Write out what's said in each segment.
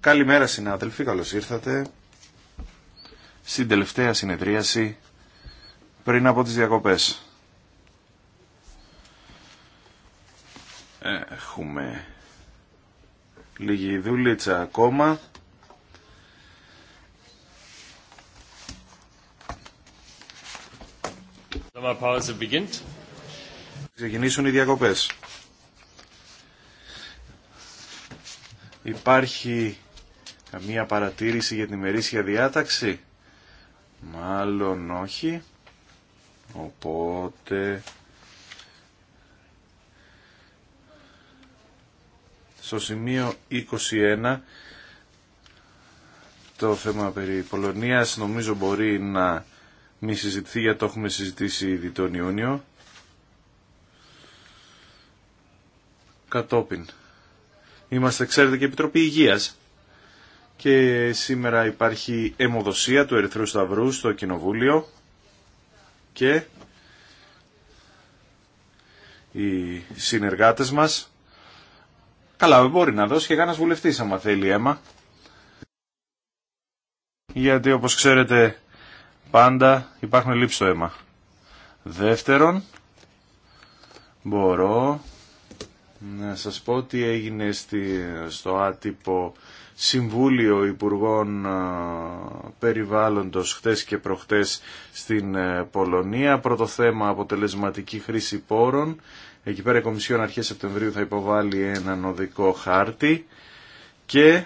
Καλημέρα συνάδελφοι, καλώς ήρθατε στην τελευταία συνεδρίαση πριν από τις διακοπές. Έχουμε λίγη δουλίτσα ακόμα. Ξεκινήσουν οι διακοπές. Υπάρχει καμία παρατήρηση για την ημερήσια διάταξη. Μάλλον όχι. Οπότε... Στο σημείο 21 το θέμα περί Πολωνίας νομίζω μπορεί να μη συζητηθεί γιατί το έχουμε συζητήσει ήδη τον Ιούνιο. Κατόπιν Είμαστε, ξέρετε, και Επιτροπή Υγείας. Και σήμερα υπάρχει αιμοδοσία του Ερυθρού Σταυρού στο Κοινοβούλιο και οι συνεργάτες μας. Καλά, μπορεί να δώσει και κανένα βουλευτή άμα θέλει αίμα. Γιατί όπως ξέρετε πάντα υπάρχουν λήψει στο αίμα. Δεύτερον, μπορώ να σας πω τι έγινε στη, στο άτυπο Συμβούλιο Υπουργών ε, Περιβάλλοντος χτες και προχτές στην ε, Πολωνία. Πρώτο θέμα αποτελεσματική χρήση πόρων. Εκεί πέρα η Κομισιόν αρχές Σεπτεμβρίου θα υποβάλει έναν οδικό χάρτη και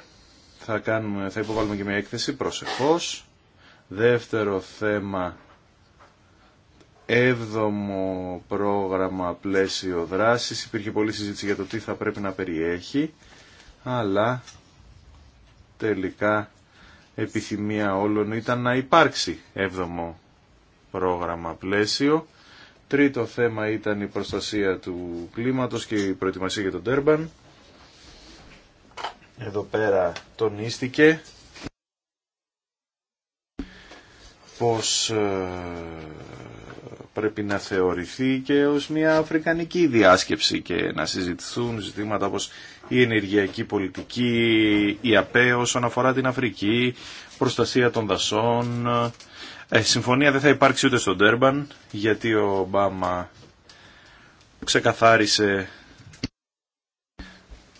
θα, κάνουμε, θα υποβάλουμε και μια έκθεση προσεχώς. Δεύτερο θέμα έβδομο πρόγραμμα πλαίσιο δράσης. Υπήρχε πολλή συζήτηση για το τι θα πρέπει να περιέχει, αλλά τελικά επιθυμία όλων ήταν να υπάρξει έβδομο πρόγραμμα πλαίσιο. Τρίτο θέμα ήταν η προστασία του κλίματος και η προετοιμασία για τον Τέρμπαν. Εδώ πέρα τονίστηκε πως ε, πρέπει να θεωρηθεί και ως μια αφρικανική διάσκεψη και να συζητηθούν ζητήματα όπως η ενεργειακή πολιτική, η ΑΠΕ όσον αφορά την Αφρική, προστασία των δασών. Ε, συμφωνία δεν θα υπάρξει ούτε στον Τέρμπαν γιατί ο Ομπάμα ξεκαθάρισε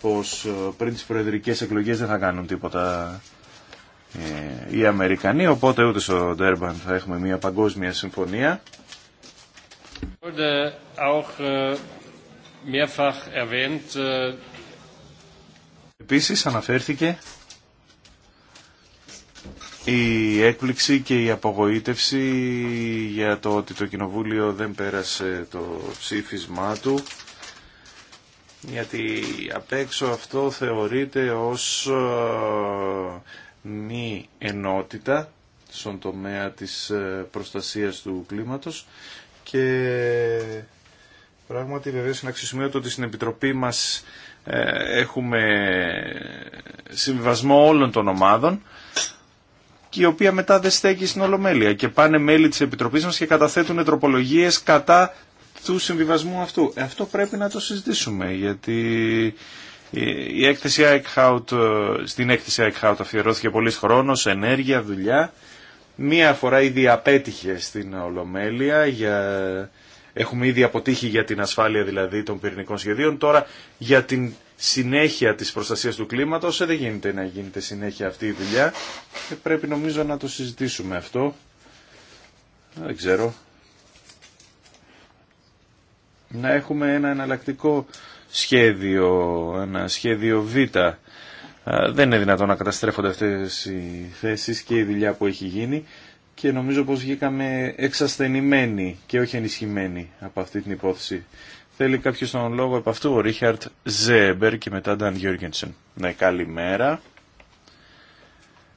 πως ε, πριν τις προεδρικές εκλογές δεν θα κάνουν τίποτα ε, οι Αμερικανοί, οπότε ούτε στο Ντέρμπαν θα έχουμε μια παγκόσμια συμφωνία. Äh, äh, Επίσης αναφέρθηκε η έκπληξη και η απογοήτευση για το ότι το Κοινοβούλιο δεν πέρασε το ψήφισμά του γιατί απ' έξω αυτό θεωρείται ως μη ενότητα στον τομέα της ε, προστασίας του κλίματος και πράγματι βεβαίως είναι αξιοσημείωτο ότι στην Επιτροπή μας ε, έχουμε συμβιβασμό όλων των ομάδων και η οποία μετά δεν στέκει στην Ολομέλεια και πάνε μέλη της Επιτροπής μας και καταθέτουν τροπολογίες κατά του συμβιβασμού αυτού. Αυτό πρέπει να το συζητήσουμε γιατί η έκθεση Eichhout, ε, στην έκθεση Eichhout αφιερώθηκε πολλής χρόνος, ενέργεια, δουλειά. Μία φορά ήδη απέτυχε στην Ολομέλεια, για... έχουμε ήδη αποτύχει για την ασφάλεια δηλαδή των πυρηνικών σχεδίων. Τώρα για την συνέχεια της προστασίας του κλίματος ε, δεν γίνεται να γίνεται συνέχεια αυτή η δουλειά. Ε, πρέπει νομίζω να το συζητήσουμε αυτό. Δεν ξέρω. Να έχουμε ένα εναλλακτικό σχέδιο, ένα σχέδιο Β. Δεν είναι δυνατόν να καταστρέφονται αυτές οι θέσεις και η δουλειά που έχει γίνει και νομίζω πως βγήκαμε εξασθενημένοι και όχι ενισχυμένοι από αυτή την υπόθεση. Θέλει κάποιο τον λόγο επ' αυτού, ο Ρίχαρτ Ζέμπερ και μετά Νταν Γιώργενσεν. Ναι, καλημέρα.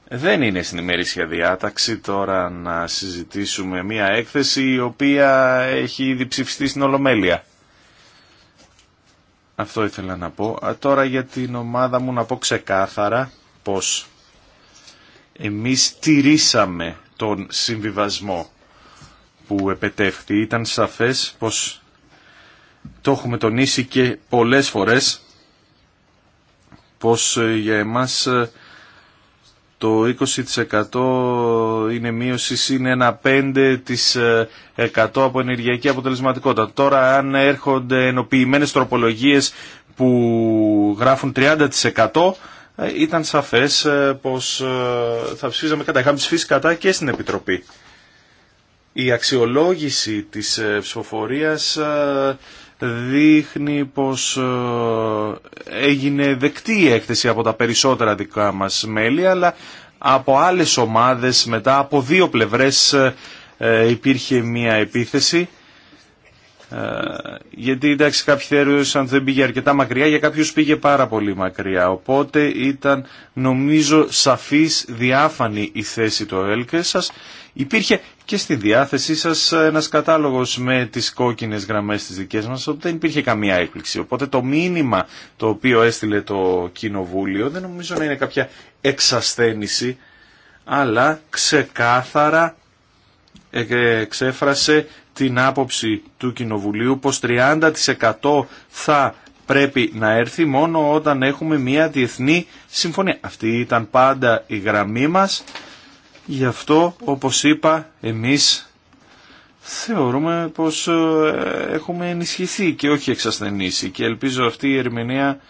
Δεν είναι στην ημερήσια διάταξη τώρα να συζητήσουμε μια έκθεση η οποία έχει ήδη ψηφιστεί στην Ολομέλεια. Αυτό ήθελα να πω. Α, τώρα για την ομάδα μου να πω ξεκάθαρα πως εμείς στηρίσαμε τον συμβιβασμό που επετεύχθη. Ήταν σαφές πως το έχουμε τονίσει και πολλές φορές πως ε, για εμάς ε, το 20% είναι μείωση είναι ένα 5% από ενεργειακή αποτελεσματικότητα. Τώρα αν έρχονται ενοποιημένες τροπολογίες που γράφουν 30% ήταν σαφές ε, πως ε, θα ψηφίζαμε κατά. Είχαμε ψηφίσει κατά και στην Επιτροπή. Η αξιολόγηση της ε, ψηφοφορίας δείχνει πως ε, έγινε δεκτή η έκθεση από τα περισσότερα δικά μας μέλη, αλλά από άλλες ομάδες μετά από δύο πλευρές ε, ε, υπήρχε μία επίθεση ε, γιατί εντάξει κάποιοι θεωρούσαν δεν πήγε αρκετά μακριά, για κάποιους πήγε πάρα πολύ μακριά. Οπότε ήταν νομίζω σαφής, διάφανη η θέση του Έλκεσας. σας υπήρχε και στη διάθεσή σας ένας κατάλογος με τις κόκκινες γραμμές της δικές μας, οπότε δεν υπήρχε καμία έκπληξη. Οπότε το μήνυμα το οποίο έστειλε το Κοινοβούλιο δεν νομίζω να είναι κάποια εξασθένηση, αλλά ξεκάθαρα εξέφρασε ε, την άποψη του Κοινοβουλίου πως 30% θα πρέπει να έρθει μόνο όταν έχουμε μια διεθνή συμφωνία. Αυτή ήταν πάντα η γραμμή μας. Γι' αυτό, όπως είπα, εμείς θεωρούμε πως ε, έχουμε ενισχυθεί και όχι εξασθενήσει και ελπίζω αυτή η ερμηνεία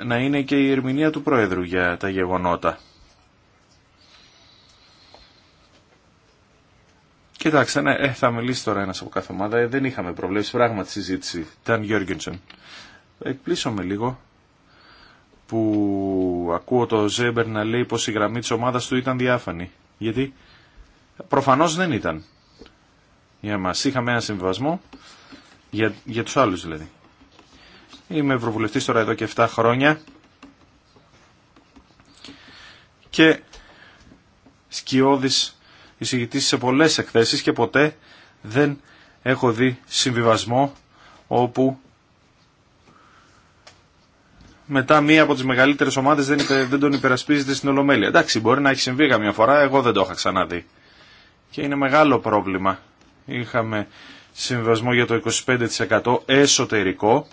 ε, να είναι και η ερμηνεία του Πρόεδρου για τα γεγονότα. Κοιτάξτε, ναι, ε, θα μιλήσει τώρα ένας από κάθε ομάδα. Ε, δεν είχαμε προβλέψει πράγματι συζήτηση. Ήταν Γιώργενσον. Εκπλήσω με λίγο που ακούω το Ζέμπερ να λέει πω η γραμμή τη ομάδα του ήταν διάφανη. Γιατί προφανώς δεν ήταν. Για μας είχαμε ένα συμβιβασμό για, για τους άλλους δηλαδή. Είμαι ευρωβουλευτή τώρα εδώ και 7 χρόνια και σκιώδης εισηγητής σε πολλές εκθέσεις και ποτέ δεν έχω δει συμβιβασμό όπου μετά μία από τις μεγαλύτερες ομάδες δεν, δεν τον υπερασπίζεται στην Ολομέλεια. Εντάξει, μπορεί να έχει συμβεί καμιά φορά, εγώ δεν το είχα ξαναδεί. Και είναι μεγάλο πρόβλημα. Είχαμε συμβιβασμό για το 25% εσωτερικό.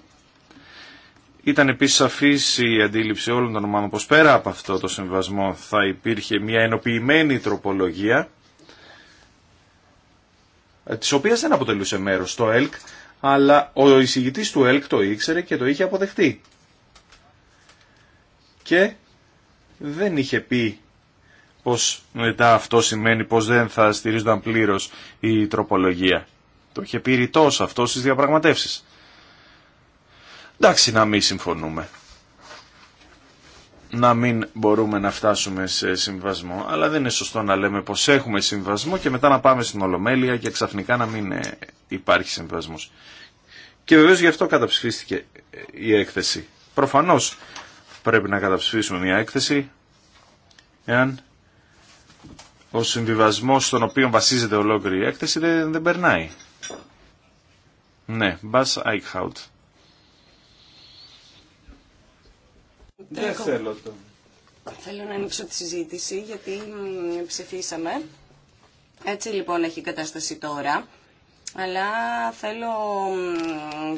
Ήταν επίσης σαφής η αντίληψη όλων των ομάδων πως πέρα από αυτό το συμβιβασμό θα υπήρχε μια ενοποιημένη τροπολογία Τη οποία δεν αποτελούσε μέρο το ΕΛΚ, αλλά ο εισηγητή του ΕΛΚ το ήξερε και το είχε αποδεχτεί. Και δεν είχε πει πως μετά αυτό σημαίνει πως δεν θα στηρίζονταν πλήρως η τροπολογία. Το είχε πει ρητός αυτό στις διαπραγματεύσεις. Εντάξει να μην συμφωνούμε να μην μπορούμε να φτάσουμε σε συμβασμό, αλλά δεν είναι σωστό να λέμε πως έχουμε συμβασμό και μετά να πάμε στην Ολομέλεια και ξαφνικά να μην ε, υπάρχει συμβασμός. Και βεβαίως γι' αυτό καταψηφίστηκε ε, η έκθεση. Προφανώς πρέπει να καταψηφίσουμε μια έκθεση εάν ο συμβιβασμός στον οποίο βασίζεται ολόκληρη η έκθεση δεν, περνάει. Ναι, Μπάς Άικχαουτ. Δεν θέλω το. Θέλω να ανοίξω τη συζήτηση γιατί ψηφίσαμε. Έτσι λοιπόν έχει η κατάσταση τώρα. Αλλά θέλω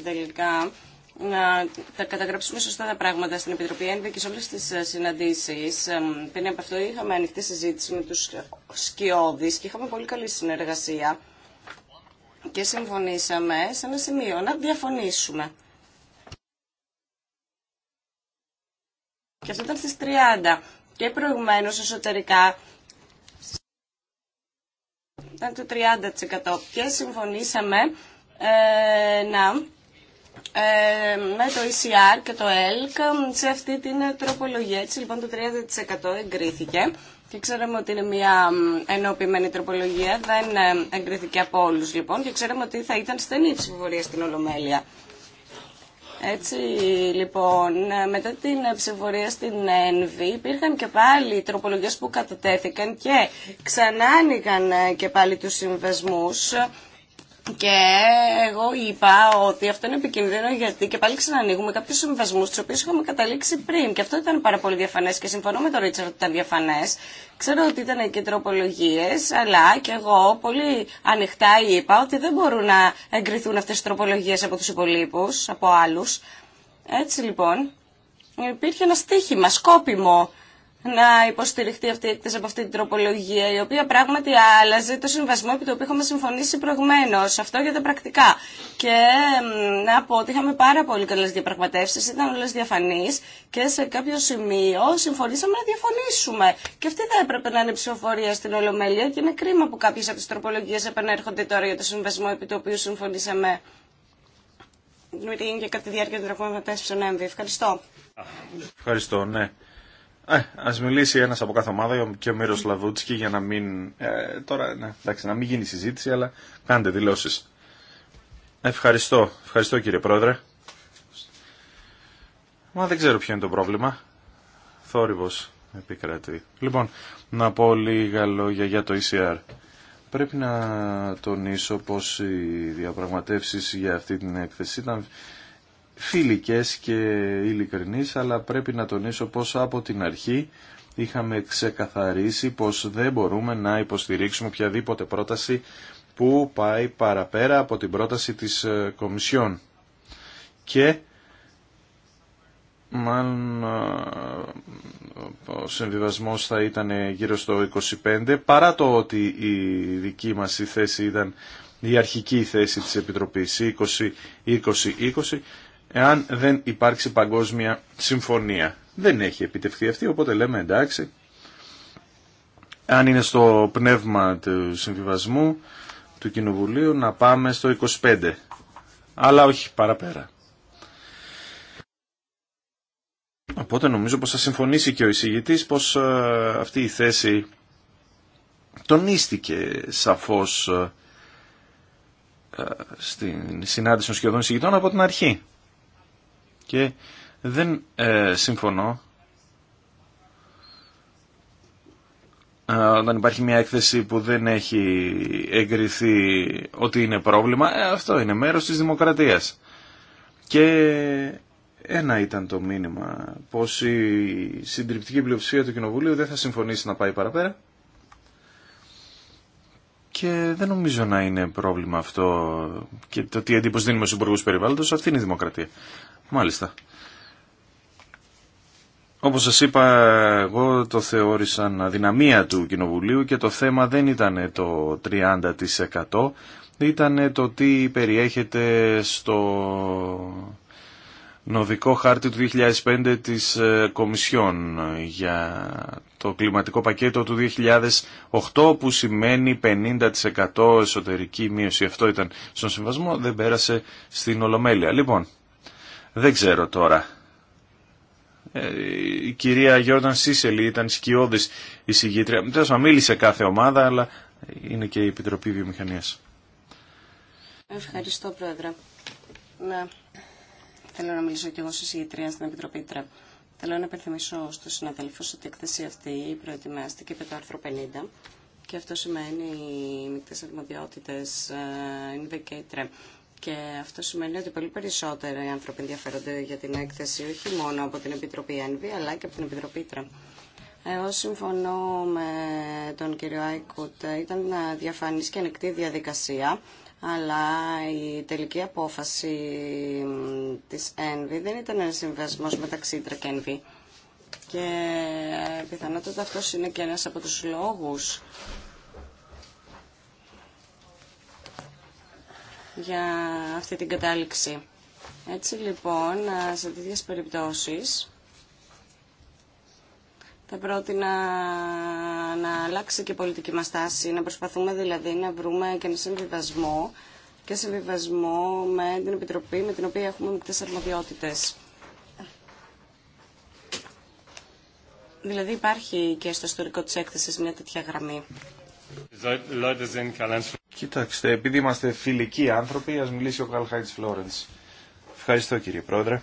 τελικά να τα καταγράψουμε σωστά τα πράγματα στην Επιτροπή Ένβη και σε όλες τις ε, συναντήσεις. Ε, πριν από αυτό είχαμε ανοιχτή συζήτηση με τους σκιώδεις και είχαμε πολύ καλή συνεργασία. Και συμφωνήσαμε σε ένα σημείο να διαφωνήσουμε. Και αυτό ήταν στις 30. Και προηγουμένως εσωτερικά ήταν το 30%. Και συμφωνήσαμε ε, να ε, με το ECR και το ELK σε αυτή την τροπολογία. Έτσι λοιπόν το 30% εγκρίθηκε και ξέραμε ότι είναι μια ενοποιημένη τροπολογία, δεν ε, εγκρίθηκε από όλους λοιπόν και ξέραμε ότι θα ήταν στενή η ψηφοφορία στην Ολομέλεια. Έτσι λοιπόν, μετά την ψηφορία στην ΕΝΒΗ υπήρχαν και πάλι τροπολογίες που κατατέθηκαν και ξανά άνοιγαν ε, και πάλι τους συμβεσμούς και εγώ είπα ότι αυτό είναι επικίνδυνο γιατί και πάλι ξανανοίγουμε κάποιου συμβασμού του οποίου είχαμε καταλήξει πριν. Και αυτό ήταν πάρα πολύ διαφανέ και συμφωνώ με τον Ρίτσαρτ ότι ήταν διαφανέ. Ξέρω ότι ήταν και τροπολογίε, αλλά και εγώ πολύ ανοιχτά είπα ότι δεν μπορούν να εγκριθούν αυτέ οι τροπολογίε από του υπολείπου, από άλλου. Έτσι λοιπόν, υπήρχε ένα στίχημα σκόπιμο να υποστηριχτεί αυτή η έκθεση από αυτή την τροπολογία, η οποία πράγματι άλλαζε το συμβασμό επί το οποίο είχαμε συμφωνήσει προηγουμένω. Αυτό για τα πρακτικά. Και να πω ότι είχαμε πάρα πολύ καλέ διαπραγματεύσει, ήταν όλε διαφανεί και σε κάποιο σημείο συμφωνήσαμε να διαφωνήσουμε. Και αυτή θα έπρεπε να είναι ψηφοφορία στην Ολομέλεια και είναι κρίμα που κάποιε από τι τροπολογίε επανέρχονται τώρα για το συμβασμό επί το οποίο συμφωνήσαμε και κατά τη διάρκεια των μετά Ευχαριστώ. Ναι. Ε, ας μιλήσει ένα από κάθε ομάδα και ο Μύρο Λαβούτσκι για να μην... Ε, τώρα, ναι, εντάξει, να μην γίνει συζήτηση, αλλά κάντε δηλώσει. Ευχαριστώ. Ευχαριστώ κύριε Πρόεδρε. Μα δεν ξέρω ποιο είναι το πρόβλημα. Θόρυβος επικρατεί. Λοιπόν, να πω λίγα λόγια για το ECR. Πρέπει να τονίσω πως οι διαπραγματεύσεις για αυτή την έκθεση ήταν φιλικές και ειλικρινείς, αλλά πρέπει να τονίσω πως από την αρχή είχαμε ξεκαθαρίσει πως δεν μπορούμε να υποστηρίξουμε οποιαδήποτε πρόταση που πάει παραπέρα από την πρόταση της ε, Κομισιόν. Και μάλλον ε, ο συμβιβασμός θα ήταν γύρω στο 25, παρά το ότι η δική μας θέση ήταν η αρχική θέση της Επιτροπής 20-20-20, εάν δεν υπάρξει παγκόσμια συμφωνία. Δεν έχει επιτευχθεί αυτή, οπότε λέμε εντάξει, αν είναι στο πνεύμα του συμβιβασμού του Κοινοβουλίου να πάμε στο 25, αλλά όχι παραπέρα. Οπότε νομίζω πως θα συμφωνήσει και ο εισηγητής πως ε, αυτή η θέση τονίστηκε σαφώς ε, ε, στην συνάντηση των σχεδόν εισηγητών από την αρχή και δεν ε, συμφωνώ ε, όταν υπάρχει μια έκθεση που δεν έχει εγκριθεί ότι είναι πρόβλημα, ε, αυτό είναι μέρος της δημοκρατίας. Και ένα ήταν το μήνυμα, πως η συντριπτική πλειοψηφία του Κοινοβουλίου δεν θα συμφωνήσει να πάει παραπέρα. Και δεν νομίζω να είναι πρόβλημα αυτό και το τι εντύπωση δίνουμε στους υπουργούς περιβάλλοντος, αυτή είναι η δημοκρατία. Μάλιστα. Όπως σας είπα, εγώ το θεώρησαν αδυναμία του Κοινοβουλίου και το θέμα δεν ήταν το 30%, ήταν το τι περιέχεται στο νοδικό χάρτη του 2005 της ε, Κομισιόν για το κλιματικό πακέτο του 2008 που σημαίνει 50% εσωτερική μείωση. Αυτό ήταν στον συμβασμό, δεν πέρασε στην Ολομέλεια. Λοιπόν, δεν ξέρω τώρα. Ε, η κυρία Γιώργαν Σίσελη ήταν σκιώδης εισηγήτρια. Τέλος μίλησε κάθε ομάδα, αλλά είναι και η Επιτροπή Βιομηχανίας. Ευχαριστώ, Πρόεδρε. Θέλω να μιλήσω και εγώ ως εισηγήτρια στην Επιτροπή ΤΡΕΠ. Θέλω να υπενθυμίσω στους συναδέλφους ότι η εκθέση αυτή προετοιμάστηκε με το άρθρο 50 και αυτό σημαίνει οι μικτές αρμοδιότητες ε, είναι και και αυτό σημαίνει ότι πολύ περισσότεροι άνθρωποι ενδιαφέρονται για την έκθεση, όχι μόνο από την Επιτροπή ΕΝΒΗ, αλλά και από την Επιτροπή ΤΡΑ. Εγώ συμφωνώ με τον κύριο Άικουτ. Ήταν διαφανής και ανοιχτή διαδικασία, αλλά η τελική απόφαση της ΕΝΒΗ δεν ήταν ένα συμβασμός μεταξύ ΤΡΑ και ΕΝΒΗ. Και ε, πιθανότατα αυτό είναι και ένα από του λόγου. για αυτή την κατάληξη. Έτσι λοιπόν, σε τέτοιες περιπτώσεις, θα πρότεινα να αλλάξει και η πολιτική μας τάση, να προσπαθούμε δηλαδή να βρούμε και ένα συμβιβασμό και συμβιβασμό με την Επιτροπή με την οποία έχουμε μικρές αρμοδιότητες. Δηλαδή υπάρχει και στο ιστορικό της έκθεσης μια τέτοια γραμμή. Κοιτάξτε, επειδή είμαστε φιλικοί άνθρωποι, ας μιλήσει ο Καλχάιτς Φλόρενς. Ευχαριστώ κύριε Πρόεδρε.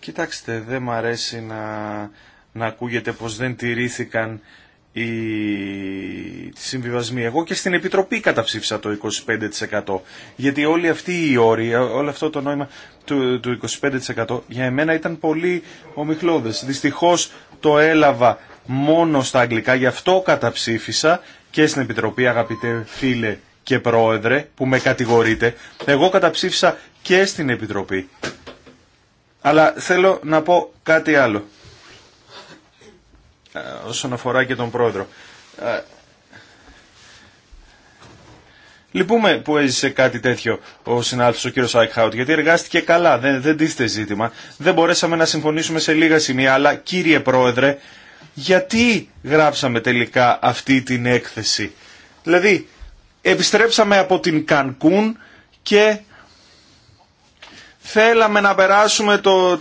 Κοιτάξτε, δεν μ' αρέσει να, να ακούγεται πως δεν τηρήθηκαν οι συμβιβασμοί. Εγώ και στην Επιτροπή καταψήφισα το 25% γιατί όλοι αυτοί οι όροι, όλο αυτό το νόημα του, του 25% για εμένα ήταν πολύ ομιχλώδες. Δυστυχώς το έλαβα μόνο στα αγγλικά, γι' αυτό καταψήφισα και στην Επιτροπή αγαπητέ φίλε και πρόεδρε που με κατηγορείτε. Εγώ καταψήφισα και στην Επιτροπή. Αλλά θέλω να πω κάτι άλλο. Ε, όσον αφορά και τον πρόεδρο. Ε, λυπούμε που έζησε κάτι τέτοιο ο συνάδελφος ο κύριος Άικχαουτ, γιατί εργάστηκε καλά, δεν, δεν ζήτημα. Δεν μπορέσαμε να συμφωνήσουμε σε λίγα σημεία, αλλά κύριε πρόεδρε, γιατί γράψαμε τελικά αυτή την έκθεση. Δηλαδή, επιστρέψαμε από την Κανκούν και θέλαμε να περάσουμε το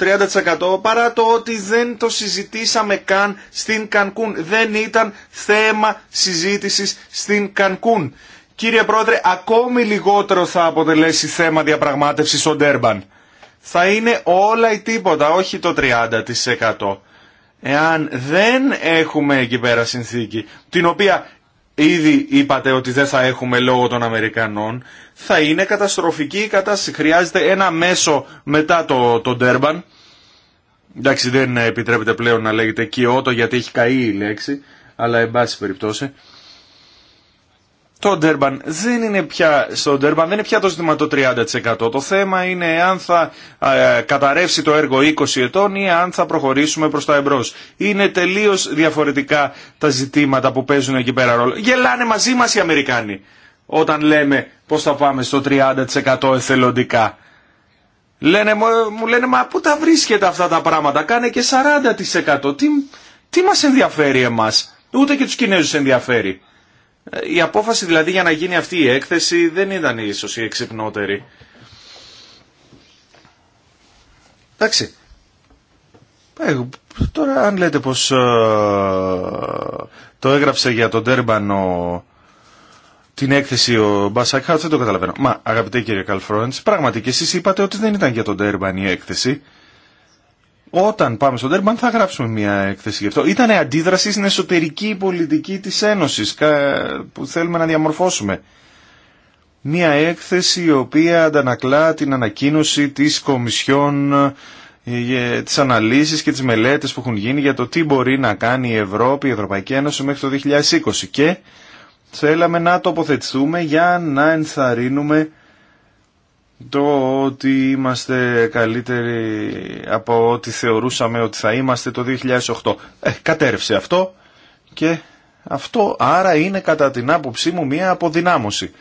30% παρά το ότι δεν το συζητήσαμε καν στην Κανκούν. Δεν ήταν θέμα συζήτησης στην Κανκούν. Κύριε Πρόεδρε, ακόμη λιγότερο θα αποτελέσει θέμα διαπραγμάτευσης στον Τέρμπαν. Θα είναι όλα ή τίποτα, όχι το 30%. Εάν δεν έχουμε εκεί πέρα συνθήκη, την οποία ήδη είπατε ότι δεν θα έχουμε λόγο των Αμερικανών, θα είναι καταστροφική η κατάσταση. Χρειάζεται ένα μέσο μετά το, το Ντέρμπαν. Εντάξει δεν επιτρέπεται πλέον να λέγεται Κιώτο γιατί έχει καεί η λέξη, αλλά εν πάση περιπτώσει το Ντέρμπαν δεν είναι πια, στο Ντέρμπαν δεν είναι πια το ζήτημα το 30%. Το θέμα είναι αν θα ε, καταρρεύσει το έργο 20 ετών ή αν θα προχωρήσουμε προς τα εμπρός. Είναι τελείως διαφορετικά τα ζητήματα που παίζουν εκεί πέρα ρόλο. Γελάνε μαζί μας οι Αμερικάνοι όταν λέμε πώς θα πάμε στο 30% εθελοντικά. Λένε, μου λένε μα πού τα βρίσκεται αυτά τα πράγματα, κάνε και 40%. Τι, τι μας ενδιαφέρει εμάς, ούτε και τους Κινέζους ενδιαφέρει. Η απόφαση δηλαδή για να γίνει αυτή η έκθεση δεν ήταν ίσως η εξυπνότερη. Εντάξει. Ε, τώρα αν λέτε πως ε, το έγραψε για τον Τέρμπανο την έκθεση ο Μπασακχάουτ δεν το καταλαβαίνω. Μα αγαπητέ κύριε Καλφρόντς, πραγματικά εσείς είπατε ότι δεν ήταν για τον Τέρμπαν η έκθεση. Όταν πάμε στον Τέρμπαν θα γράψουμε μια έκθεση γι' αυτό. Ήταν αντίδραση στην εσωτερική πολιτική της Ένωσης που θέλουμε να διαμορφώσουμε. Μια έκθεση η οποία αντανακλά την ανακοίνωση της Κομισιόν ε, τις αναλύσεις και τις μελέτες που έχουν γίνει για το τι μπορεί να κάνει η Ευρώπη, η Ευρωπαϊκή Ένωση μέχρι το 2020 και θέλαμε να τοποθετηθούμε για να ενθαρρύνουμε το ότι είμαστε καλύτεροι από ό,τι θεωρούσαμε ότι θα είμαστε το 2008. Ε, κατέρευσε αυτό και αυτό άρα είναι κατά την άποψή μου μια αποδυνάμωση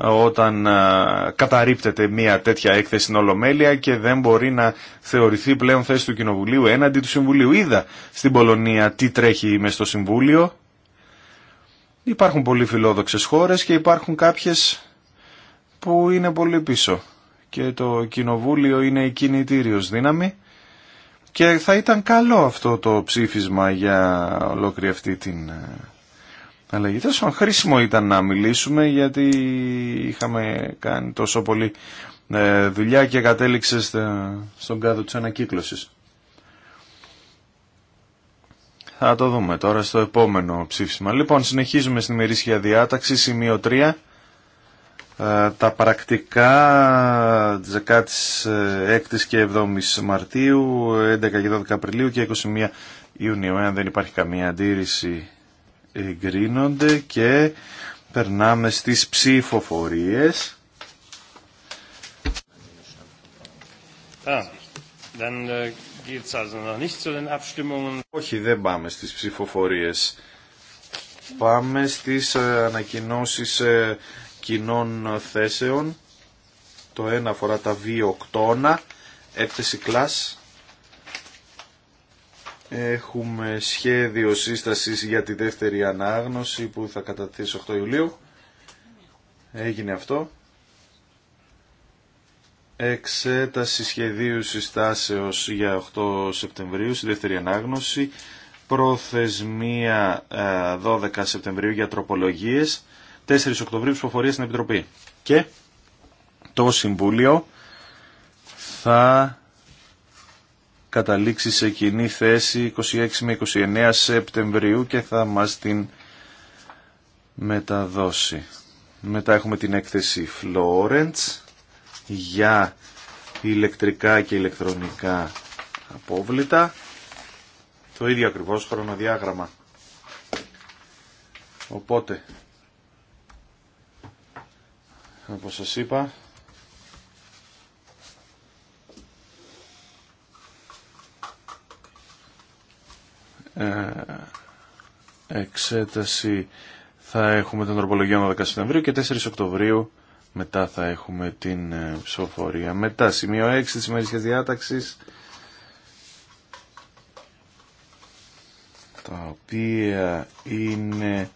όταν α, καταρρύπτεται μια τέτοια έκθεση στην Ολομέλεια και δεν μπορεί να θεωρηθεί πλέον θέση του Κοινοβουλίου έναντι του Συμβουλίου. Είδα στην Πολωνία τι τρέχει μες στο Συμβούλιο. Υπάρχουν πολύ φιλόδοξες χώρες και υπάρχουν κάποιες που είναι πολύ πίσω και το Κοινοβούλιο είναι η κινητήριος δύναμη και θα ήταν καλό αυτό το ψήφισμα για ολόκληρη αυτή την ε, αλλαγή. Τόσο χρήσιμο ήταν να μιλήσουμε γιατί είχαμε κάνει τόσο πολύ ε, δουλειά και κατέληξε στον κάδο της ανακύκλωσης. Θα το δούμε τώρα στο επόμενο ψήφισμα. Λοιπόν, συνεχίζουμε στην ημερήσια διάταξη, σημείο 3. Ε, τα πρακτικά 16 ε, και 7 Μαρτίου, 11 και 12 Απριλίου και 21 Ιουνίου. Εάν δεν υπάρχει καμία αντίρρηση εγκρίνονται και περνάμε στις ψηφοφορίες. Ε, Όχι, δεν πάμε στις ψηφοφορίες. Πάμε στις ανακοινώσεις κοινών θέσεων. Το ένα αφορά τα βιοκτώνα, έκθεση κλάς. Έχουμε σχέδιο σύστασης για τη δεύτερη ανάγνωση που θα κατατεθεί 8 Ιουλίου. Έγινε αυτό. Εξέταση σχεδίου συστάσεως για 8 Σεπτεμβρίου, στη δεύτερη ανάγνωση. Προθεσμία 12 ε, Σεπτεμβρίου για τροπολογίες. 4 Οκτωβρίου ψηφοφορία στην Επιτροπή. Και το Συμβούλιο θα καταλήξει σε κοινή θέση 26 με 29 Σεπτεμβρίου και θα μας την μεταδώσει. Μετά έχουμε την έκθεση Florence για ηλεκτρικά και ηλεκτρονικά απόβλητα. Το ίδιο ακριβώς χρονοδιάγραμμα. Οπότε όπως σας είπα ε, εξέταση θα έχουμε τον τροπολογιών 12 Σεπτεμβρίου και 4 Οκτωβρίου μετά θα έχουμε την ε, ψηφοφορία. Μετά, σημείο 6 της ημερήσιας διάταξης, τα οποία είναι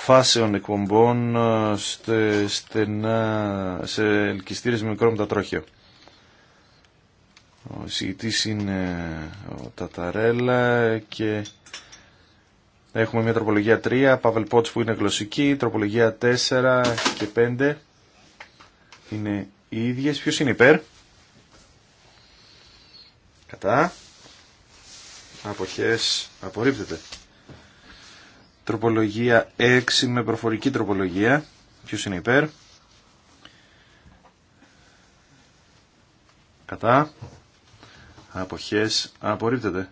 φάσεων εκπομπών ε, στε, στενά, σε ελκυστήρες με μικρό μετατρόχιο. Ο εισηγητή είναι ο Ταταρέλα και έχουμε μια τροπολογία 3, Παύλ Πότς που είναι γλωσσική, τροπολογία 4 και 5 είναι οι ίδιες. Ποιο είναι υπέρ? Κατά. Αποχές απορρίπτεται. Τροπολογία 6 με προφορική τροπολογία. Ποιο είναι υπέρ. Κατά. Αποχές. Απορρίπτεται.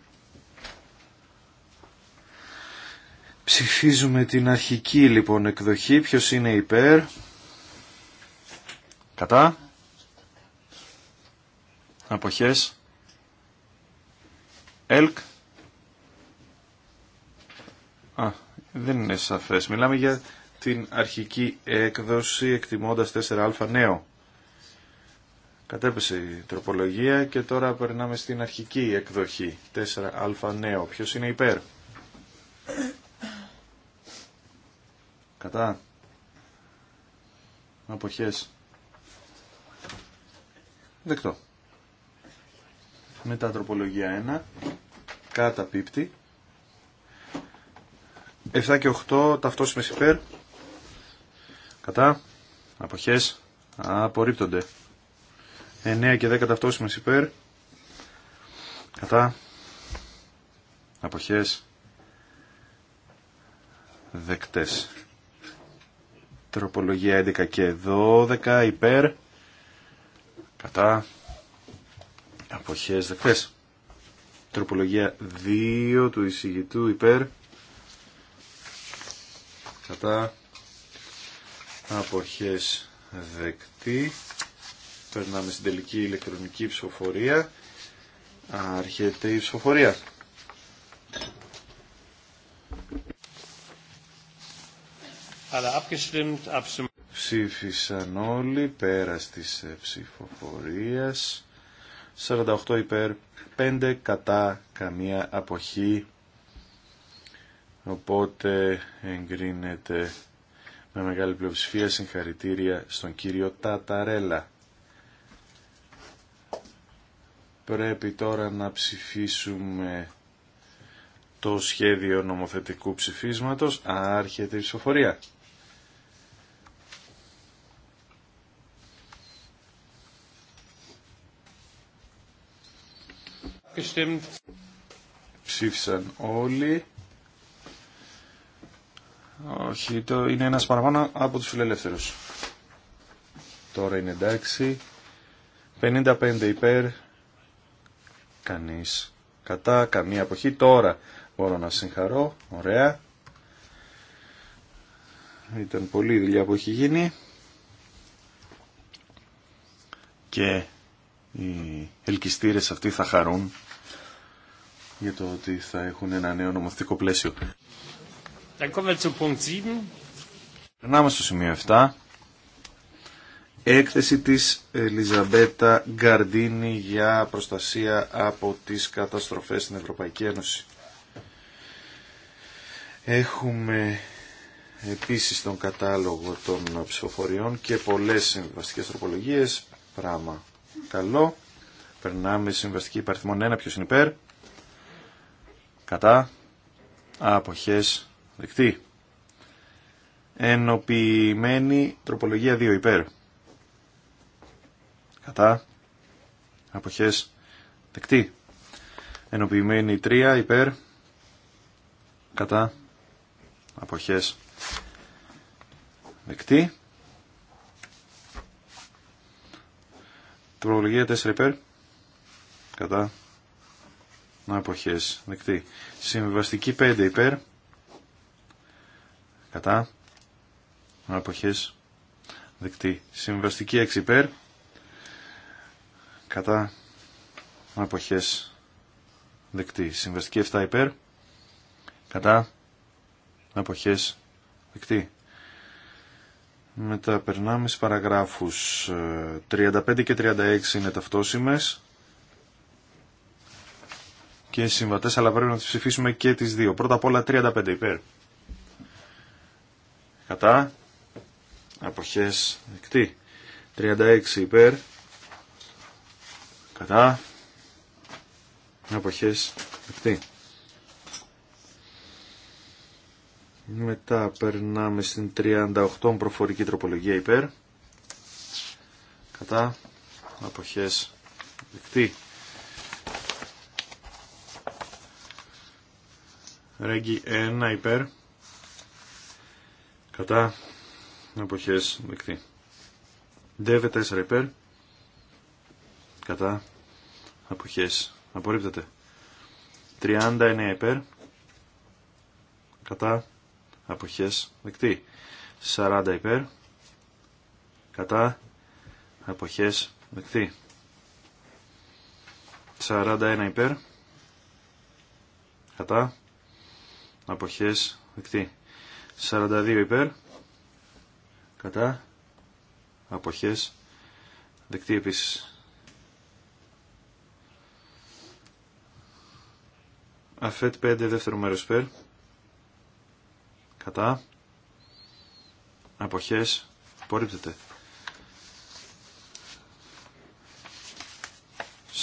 Ψηφίζουμε την αρχική λοιπόν εκδοχή. Ποιο είναι υπέρ. Κατά. Αποχές. Ελκ. Α, δεν είναι σαφές. Μιλάμε για την αρχική έκδοση εκτιμώντας 4α νέο. Κατέπεσε η τροπολογία και τώρα περνάμε στην αρχική εκδοχή 4α νέο. Ποιος είναι υπέρ. Κατά. Αποχές. Δεκτό. Μετά τροπολογία 1. Κατά πίπτη. 7 και 8 ταυτόσιμες υπέρ. Κατά. Αποχές. Απορρίπτονται. 9 και 10 ταυτόσιμες υπέρ. Κατά. Αποχές. Δεκτές. Τροπολογία 11 και 12 υπέρ. Κατά. Αποχές δεκτές. Τροπολογία 2 του εισηγητού υπέρ κατά αποχές δεκτή περνάμε στην τελική ηλεκτρονική ψηφοφορία αρχεται η ψηφοφορία ψήφισαν όλοι πέρα της ε, ψηφοφορίας 48 υπέρ 5 κατά καμία αποχή Οπότε εγκρίνεται με μεγάλη πλειοψηφία συγχαρητήρια στον κύριο Ταταρέλα. Πρέπει τώρα να ψηφίσουμε το σχέδιο νομοθετικού ψηφίσματος. Άρχεται η ψηφοφορία. Ψήφισαν όλοι. Όχι, το είναι ένας παραπάνω από τους φιλελεύθερους. Τώρα είναι εντάξει. 55 υπέρ. Κανείς κατά, καμία αποχή. Τώρα μπορώ να συγχαρώ. Ωραία. Ήταν πολλή δουλειά που έχει γίνει. Και οι ελκυστήρες αυτοί θα χαρούν για το ότι θα έχουν ένα νέο νομοθετικό πλαίσιο. Περνάμε στο σημείο 7. Έκθεση της Ελιζαμπέτα Γκαρντίνη για προστασία από τις καταστροφές στην Ευρωπαϊκή Ένωση. Έχουμε επίσης τον κατάλογο των ψηφοφοριών και πολλές συμβαστικές τροπολογίες. Πράγμα καλό. Περνάμε συμβαστική υπαριθμόν 1. Ποιος είναι υπέρ. Κατά. Αποχές Δεκτή. Ενοποιημένη τροπολογία 2 υπέρ. Κατά. Αποχές. Δεκτή. Ενοποιημένη 3 υπέρ. Κατά. Αποχές. Δεκτή. Τροπολογία 4 υπέρ. Κατά. Αποχές. Δεκτή. Συμβιβαστική 5 υπέρ κατά αποχές δεκτή συμβαστική 6 υπέρ κατά αποχές δεκτή συμβαστική 7 υπέρ κατά αποχές δεκτή μετά περνάμε στις παραγράφους 35 και 36 είναι ταυτόσιμες και συμβατές αλλά πρέπει να τις ψηφίσουμε και τις δύο πρώτα απ' όλα 35 υπέρ κατά αποχές δεκτή 36 υπέρ κατά αποχές δεκτή μετά περνάμε στην 38 προφορική τροπολογία υπέρ κατά αποχές δεκτή Ρέγγι 1 υπέρ κατά εποχές δεκτή. Δεύε 4 υπέρ κατά εποχές απορρίπτεται. 39 υπέρ κατά αποχές δεκτή. 40 υπέρ κατά αποχές δεκτή. 41 υπέρ κατά αποχές δεκτή. 42 υπέρ. Κατά. Αποχές. Δεκτή επίσης. Αφέτ 5 δεύτερο μέρος υπέρ. Κατά. Αποχές. Απορρίπτεται.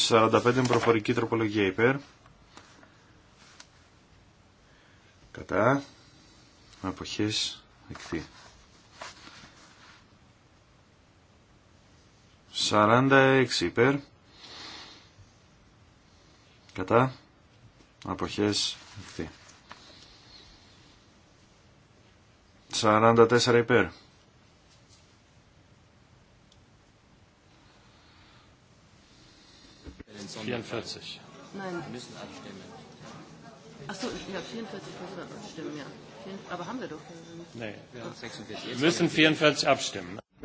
45 προφορική τροπολογία υπέρ. Κατά αποχές δεκτή. 46 υπέρ κατά αποχές δεκτή. 44 υπέρ. Nein. Wir müssen abstimmen. Achso, ja, 44 müssen wir abstimmen, ja. Aber haben wir doch.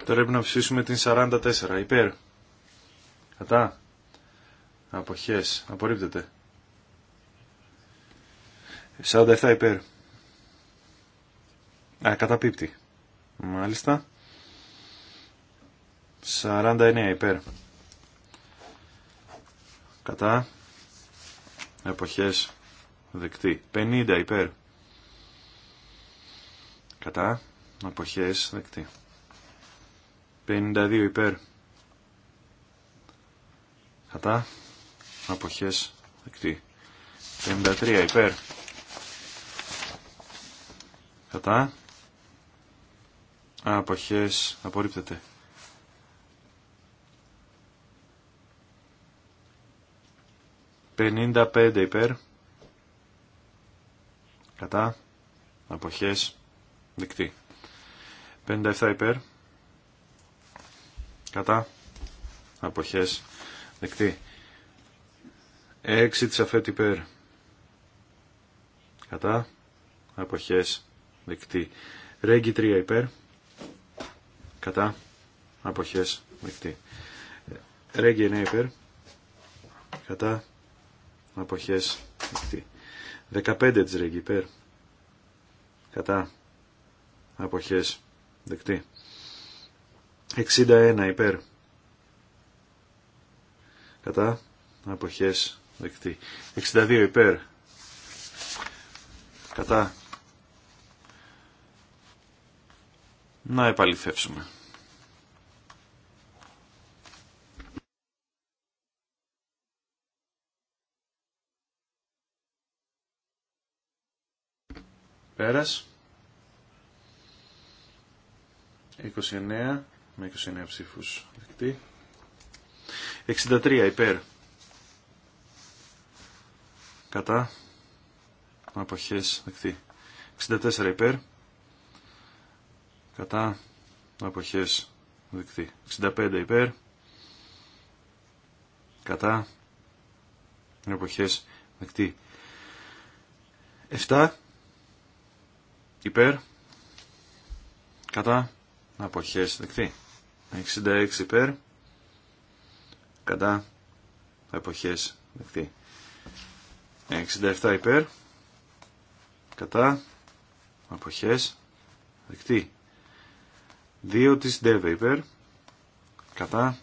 Πρέπει να ψηφίσουμε την 44. Υπέρ. Κατά. Αποχές. Απορρίπτεται. 47 υπέρ. Α, καταπίπτει. Μάλιστα. 49 υπέρ. Κατά. Εποχές. Δεκτή. 50 υπέρ. Κατά. Αποχές δεκτή. 52 υπέρ. Κατά. Αποχές δεκτή. 53 υπέρ. Κατά. Αποχές απορρίπτεται. 55 υπέρ. Κατά. Αποχές Δεκτή. 57 υπέρ. Κατά. Αποχές. Δεκτή. 6 της αφέτη υπέρ. Κατά. Αποχές. Δεκτή. Ρέγγι 3 υπέρ. Κατά. Αποχές. Δεκτή. Ρέγγι 9 υπέρ. Κατά. Αποχές. Δεκτή. 15 τη Ρέγγι υπέρ. Κατά αποχές δεκτή 61 υπέρ κατά αποχές δεκτή 62 υπέρ κατά να επαληθεύσουμε πέρας 29 με 29 ψήφους δεκτή. 63 υπέρ. Κατά. Αποχές δεκτή. 64 υπέρ. Κατά. Αποχές δεκτή. 65 υπέρ. Κατά. Αποχές δεκτή. 7 υπέρ. Κατά αποχές δεκτή 66 υπέρ κατά αποχές δεκτή 67 υπέρ κατά αποχές δεκτή 2 της ΔΕΒΕ υπέρ κατά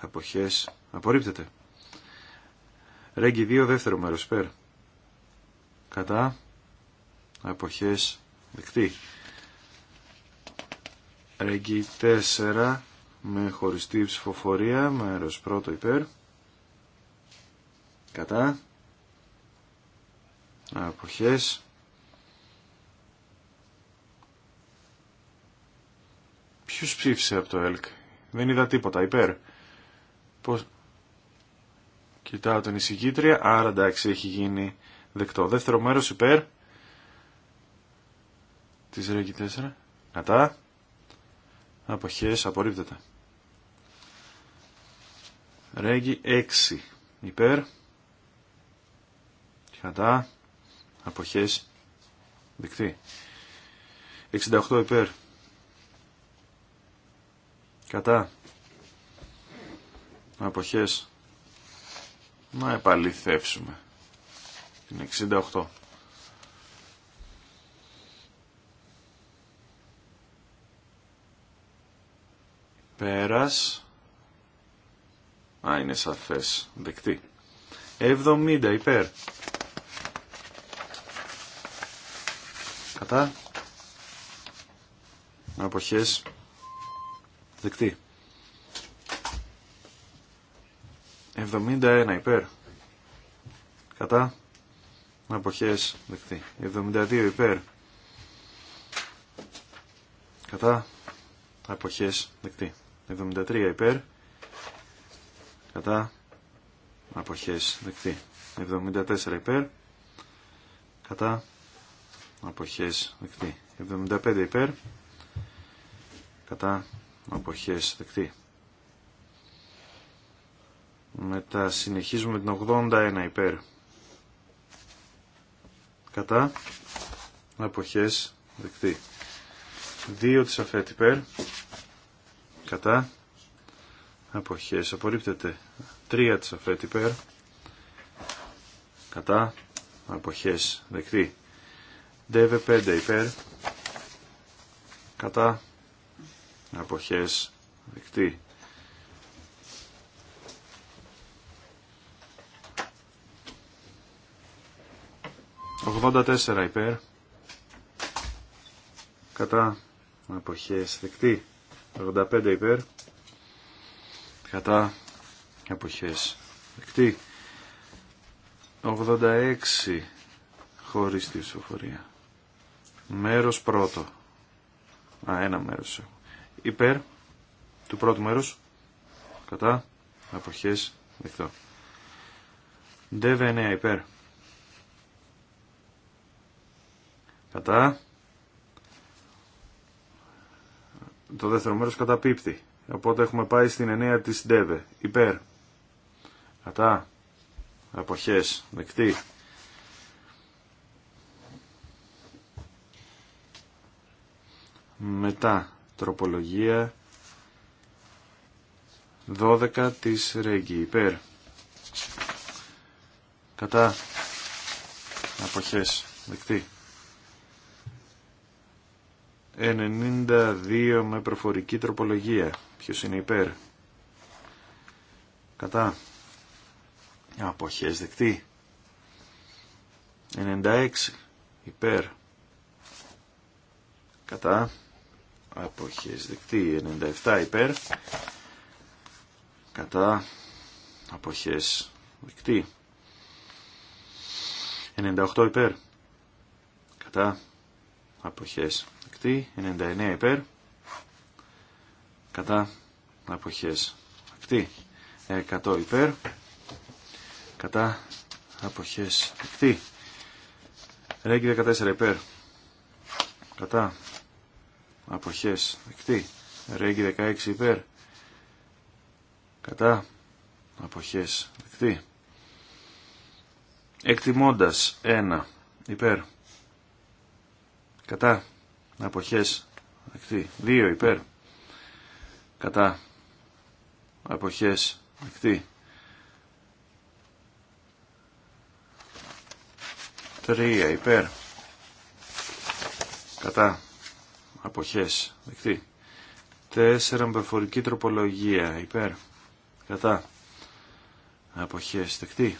αποχές απορρίπτεται Ρέγγι 2 δεύτερο μέρος υπέρ κατά αποχές δεκτή Ρέγγι 4 με χωριστή ψηφοφορία, μέρος πρώτο υπέρ. Κατά. Αποχές. Ποιος ψήφισε από το ΕΛΚ. Δεν είδα τίποτα. Υπέρ. Πώς... Κοιτάω την εισηγήτρια. Άρα εντάξει έχει γίνει δεκτό. Δεύτερο μέρος υπέρ. Της Ρέγγι 4. Κατά αποχές απορρίπτεται. Ρέγγι 6 υπέρ κατά αποχές δεκτή. 68 υπέρ κατά αποχές να επαληθεύσουμε την 68. Πέρας. Α, είναι σαφές. Δεκτή. 70 υπέρ. Κατά. Αποχές. Δεκτή. 71 υπέρ. Κατά. Αποχές. Δεκτή. 72 υπέρ. Κατά. Αποχές. Δεκτή. 73 υπέρ κατά αποχές δεκτή 74 υπέρ κατά αποχές δεκτή 75 υπέρ κατά αποχές δεκτή μετά συνεχίζουμε με την 81 υπέρ κατά αποχές δεκτή 2 της αφέτη υπέρ κατά αποχές απορρίπτεται 3 της αφέτ υπέρ κατά αποχές δεκτή DV5 υπέρ κατά αποχές δεκτή 84 τέσσερα υπέρ κατά αποχές δεκτή 85 υπέρ κατά αποχές δεκτή 86 χωρίς τη ψηφοφορία μέρος πρώτο α ένα μέρος υπέρ του πρώτου μέρους κατά αποχές δεκτό δεύτερο υπέρ κατά Το δεύτερο μέρος καταπίπτει. Οπότε έχουμε πάει στην εννέα της Ντέβε. Υπέρ. Κατά. Αποχές. Δεκτή. Μετά. Τροπολογία. 12 της Ρέγγι. Υπέρ. Κατά. Αποχές. Δεκτή. 92 με προφορική τροπολογία. Ποιος είναι υπέρ. Κατά. Αποχές δεκτή. 96 υπέρ. Κατά. Αποχές δεκτή. 97 υπέρ. Κατά. Αποχές δεκτή. 98 υπέρ. Κατά. Αποχές 99 υπέρ κατά αποχές αυτή, 100 υπέρ κατά αποχές αυτή, Ρέγγι 14 υπέρ κατά αποχές αυτή, Ρέγγι 16 υπέρ κατά αποχές αυτή, εκτιμώντας 1 υπέρ κατά αποχές δεκτή Δύο υπέρ κατά αποχές δεκτή Τρία υπέρ κατά αποχές δεκτή τέσσερα μπεφορική τροπολογία υπέρ κατά αποχές δεκτή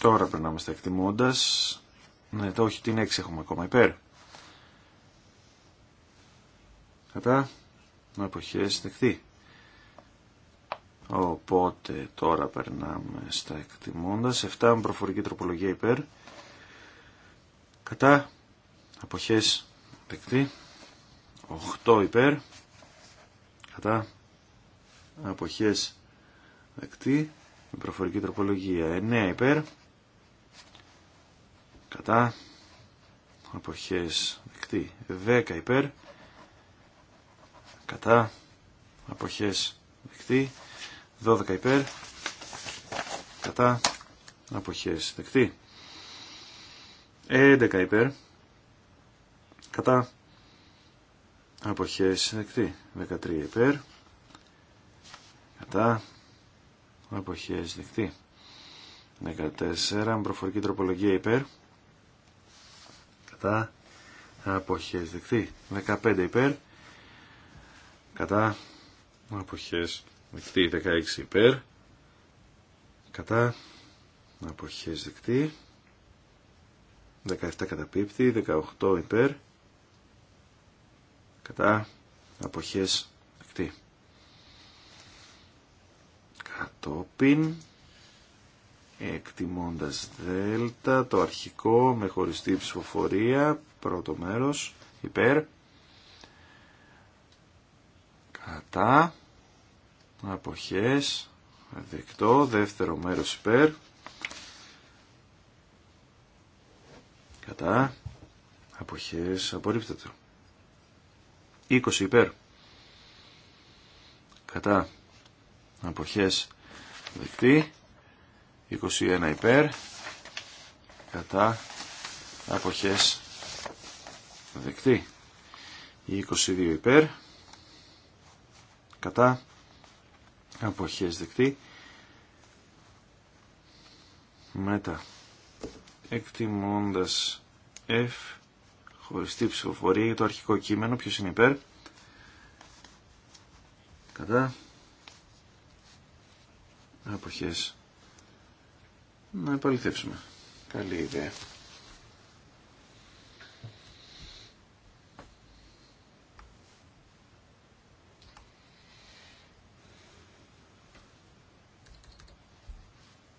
Τώρα περνάμε στα εκτιμώντα, Ναι, το όχι, την 6 έχουμε ακόμα υπέρ. Κατά. Να αποχές δεχθεί. Οπότε τώρα περνάμε στα εκτιμώντα 7 με προφορική τροπολογία υπέρ. Κατά. Αποχές δεκτή. 8 υπέρ. Κατά. Αποχές δεκτή. Με προφορική τροπολογία 9 υπέρ κατά αποχές δεκτή 10 υπέρ κατά αποχές δεκτή 12 υπέρ κατά αποχές δεκτή 11 υπέρ κατά αποχές δεκτή 13 υπέρ κατά αποχές δεκτή 14 προφορική τροπολογία υπέρ κατά αποχές δεκτή 15 υπέρ κατά αποχές δεκτή 16 υπέρ κατά αποχές δεκτή 17 πίπτη 18 υπέρ κατά αποχές δεκτή κατόπιν εκτιμώντας δέλτα, το αρχικό με χωριστή ψηφοφορία, πρώτο μέρος, υπέρ, κατά, αποχές, δεκτό, δεύτερο μέρος υπέρ, κατά, αποχές, απορρίπτεται. 20 υπέρ, κατά, αποχές, δεκτή, 21 υπέρ κατά αποχές δεκτή 22 υπέρ κατά αποχές δεκτή μετά εκτιμώντας F χωριστή ψηφοφορία για το αρχικό κείμενο ποιος είναι υπέρ κατά αποχές να επαληθεύσουμε. Καλή ιδέα.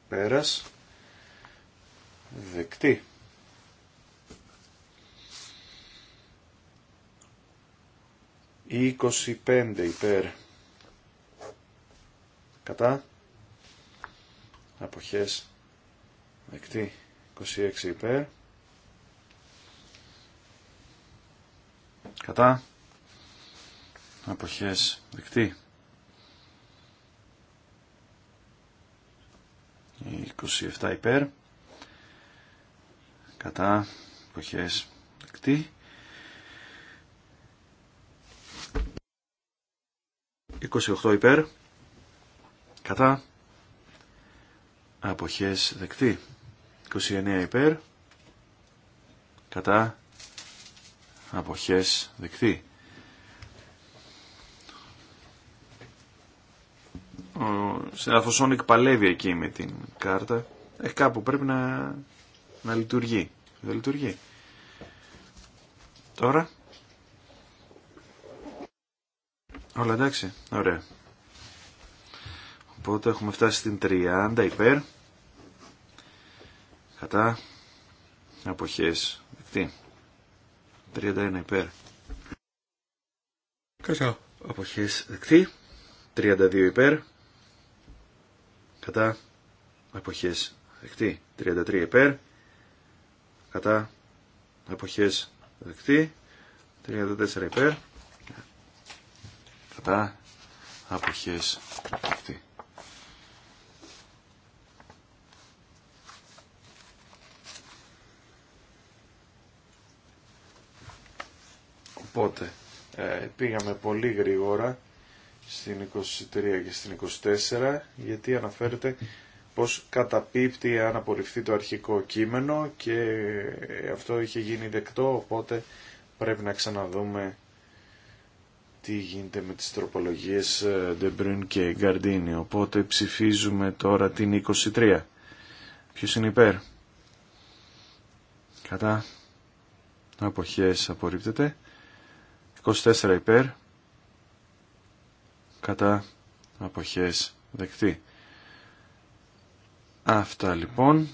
Πέρας. Δεκτή. Είκοσι πέντε υπέρ. Κατά. Αποχές Δεκτή. 26 υπέρ. Κατά. Αποχές. Δεκτή. 27 υπέρ. Κατά. Αποχές. Δεκτή. 28 υπέρ. Κατά. Αποχές δεκτή. 29 υπέρ. Κατά. Αποχές δεκτή. Ο συνάδελφος Σόνικ παλεύει εκεί με την κάρτα. Ε, κάπου πρέπει να, να λειτουργεί. Δεν λειτουργεί. Τώρα. Όλα εντάξει. Ωραία. Οπότε έχουμε φτάσει στην 30 υπέρ κατά αποχές δεκτή 31 υπέρ κατά αποχές δεκτή 32 υπέρ κατά αποχές δεκτή 33 υπέρ κατά αποχές δεκτή 34 υπέρ κατά αποχές Οπότε ε, πήγαμε πολύ γρήγορα στην 23 και στην 24 γιατί αναφέρεται πως καταπίπτει αν απορριφθεί το αρχικό κείμενο και αυτό είχε γίνει δεκτό οπότε πρέπει να ξαναδούμε τι γίνεται με τις τροπολογίες ε, Bruyne και Gardini. Οπότε ψηφίζουμε τώρα την 23. Ποιος είναι υπέρ. Κατά. Αποχές απορρίπτεται. 24 υπέρ κατά αποχές δεκτή. Αυτά λοιπόν.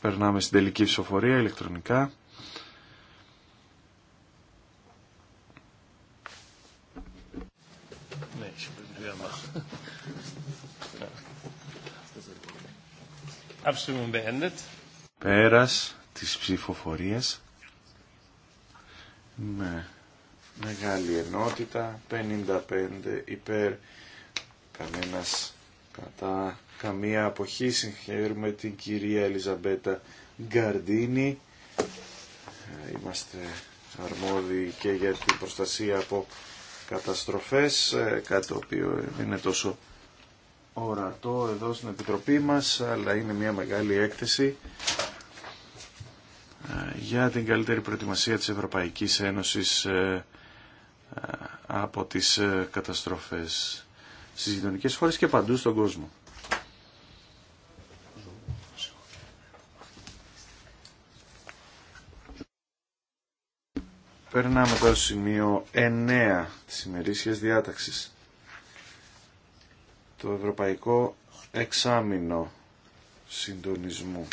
Περνάμε στην τελική ψηφοφορία ηλεκτρονικά. Πέρας της ψηφοφορίας με μεγάλη ενότητα 55 υπέρ κανένας κατά καμία αποχή συγχαίρουμε την κυρία Ελιζαμπέτα Γκαρντίνη είμαστε αρμόδιοι και για την προστασία από καταστροφές ε, κάτι το οποίο είναι τόσο ορατό εδώ στην Επιτροπή μας αλλά είναι μια μεγάλη έκθεση για την καλύτερη προετοιμασία της Ευρωπαϊκής Ένωσης ε, ε, από τις ε, καταστροφές στις γειτονικέ φορές και παντού στον κόσμο. Περνάμε τώρα στο σημείο 9 της ημερήσιας διάταξης. Το Ευρωπαϊκό Εξάμεινο Συντονισμού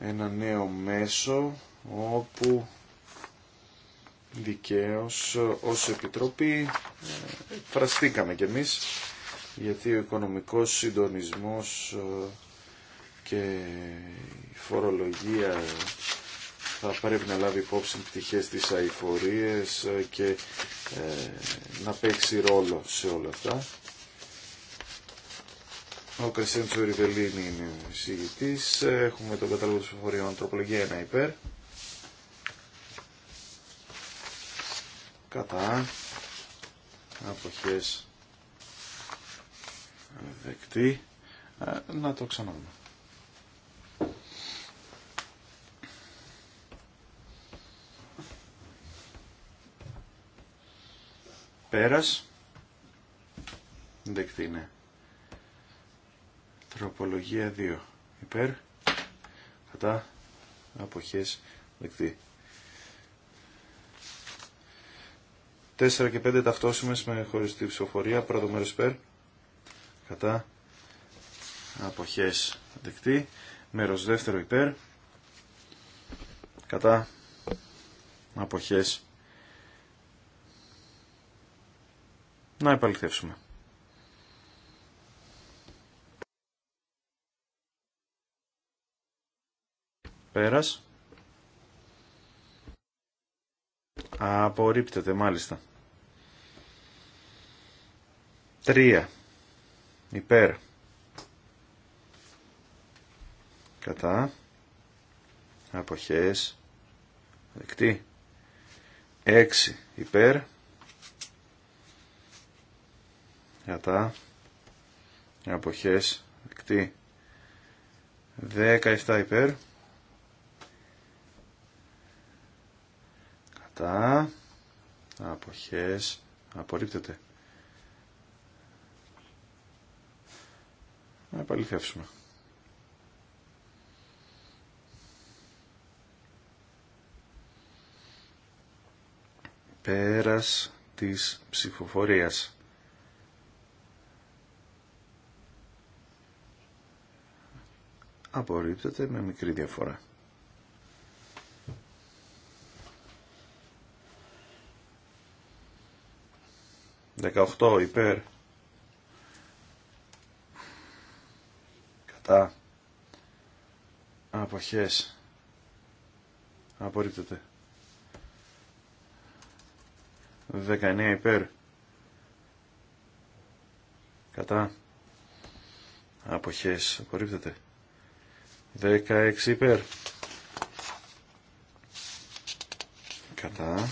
ένα νέο μέσο όπου δικαίως ως Επιτροπή ε, φραστήκαμε κι εμείς γιατί ο οικονομικός συντονισμός ε, και η φορολογία θα πρέπει να λάβει υπόψη πτυχές της αηφορίες ε, και να παίξει ρόλο σε όλα αυτά. Ο Κρεσέντσο Ριβελίνη είναι συγητή. Έχουμε τον κατάλογο των ψηφοφοριών τροπολογία 1 υπέρ. Κατά. Αποχέ. Δεκτή. Ε, να το ξαναδούμε. Πέρας. Δεκτή, ναι. Τροπολογία 2. Υπέρ. Κατά. Αποχές. Δεκτή. 4 και 5 ταυτόσιμες με χωριστή ψηφοφορία. Πρώτο μέρος υπέρ. Κατά. Αποχές. Δεκτή. Μέρος δεύτερο υπέρ. Κατά. Αποχές. Να επαληθεύσουμε. Πέρας. Απορρίπτεται μάλιστα. 3. Υπέρ. Κατά. Αποχές. Δεκτή. 6. Υπέρ. Κατά. Αποχές. Δεκτή. 17 υπέρ. τα αποχές απορρίπτεται. Να επαληθεύσουμε. Πέρας της ψηφοφορίας. Απορρίπτεται με μικρή διαφορά. 18 υπέρ κατά αποχές απορρίπτεται 19 υπέρ κατά αποχές απορρίπτεται 16 υπέρ κατά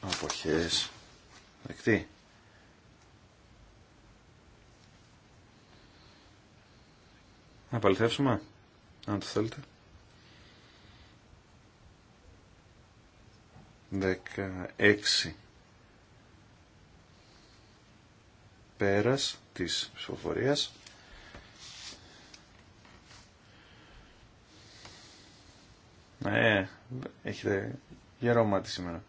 αποχές δεκτή. Να αν το θέλετε. 16 πέρας της ψηφοφορίας Ναι, έχετε γερό σήμερα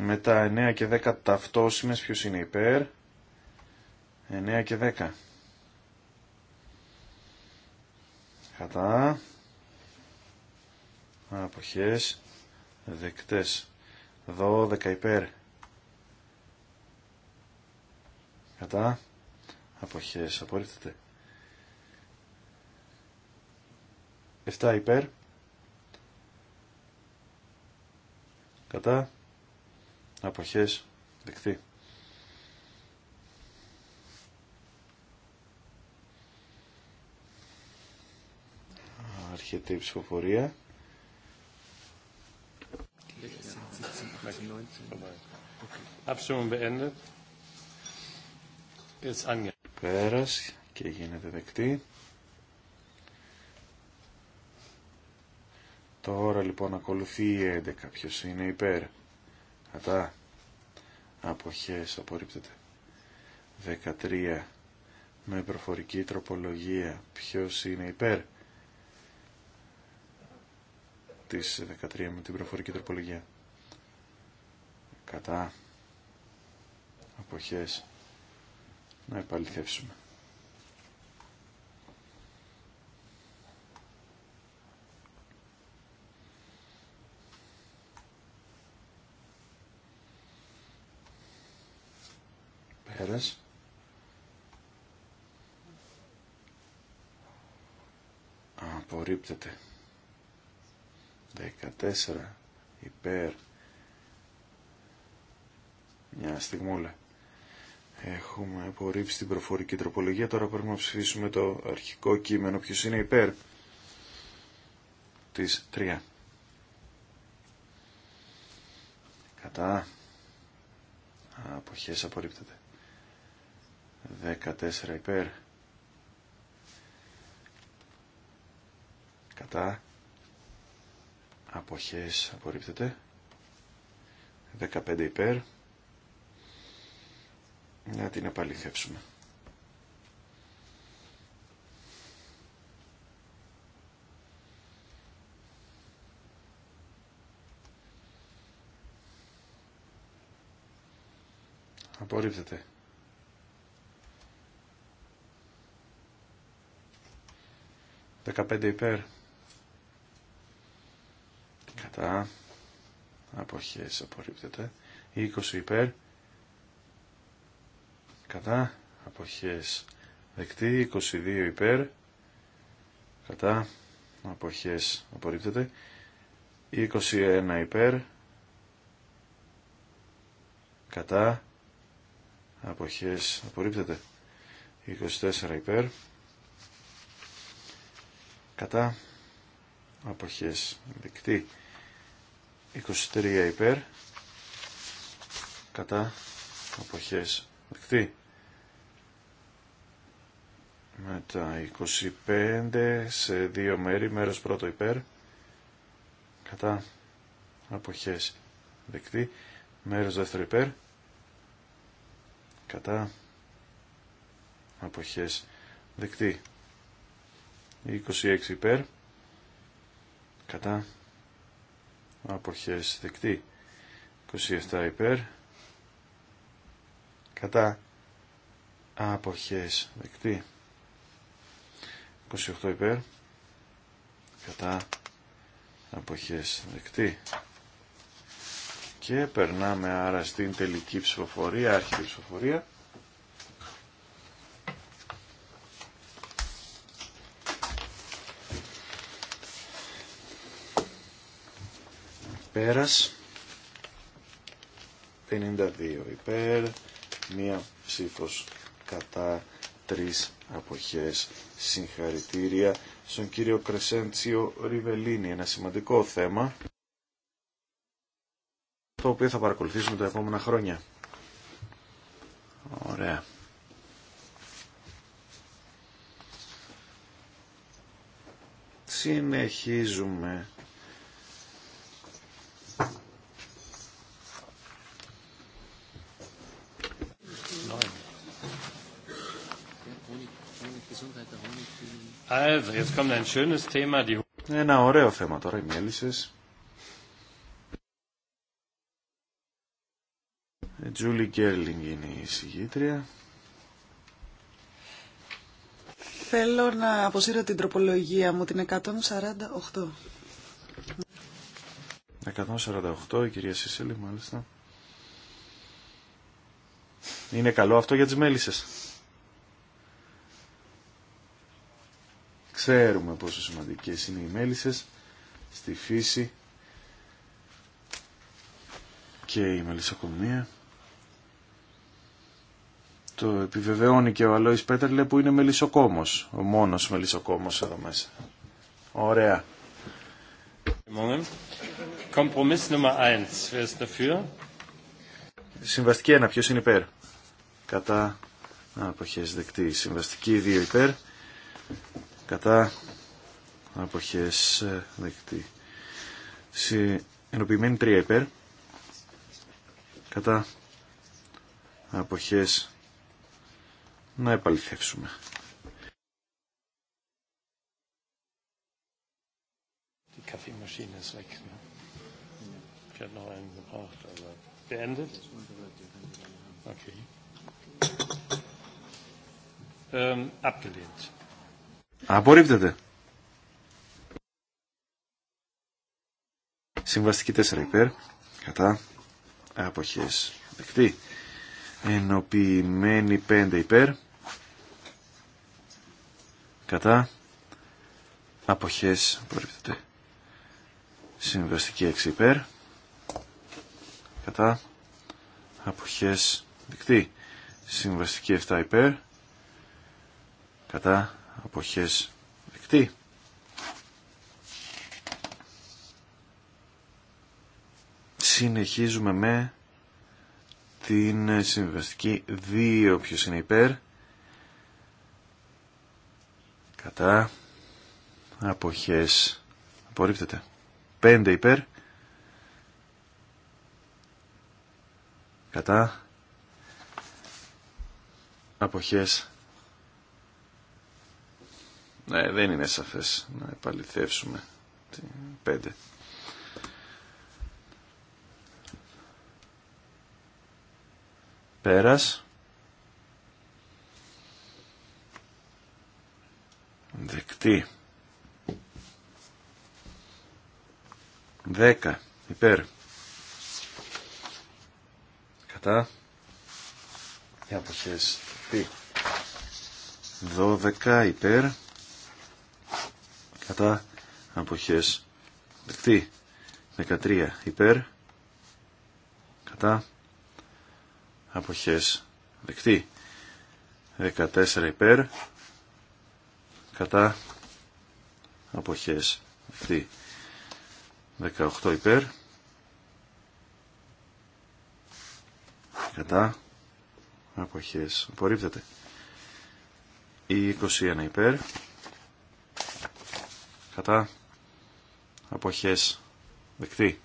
Μετά 9 και 10 ταυτόσιμες, ποιος είναι υπέρ. 9 και 10. Κατά. Αποχές. Δεκτές. 12 υπέρ. Κατά. Αποχές. Απορρίπτεται. 7 υπέρ. Κατά αποχές δεκτή. Άρχεται η ψηφοφορία. Πέρας και γίνεται δεκτή. Τώρα λοιπόν ακολουθεί η 11. Ποιος είναι υπέρ κατά αποχές απορρίπτεται 13 με προφορική τροπολογία ποιος είναι υπέρ της 13 με την προφορική τροπολογία κατά αποχές να επαληθεύσουμε Απορρίπτεται. 14 υπέρ. Μια στιγμούλα. Έχουμε απορρίψει την προφορική τροπολογία. Τώρα πρέπει να ψηφίσουμε το αρχικό κείμενο. Ποιος είναι υπέρ της 3. Κατά. Αποχές απορρίπτεται. 14 υπέρ κατά αποχές απορρίπτεται 15 υπέρ να την επαληθεύσουμε απορρίπτεται 15 υπέρ. Κατά. Αποχές απορρίπτεται. 20 υπέρ. Κατά. Αποχές δεκτή. 22 υπέρ. Κατά. Αποχές απορρίπτεται. 21 υπέρ. Κατά. Αποχές απορρίπτεται. 24 υπέρ κατά αποχές δεκτή 23 υπέρ κατά αποχές δεκτή μετά 25 σε δύο μέρη μέρος πρώτο υπέρ κατά αποχές δεκτή μέρος δεύτερο υπέρ κατά αποχές δεκτή 26 υπέρ. Κατά. Αποχές δεκτή. 27 υπέρ. Κατά. Αποχές δεκτή. 28 υπέρ. Κατά. Αποχές δεκτή. Και περνάμε άρα στην τελική ψηφοφορία, άρχιτη ψηφοφορία. 52 υπέρ. Μία ψήφος κατά τρεις αποχές. Συγχαρητήρια στον κύριο Κρεσέντσιο Ριβελίνη. Ένα σημαντικό θέμα το οποίο θα παρακολουθήσουμε τα επόμενα χρόνια. Ωραία. Συνεχίζουμε Ένα ωραίο θέμα τώρα οι μέλισσες. Τζούλι Γκέρλινγκ είναι η συγγήτρια. Θέλω να αποσύρω την τροπολογία μου, την 148. 148, η κυρία Σίσελη, μάλιστα. Είναι καλό αυτό για τις μέλισσες. Ξέρουμε πόσο σημαντικές είναι οι μέλισσες στη φύση και η μελισσοκομεία. Το επιβεβαιώνει και ο Αλόης Πέτερλε που είναι μελισσοκόμος, ο μόνος μελισσοκόμος εδώ μέσα. Ωραία. Kompromiss Nummer 1. Συμβαστική 1. Ποιος είναι υπέρ. Κατά αποχές δεκτή. Συμβαστική 2 υπέρ κατά αποχές δεκτή. Σε ενοποιημένη τρία υπέρ κατά αποχές να επαληθεύσουμε. Die Kaffeemaschine ist weg. Ne? Ich habe noch einen gebraucht, aber beendet. Okay. Ähm, abgelehnt. Απορρίπτεται. Συμβαστική 4 υπέρ. Κατά. Αποχές. Δεκτή. Ενοποιημένη 5 υπέρ. Κατά. Αποχές. Απορρίπτεται. Συμβαστική 6 υπέρ. Κατά. Αποχές. Δεκτή. Συμβαστική 7 υπέρ. Κατά αποχές δεκτή. Συνεχίζουμε με την συμβαστική 2 ποιος είναι υπέρ κατά αποχές απορρίπτεται 5 υπέρ κατά αποχές ναι, δεν είναι σαφές να επαληθεύσουμε την πέντε. Πέρας. Δεκτή. Δέκα. Υπέρ. Κατά. Για αποχές. Τι. 12 υπέρ κατά αποχές δεκτή 13 υπέρ κατά αποχές δεκτή 14 υπέρ κατά αποχές δεκτή 18 υπέρ κατά αποχές απορρίπτεται η 21 υπέρ κατά αποχές δεκτή.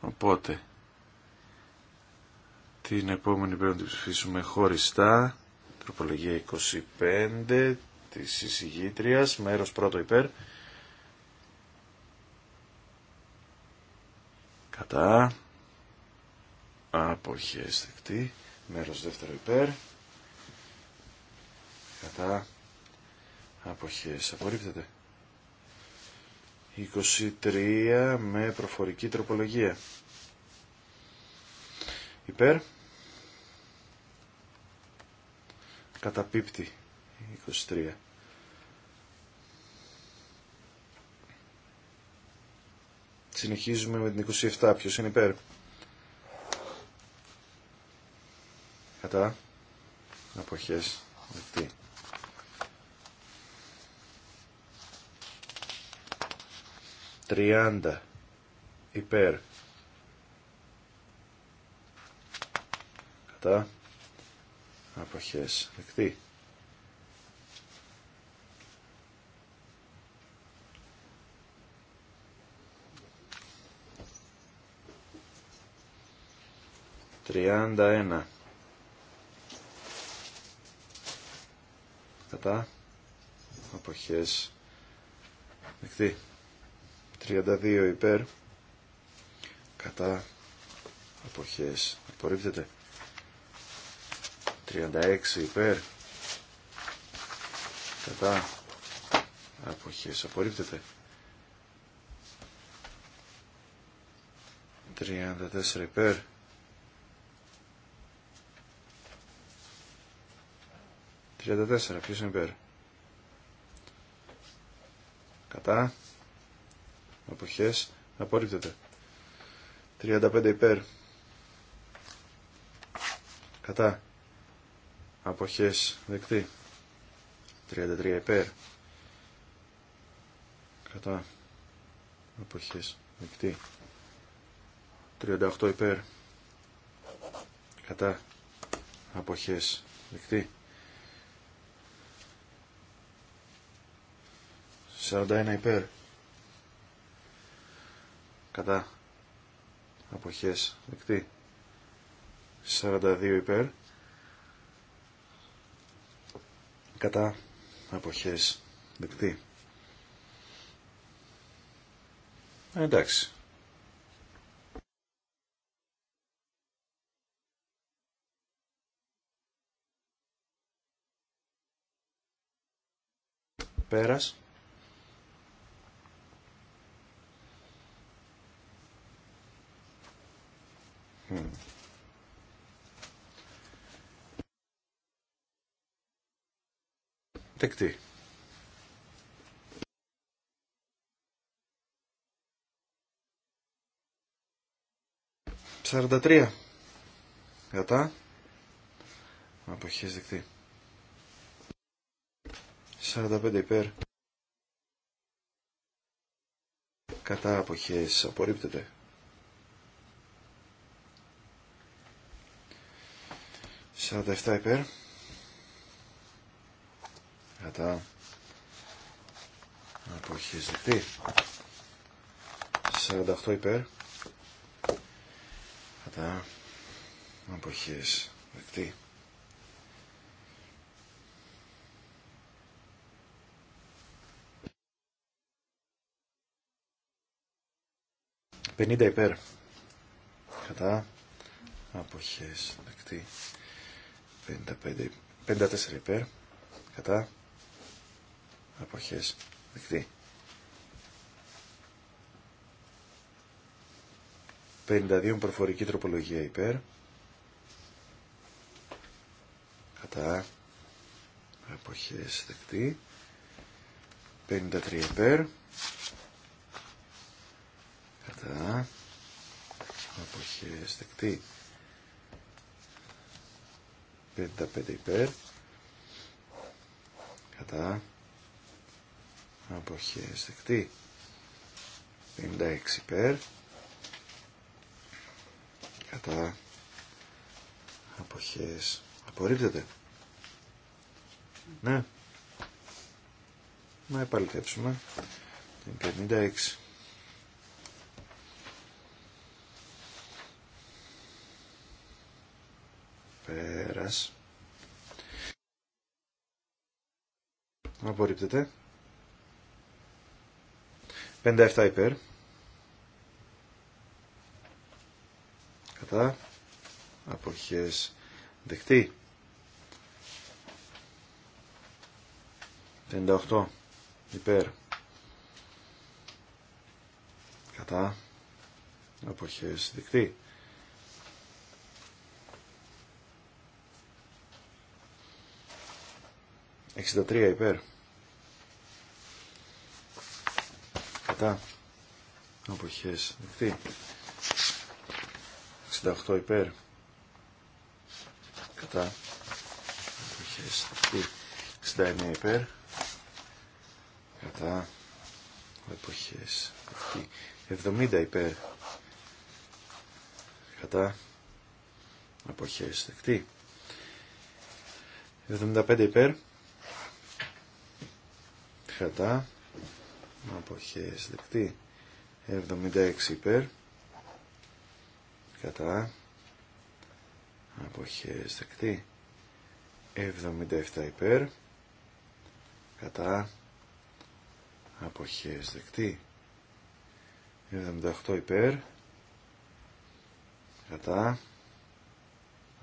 Οπότε την επόμενη πρέπει να την ψηφίσουμε χωριστά. Τροπολογία 25 της εισηγήτριας, μέρος πρώτο υπέρ. Κατά. Αποχές δεκτή. Μέρος δεύτερο υπέρ. Κατά αποχές απορρίπτεται 23 με προφορική τροπολογία υπέρ καταπίπτει 23 Συνεχίζουμε με την 27. Ποιος είναι υπέρ. Κατά. Αποχές. Δεκτή. Τριάντα υπέρ κατά αποχές δεκτή. Τριάντα ένα. Κατά. Αποχές. Δεκτή. 32 υπέρ κατά αποχές απορρίπτεται 36 υπέρ κατά αποχές απορρίπτεται 34 υπέρ 34 τέσσερα, είναι υπέρ. Κατά αποχές απορρίπτεται 35 υπέρ κατά αποχές δεκτή 33 υπέρ κατά αποχές δεκτή 38 υπέρ κατά αποχές δεκτή 41 υπέρ κατά αποχές δεκτή 42 υπέρ κατά αποχές δεκτή ε, εντάξει πέρας Δεκτή. Σαράντα Κατά. Αποχές δεκτή. 45 υπέρ. Κατά αποχές απορρίπτεται. 47 υπέρ. Κατά. Αποχές δεκτή. 48 υπέρ. Κατά. Αποχές δεκτή. 50 υπέρ. Κατά. Αποχές δεκτή. 54 υπέρ, κατά, αποχές, δεκτή. 52 προφορική τροπολογία υπέρ, κατά, αποχές, δεκτή. 53 υπέρ, κατά, αποχές, δεκτή. 55 υπέρ κατά αποχές δεκτή 56 υπέρ κατά αποχές απορρίπτεται ναι να επαληθεύσουμε την 56 Πέρας. Απορρίπτεται. 57 υπέρ. Κατά. Αποχές δεχτή. 58 υπέρ. Κατά. Αποχές δεκτή. 63 υπέρ. Κατά. Αποχές. Δεκτή. 68 υπέρ. Κατά. Αποχές. Δεκτή. 69 υπέρ. Κατά. Αποχές. Δεκτή. 70 υπέρ. Κατά. Αποχές. Δεκτή. 75 υπέρ κατά αποχές δεκτή 76 υπέρ κατά αποχές δεκτή 77 υπέρ κατά αποχές δεκτή 78 υπέρ κατά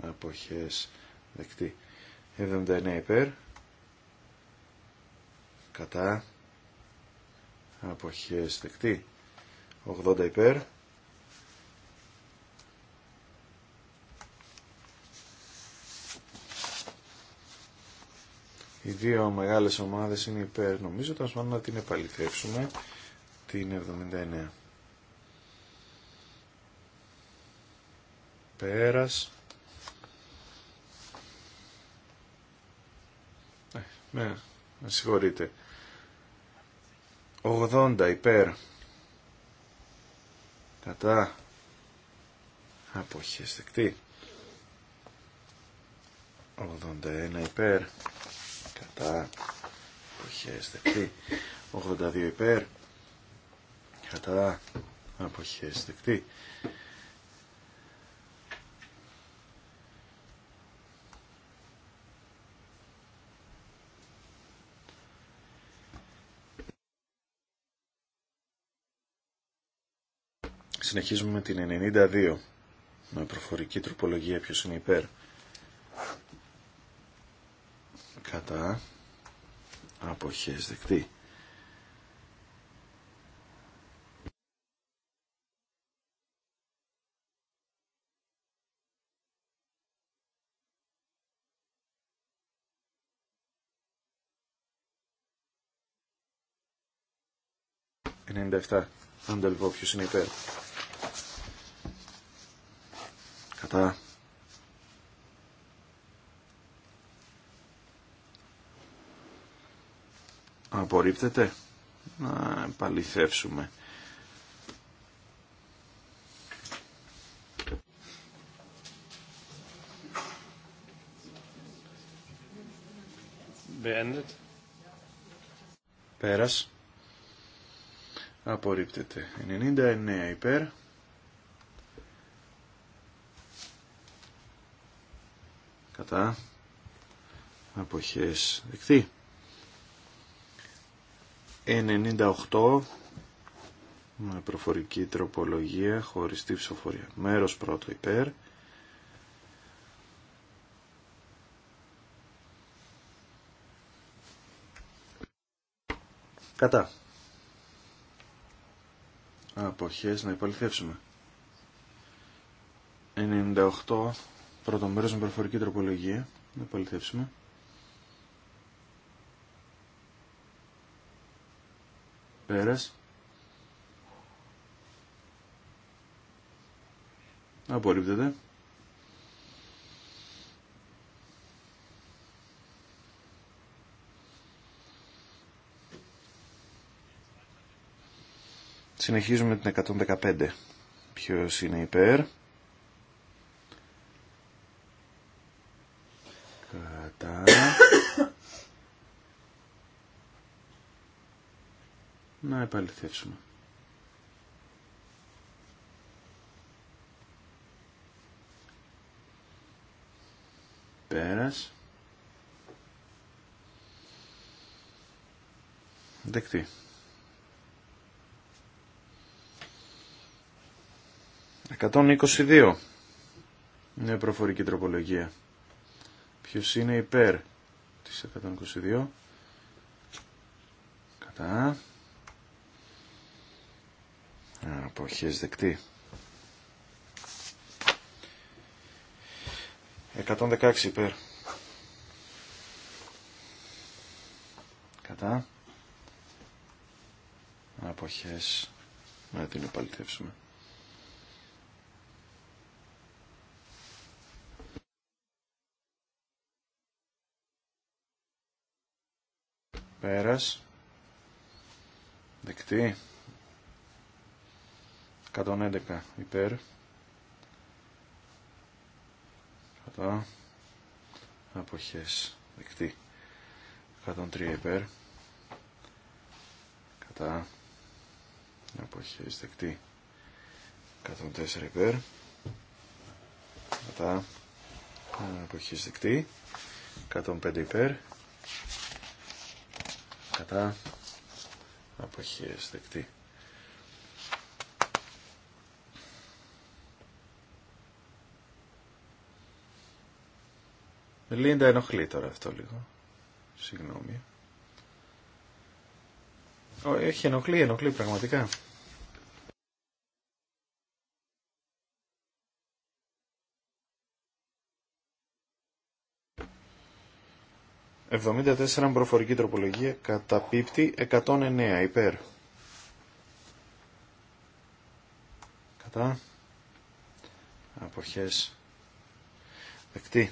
αποχές δεκτή 79 υπέρ κατά αποχές δεκτή 80 υπέρ Οι δύο μεγάλες ομάδες είναι υπέρ. Νομίζω ότι θα να την επαληθεύσουμε την 79. Πέρας. Ε, ναι, με, με συγχωρείτε. 80 υπέρ κατά αποχές 81 υπέρ κατά αποχές 82 υπέρ κατά αποχές δεκτή συνεχίζουμε με την 92 με προφορική τροπολογία ποιος είναι υπέρ κατά αποχές δεκτή. Αντελβό ποιος είναι υπέρ κατά απορρίπτεται να επαληθεύσουμε Beendet. Πέρας. Απορρίπτεται. 99 υπέρ. κατά αποχές δεκτή 98 με προφορική τροπολογία χωριστή ψηφοφορία μέρος πρώτο υπέρ κατά αποχές να υπαλληθεύσουμε 98 πρώτο μέρος με προφορική τροπολογία. Να πολιτεύσουμε. Πέρας. Απορρίπτεται. Συνεχίζουμε την 115. Ποιος είναι υπέρ. να επαληθεύσουμε. Πέρας. Δεκτή. 122. Νέα προφορική τροπολογία. Ποιος είναι υπέρ της 122. Κατά. Αποχές δεκτή. 116 υπέρ. Κατά. Αποχές. Να την επαληθεύσουμε. Πέρας. Δεκτή. 111 υπέρ. Κατά. Αποχές. Δεκτή. 103 υπέρ. Κατά. Αποχές. Δεκτή. 104 υπέρ. Κατά. Αποχές. Δεκτή. 105 υπέρ κατά αποχές δεκτή. Λίντα ενοχλεί τώρα αυτό λίγο. Συγγνώμη. Έχει ενοχλεί, ενοχλεί πραγματικά. 74 προφορική τροπολογία καταπίπτει 109 υπέρ. Κατά. Αποχές. Δεκτή.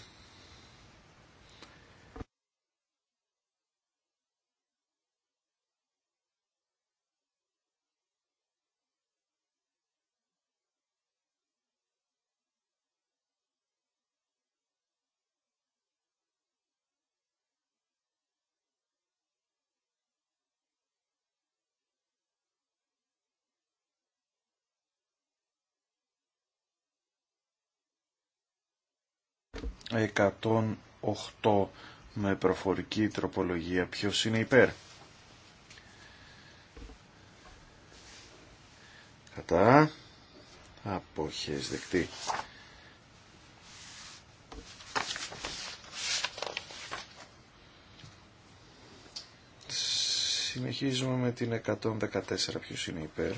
108 με προφορική τροπολογία. Ποιος είναι υπέρ. Κατά. Αποχές δεκτή. Συνεχίζουμε με την 114. Ποιος είναι υπέρ.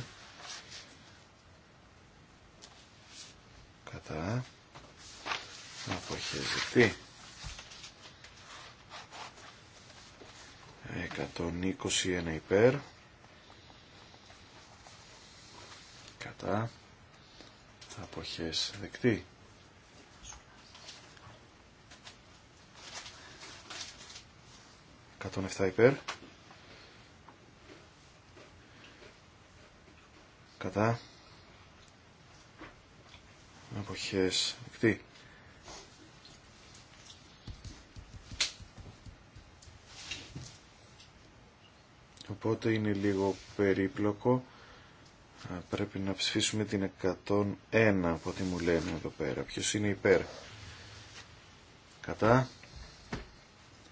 συζητηθεί. 121 υπέρ. Κατά. Αποχές δεκτή. 107 υπέρ. Κατά. Αποχές δεκτή. οπότε είναι λίγο περίπλοκο. Πρέπει να ψηφίσουμε την 101 από ό,τι μου λένε εδώ πέρα. Ποιος είναι υπέρ. Κατά.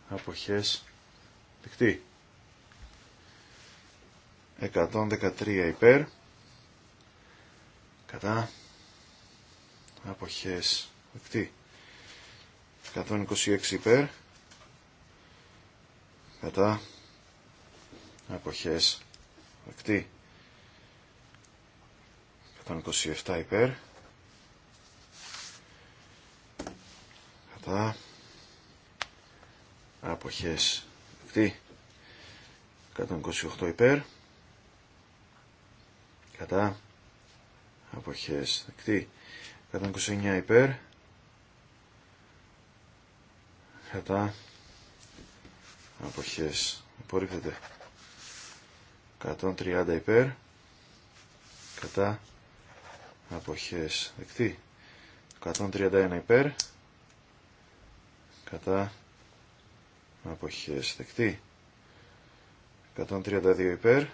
Αποχές. Δεκτή. 113 υπέρ. Κατά. Αποχές. Δεκτή. 126 υπέρ. Κατά αποχές δεκτή 127 υπέρ κατά αποχές δεκτή 128 υπέρ κατά αποχές δεκτή 129 υπέρ κατά αποχές απορρίπτεται 130 υπέρ κατά αποχές δεκτή 131 υπέρ κατά αποχές δεκτή 132 υπέρ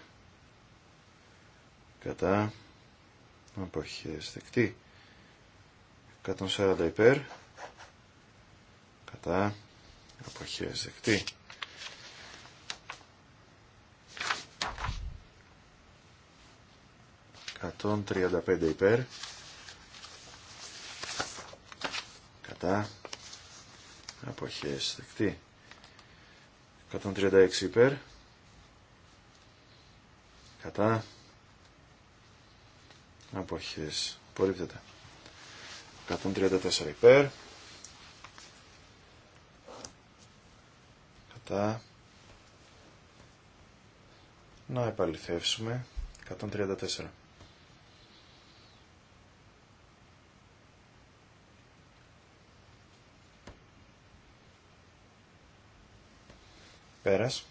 κατά αποχές δεκτή 140 υπέρ κατά αποχές δεκτή 135 υπέρ. Κατά. Αποχές δεκτή. 136 υπέρ. Κατά. Αποχές. Απορρίπτεται. 134 υπέρ. Κατά. Να επαληθεύσουμε. 134. πέρας.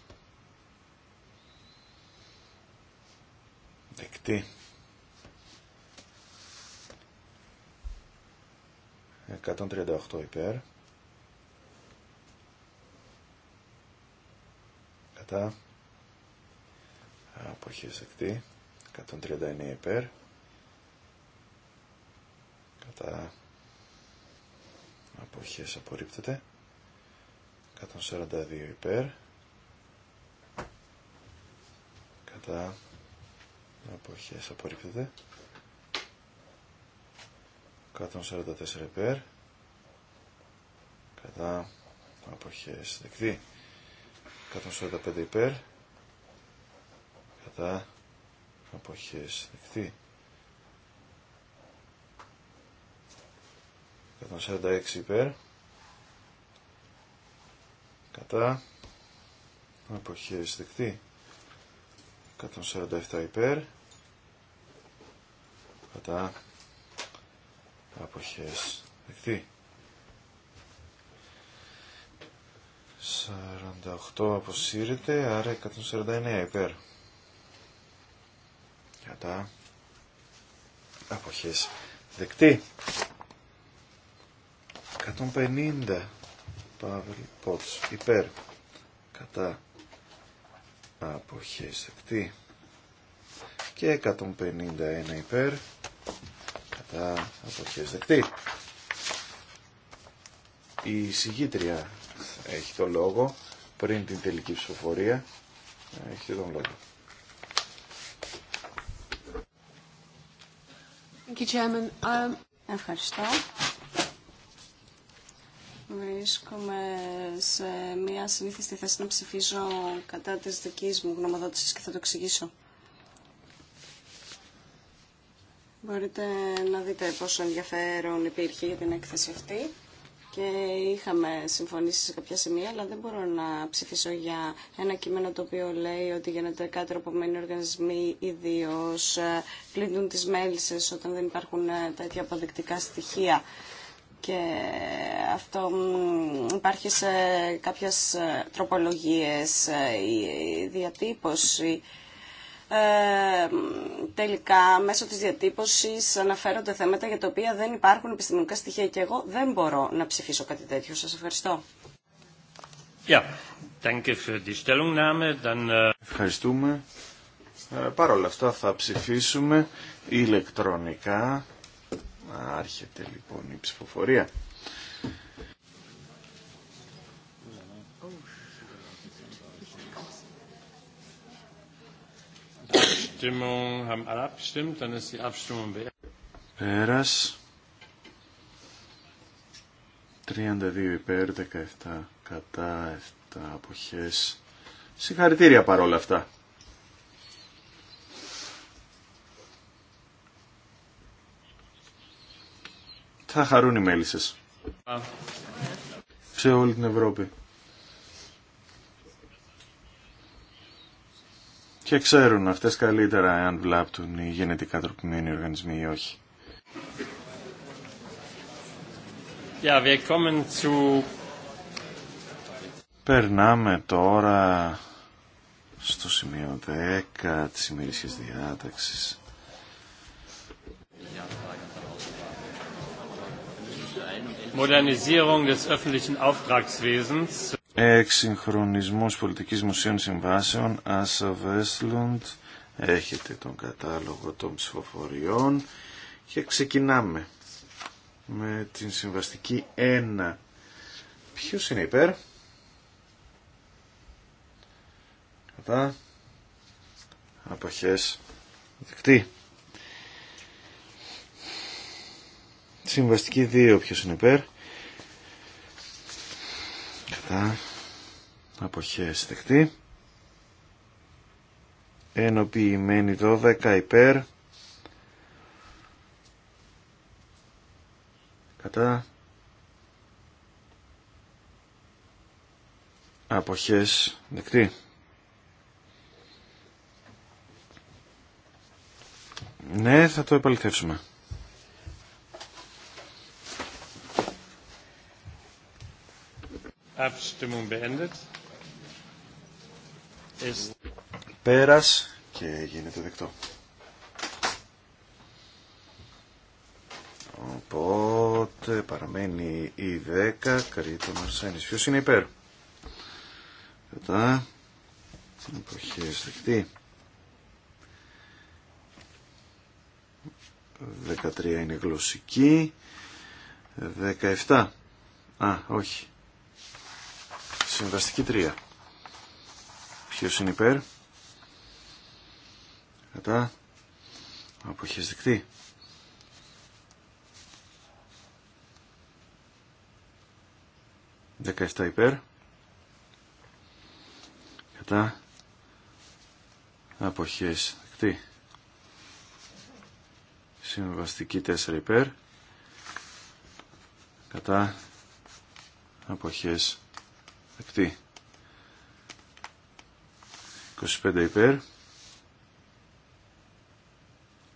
Δεκτή. 138 υπέρ. Κατά. Αποχές δεκτή. 139 υπέρ. Κατά. Αποχές απορρίπτεται. 142 υπέρ. κατά αποχές απορρίπτεται 144 υπέρ κατά αποχές δεκτή 145 υπέρ κατά αποχές δεκτή 146 υπέρ κατά αποχές δεκτή 147 υπέρ. Κατά. Αποχές. Δεκτή. 48 αποσύρεται, άρα 149 υπέρ. Κατά. Αποχές. Δεκτή. 150. Παύλ Πότς. Υπέρ. Κατά αποχές δεκτή και 151 υπέρ κατά αποχές δεκτή. Η συγκίτρια έχει το λόγο πριν την τελική ψηφοφορία. Έχει τον λόγο. Um, Ευχαριστώ. Βρίσκομαι σε μια συνήθιστη θέση να ψηφίζω κατά της δικής μου γνωμοδότησης και θα το εξηγήσω. Μπορείτε να δείτε πόσο ενδιαφέρον υπήρχε για την έκθεση αυτή και είχαμε συμφωνήσει σε κάποια σημεία, αλλά δεν μπορώ να ψηφίσω για ένα κείμενο το οποίο λέει ότι γενετικά τροπομένοι οργανισμοί ιδίω πλήντουν ε, τις μέλισσες όταν δεν υπάρχουν ε, τέτοια αποδεικτικά στοιχεία και αυτό υπάρχει σε κάποιες ε, τροπολογίες ε, η διατύπωση ε, τελικά μέσω της διατύπωσης αναφέρονται θέματα για τα οποία δεν υπάρχουν επιστημονικά στοιχεία και εγώ δεν μπορώ να ψηφίσω κάτι τέτοιο. Σας ευχαριστώ. Ευχαριστούμε. Παρ' όλα αυτά θα ψηφίσουμε ηλεκτρονικά Άρχεται λοιπόν η ψηφοφορία. Πέρας 32 υπέρ 17 κατά 7 αποχές Συγχαρητήρια παρόλα αυτά θα χαρούν οι μέλισσες. Σε όλη την Ευρώπη. Και ξέρουν αυτές καλύτερα εάν βλάπτουν οι γενετικά τροπημένοι οργανισμοί ή όχι. Περνάμε τώρα στο σημείο 10 της ημερήσιας διάταξης. Εξυγχρονισμός πολιτικής μουσείων συμβάσεων, Άσα Βέσλοντ, έχετε τον κατάλογο των ψηφοφοριών και ξεκινάμε με την συμβαστική 1. Ποιος είναι υπέρ? Κατά. Αποχές. Δεκτή. Συμβαστική 2 ποιος είναι υπέρ. Κατά. Αποχές δεκτή. Ενοποιημένη 12 υπέρ. Κατά. Αποχές δεκτή. Ναι, θα το επαληθεύσουμε. Abstimmung beendet. Πέρας και γίνεται δεκτό. Οπότε παραμένει η 10 Κρήτον Αρσένης. Ποιος είναι υπέρ. Κατά. Εποχές δεκτή. 13 είναι γλωσσική. 17. Α, όχι. Συμβαστική 3. Ποιος είναι υπέρ. Κατά. Αποχές δεκτή. Δεκαεφτά υπέρ. Κατά. Αποχές δεκτή. Συμβαστική τέσσερα υπέρ. Κατά. Αποχές δεκτή 25 υπέρ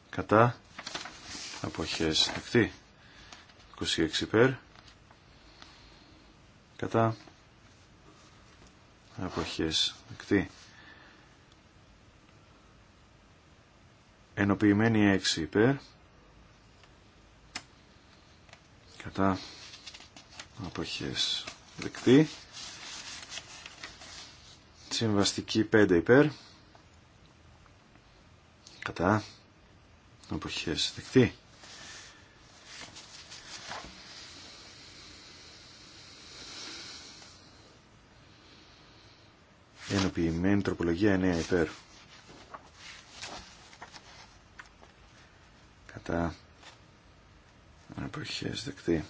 κατά αποχές δεκτή 26 υπέρ κατά αποχές δεκτή ενοποιημένη 6 υπέρ κατά αποχές δεκτή Συμβαστική 5 υπέρ. Κατά. Αποχές δεκτή. Ενοποιημένη τροπολογία 9 υπέρ. Κατά. Αποχές δεκτή.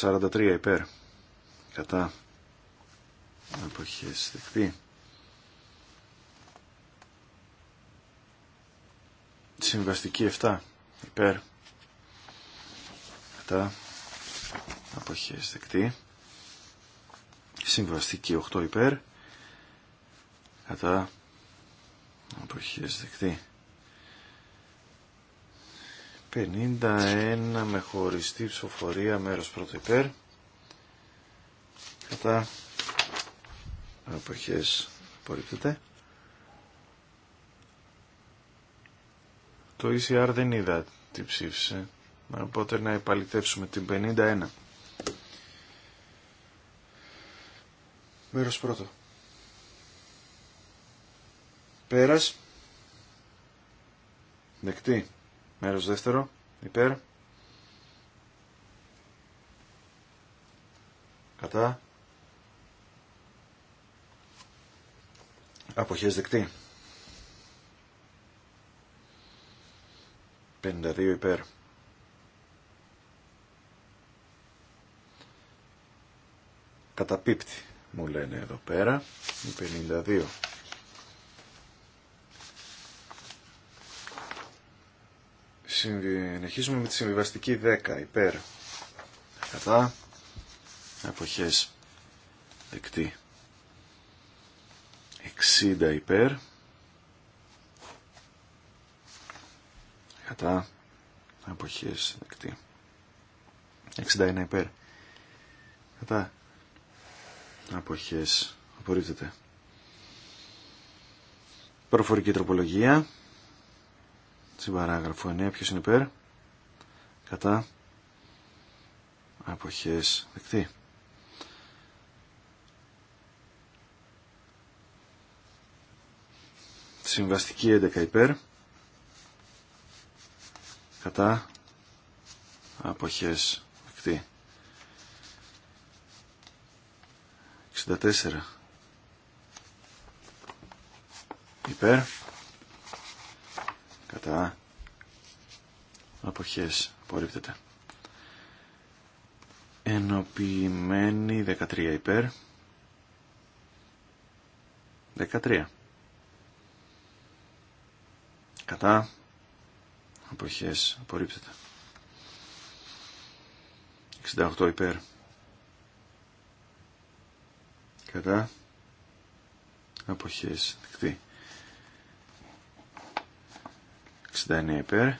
43 υπέρ. Κατά. Αποχές Συμβαστική 7 υπέρ. Κατά. Αποχές δεκτή. Συμβαστική 8 υπέρ. Κατά. Αποχές δεκτή. 51 με χωριστή ψηφοφορία μέρος πρώτο υπέρ κατά αποχές απορρίπτεται το ECR δεν είδα τι ψήφισε οπότε να επαληθεύσουμε την 51 μέρος πρώτο πέρας δεκτή Μέρος δεύτερο. Υπέρ. Κατά. Αποχές δεκτή. 52 υπέρ. Καταπίπτει, μου λένε εδώ πέρα. 52 Συνεχίζουμε με τη συμβιβαστική 10 υπέρ. Κατά. Αποχές δεκτή. 60 υπέρ. Κατά. Αποχές δεκτή. 61 υπέρ. Κατά. Αποχές απορρίπτεται. Προφορική τροπολογία στην παράγραφο 9. Ποιος είναι υπέρ. Κατά. Αποχές δεκτή. Συμβαστική 11 υπέρ. Κατά. Αποχές δεκτή. 64 υπέρ κατά αποχές απορρίπτεται ενοποιημένη 13 υπέρ 13 κατά αποχές απορρίπτεται 68 υπέρ κατά αποχές δεκτή 69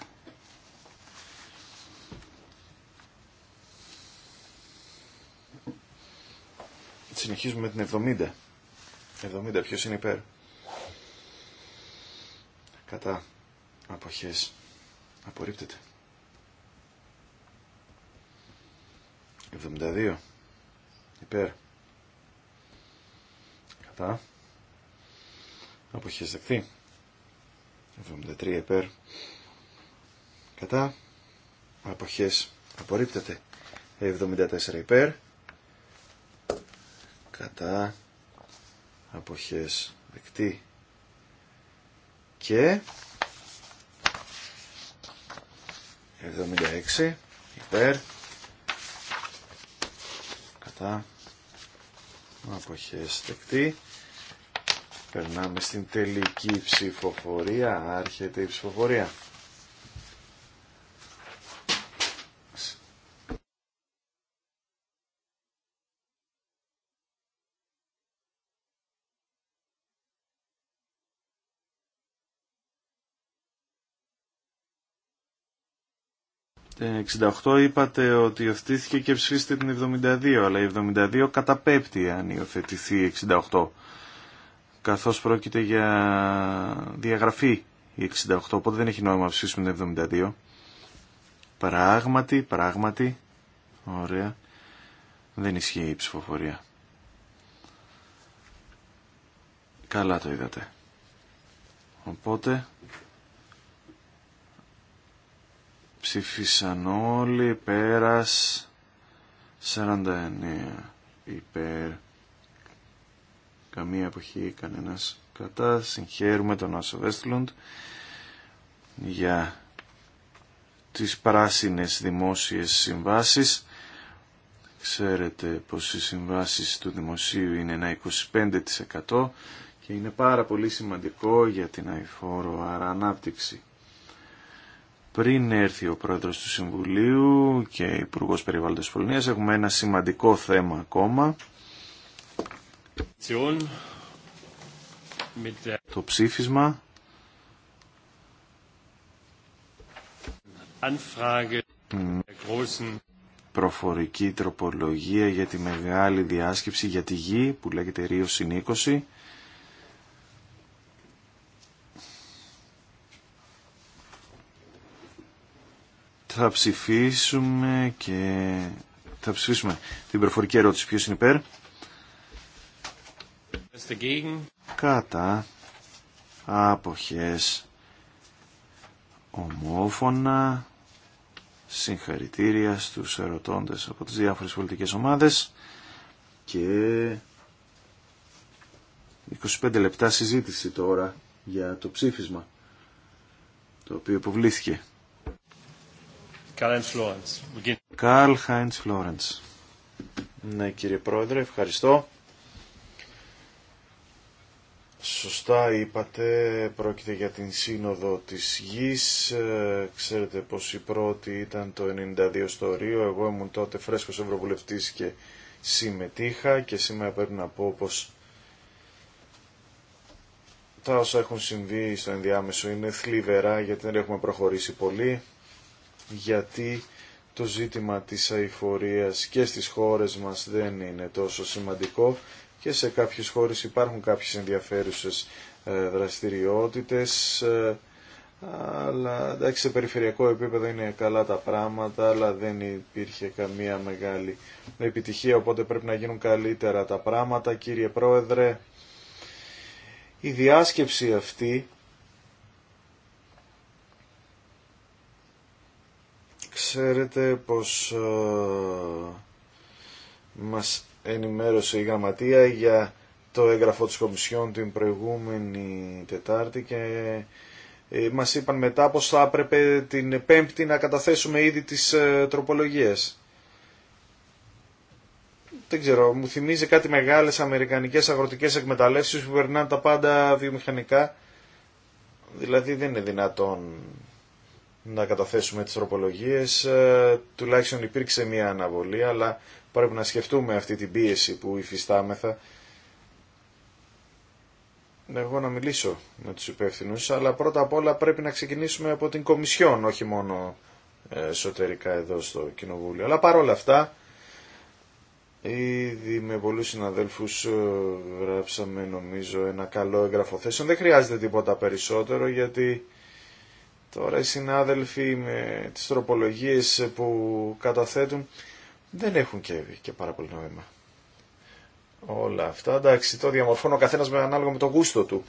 Συνεχίζουμε με την 70. 70 ποιος είναι υπέρ. Κατά αποχές απορρίπτεται. 72 υπέρ. Κατά αποχές δεκτή. 73 υπέρ κατά αποχές απορρίπτεται 74 υπέρ κατά αποχές δεκτή και 76 υπέρ κατά αποχές δεκτή Περνάμε στην τελική ψηφοφορία. Άρχεται η ψηφοφορία. Ε, 68 είπατε ότι υιοθετήθηκε και ψηφίσετε την 72, αλλά η 72 καταπέπτει αν υιοθετηθεί 68 καθώς πρόκειται για διαγραφή η 68, οπότε δεν έχει νόημα να ψηφίσουμε την 72. Πράγματι, πράγματι, ωραία, δεν ισχύει η ψηφοφορία. Καλά το είδατε. Οπότε, ψηφίσαν όλοι, πέρας, 49 υπέρ καμία εποχή κανένας κατά. Συγχαίρουμε τον Άσο Βέστλοντ για τις πράσινες δημόσιες συμβάσεις. Ξέρετε πως οι συμβάσεις του δημοσίου είναι ένα 25% και είναι πάρα πολύ σημαντικό για την αηφόρο άρα ανάπτυξη. Πριν έρθει ο πρόεδρος του Συμβουλίου και υπουργό Περιβάλλοντος Πολωνίας έχουμε ένα σημαντικό θέμα ακόμα το ψήφισμα. Προφορική τροπολογία για τη μεγάλη διάσκεψη για τη γη που λέγεται Ρίο Θα ψηφίσουμε και θα ψηφίσουμε την προφορική ερώτηση ποιος είναι υπέρ. Κατά άποχες ομόφωνα συγχαρητήρια στους ερωτώντες από τις διάφορες πολιτικές ομάδες και 25 λεπτά συζήτηση τώρα για το ψήφισμα το οποίο υποβλήθηκε. Καρλ Χάιντς Φλόρεντς. Ναι κύριε Πρόεδρε, ευχαριστώ. Σωστά είπατε, πρόκειται για την σύνοδο της γης. Ε, ξέρετε πως η πρώτη ήταν το 92 στο Ρίο. Εγώ ήμουν τότε φρέσκος ευρωβουλευτής και συμμετείχα και σήμερα πρέπει να πω πως τα όσα έχουν συμβεί στο ενδιάμεσο είναι θλιβερά γιατί δεν έχουμε προχωρήσει πολύ γιατί το ζήτημα της αηφορίας και στις χώρες μας δεν είναι τόσο σημαντικό και σε κάποιες χώρες υπάρχουν κάποιες ενδιαφέρουσες ε, δραστηριότητες ε, αλλά εντάξει σε περιφερειακό επίπεδο είναι καλά τα πράγματα αλλά δεν υπήρχε καμία μεγάλη επιτυχία οπότε πρέπει να γίνουν καλύτερα τα πράγματα κύριε Πρόεδρε η διάσκεψη αυτή ξέρετε πως ε, μας ενημέρωσε η γραμματεία για το έγγραφο της Κομισιόν την προηγούμενη Τετάρτη και ε, μας είπαν μετά πως θα έπρεπε την Πέμπτη να καταθέσουμε ήδη τις ε, τροπολογίες. Δεν ξέρω, μου θυμίζει κάτι μεγάλες αμερικανικές αγροτικές εκμεταλλεύσεις που περνάνε τα πάντα βιομηχανικά. Δηλαδή δεν είναι δυνατόν να καταθέσουμε τις τροπολογίες. Ε, τουλάχιστον υπήρξε μια αναβολή, αλλά Πρέπει να σκεφτούμε αυτή την πίεση που υφιστάμεθα. Εγώ να μιλήσω με τους υπεύθυνου, αλλά πρώτα απ' όλα πρέπει να ξεκινήσουμε από την Κομισιόν, όχι μόνο ε, εσωτερικά εδώ στο Κοινοβούλιο. Αλλά παρόλα αυτά, Ήδη με πολλούς συναδέλφους ε, γράψαμε νομίζω ένα καλό έγγραφο θέσεων. Δεν χρειάζεται τίποτα περισσότερο γιατί τώρα οι συνάδελφοι με τις τροπολογίες που καταθέτουν δεν έχουν και, και πάρα πολύ νόημα. Όλα αυτά, εντάξει, το διαμορφώνω ο καθένας με ανάλογα με το γούστο του.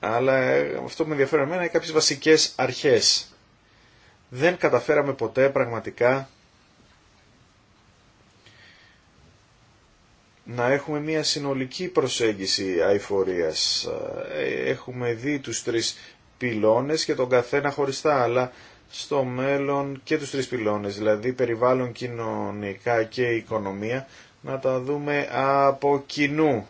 Αλλά ε, αυτό που με ενδιαφέρει εμένα είναι κάποιες βασικές αρχές. Δεν καταφέραμε ποτέ πραγματικά να έχουμε μια συνολική προσέγγιση αηφορίας. Ε, έχουμε δει τους τρεις πυλώνες και τον καθένα χωριστά, αλλά στο μέλλον και τους τρεις πυλώνες, δηλαδή περιβάλλον, κοινωνικά και οικονομία, να τα δούμε από κοινού.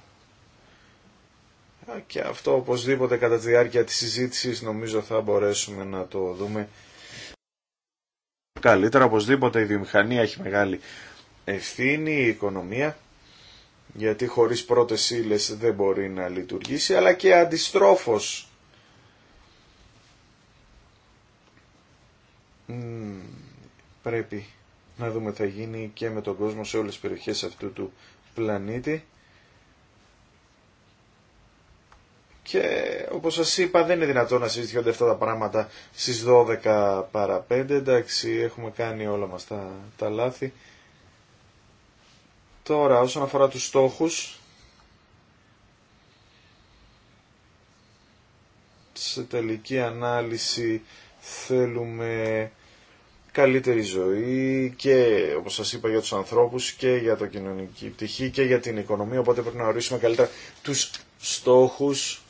Και αυτό οπωσδήποτε κατά τη διάρκεια της συζήτησης νομίζω θα μπορέσουμε να το δούμε καλύτερα. Οπωσδήποτε η βιομηχανία έχει μεγάλη ευθύνη, η οικονομία, γιατί χωρίς πρώτες ύλες δεν μπορεί να λειτουργήσει, αλλά και αντιστρόφως πρέπει να δούμε τι θα γίνει και με τον κόσμο σε όλες τις περιοχές αυτού του πλανήτη. Και όπως σας είπα δεν είναι δυνατόν να συζητιόνται αυτά τα πράγματα στις 12 παρα 5. Εντάξει, έχουμε κάνει όλα μας τα, τα λάθη. Τώρα, όσον αφορά τους στόχους, σε τελική ανάλυση θέλουμε καλύτερη ζωή και όπως σας είπα για τους ανθρώπους και για το κοινωνική πτυχή και για την οικονομία οπότε πρέπει να ορίσουμε καλύτερα τους στόχους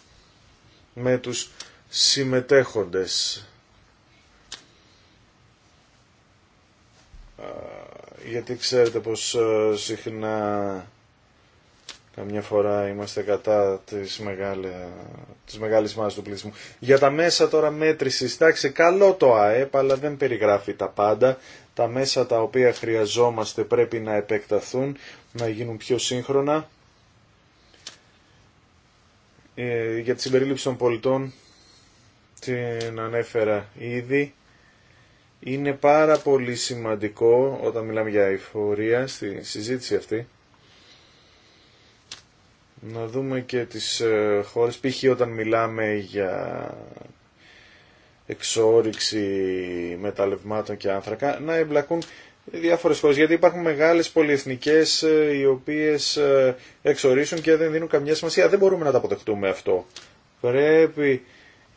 με τους συμμετέχοντες. Γιατί ξέρετε πως ε, συχνά Καμιά φορά είμαστε κατά της, μεγάλη, της μεγάλης του πλήσιμου. Για τα μέσα τώρα μέτρησης, εντάξει, καλό το ΑΕΠ, αλλά δεν περιγράφει τα πάντα. Τα μέσα τα οποία χρειαζόμαστε πρέπει να επεκταθούν, να γίνουν πιο σύγχρονα. Ε, για τη συμπερίληψη των πολιτών, την ανέφερα ήδη. Είναι πάρα πολύ σημαντικό, όταν μιλάμε για εφορία, στη συζήτηση αυτή, να δούμε και τις ε, χώρες, π.χ. όταν μιλάμε για εξόριξη μεταλλευμάτων και άνθρακα, να εμπλακούν διάφορες χώρες, γιατί υπάρχουν μεγάλες πολυεθνικές ε, οι οποίες ε, εξορίσουν και δεν δίνουν καμιά σημασία. Δεν μπορούμε να τα αποτεχτούμε αυτό. Πρέπει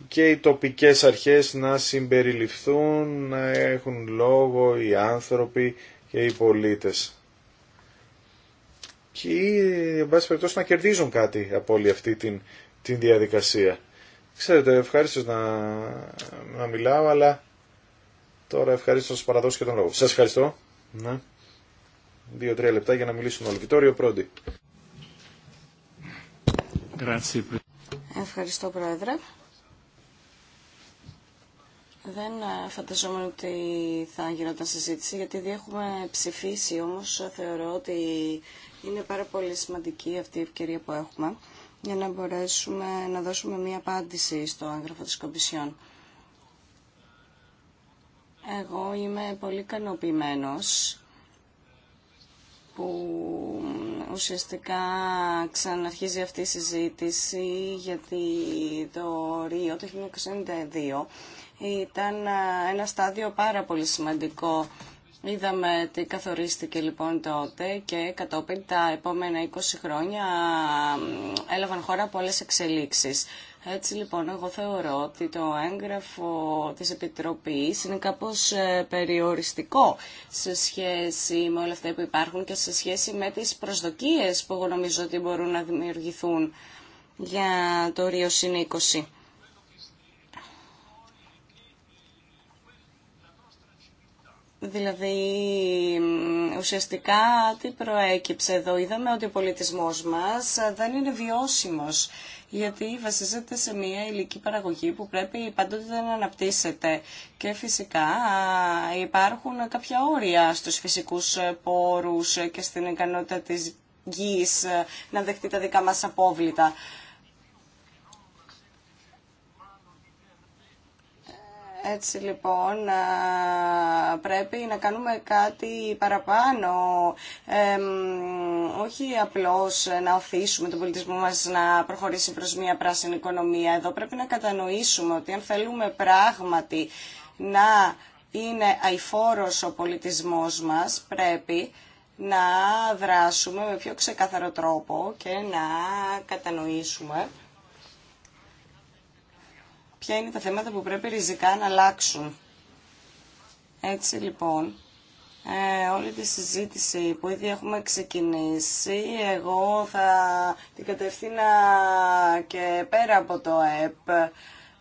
και οι τοπικές αρχές να συμπεριληφθούν, να έχουν λόγο οι άνθρωποι και οι πολίτες και εν πάση περιπτώσει να κερδίζουν κάτι από όλη αυτή την, την διαδικασία. Ξέρετε, ευχαριστώ να, να μιλάω, αλλά τώρα ευχαριστώ να σας παραδώσω και τον λόγο. Σας ευχαριστώ. Ναι. Δύο-τρία λεπτά για να μιλήσουμε όλοι. Βιτόριο Πρόντι. Ευχαριστώ, Πρόεδρε. Δεν ε, φανταζόμουν ότι θα γινόταν συζήτηση, γιατί έχουμε ψηφίσει, όμως ε, θεωρώ ότι είναι πάρα πολύ σημαντική αυτή η ευκαιρία που έχουμε για να μπορέσουμε να δώσουμε μία απάντηση στο άγγραφο της Κομπισιόν. Εγώ είμαι πολύ ικανοποιημένο που ουσιαστικά ξαναρχίζει αυτή η συζήτηση γιατί το Ρίο το 1992 ήταν ένα στάδιο πάρα πολύ σημαντικό Είδαμε τι καθορίστηκε λοιπόν τότε και κατόπιν τα επόμενα 20 χρόνια έλαβαν χώρα πολλές εξελίξεις. Έτσι λοιπόν εγώ θεωρώ ότι το έγγραφο της Επιτροπής είναι κάπως ε, περιοριστικό σε σχέση με όλα αυτά που υπάρχουν και σε σχέση με τις προσδοκίες που εγώ νομίζω ότι μπορούν να δημιουργηθούν για το Ρίο 20. Δηλαδή, ουσιαστικά, τι προέκυψε εδώ. Είδαμε ότι ο πολιτισμός μας δεν είναι βιώσιμος, γιατί βασίζεται σε μια υλική παραγωγή που πρέπει πάντοτε να αναπτύσσεται. Και φυσικά υπάρχουν κάποια όρια στους φυσικούς πόρους και στην ικανότητα της γης να δεχτεί τα δικά μας απόβλητα. Έτσι λοιπόν πρέπει να κάνουμε κάτι παραπάνω, όχι απλώς να οθήσουμε τον πολιτισμό μας να προχωρήσει προς μια πράσινη οικονομία. Εδώ πρέπει να κατανοήσουμε ότι αν θέλουμε πράγματι να είναι αηφόρος ο πολιτισμός μας, πρέπει να δράσουμε με πιο ξεκάθαρο τρόπο και να κατανοήσουμε ποια είναι τα θέματα που πρέπει ριζικά να αλλάξουν. Έτσι λοιπόν, ε, όλη τη συζήτηση που ήδη έχουμε ξεκινήσει, εγώ θα την κατευθύνα και πέρα από το ΕΠ,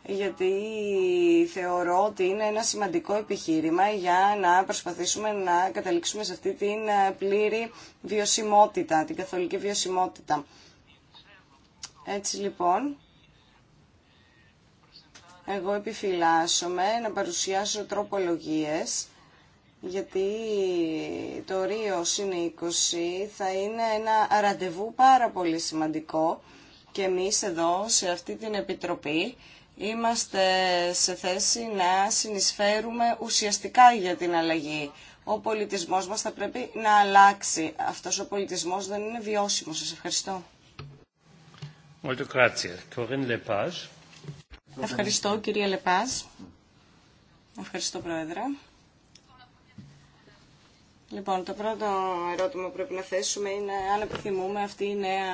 γιατί θεωρώ ότι είναι ένα σημαντικό επιχείρημα για να προσπαθήσουμε να καταλήξουμε σε αυτή την ε, πλήρη βιωσιμότητα, την καθολική βιωσιμότητα. Έτσι λοιπόν, εγώ επιφυλάσσομαι να παρουσιάσω τροπολογίες γιατί το Ρίο είναι 20 θα είναι ένα ραντεβού πάρα πολύ σημαντικό και εμείς εδώ σε αυτή την επιτροπή είμαστε σε θέση να συνεισφέρουμε ουσιαστικά για την αλλαγή. Ο πολιτισμός μας θα πρέπει να αλλάξει. Αυτός ο πολιτισμός δεν είναι βιώσιμος. Σας ευχαριστώ. Ευχαριστώ κυρία Λεπάς. Ευχαριστώ πρόεδρε. Λοιπόν, το πρώτο ερώτημα που πρέπει να θέσουμε είναι αν επιθυμούμε αυτή η νέα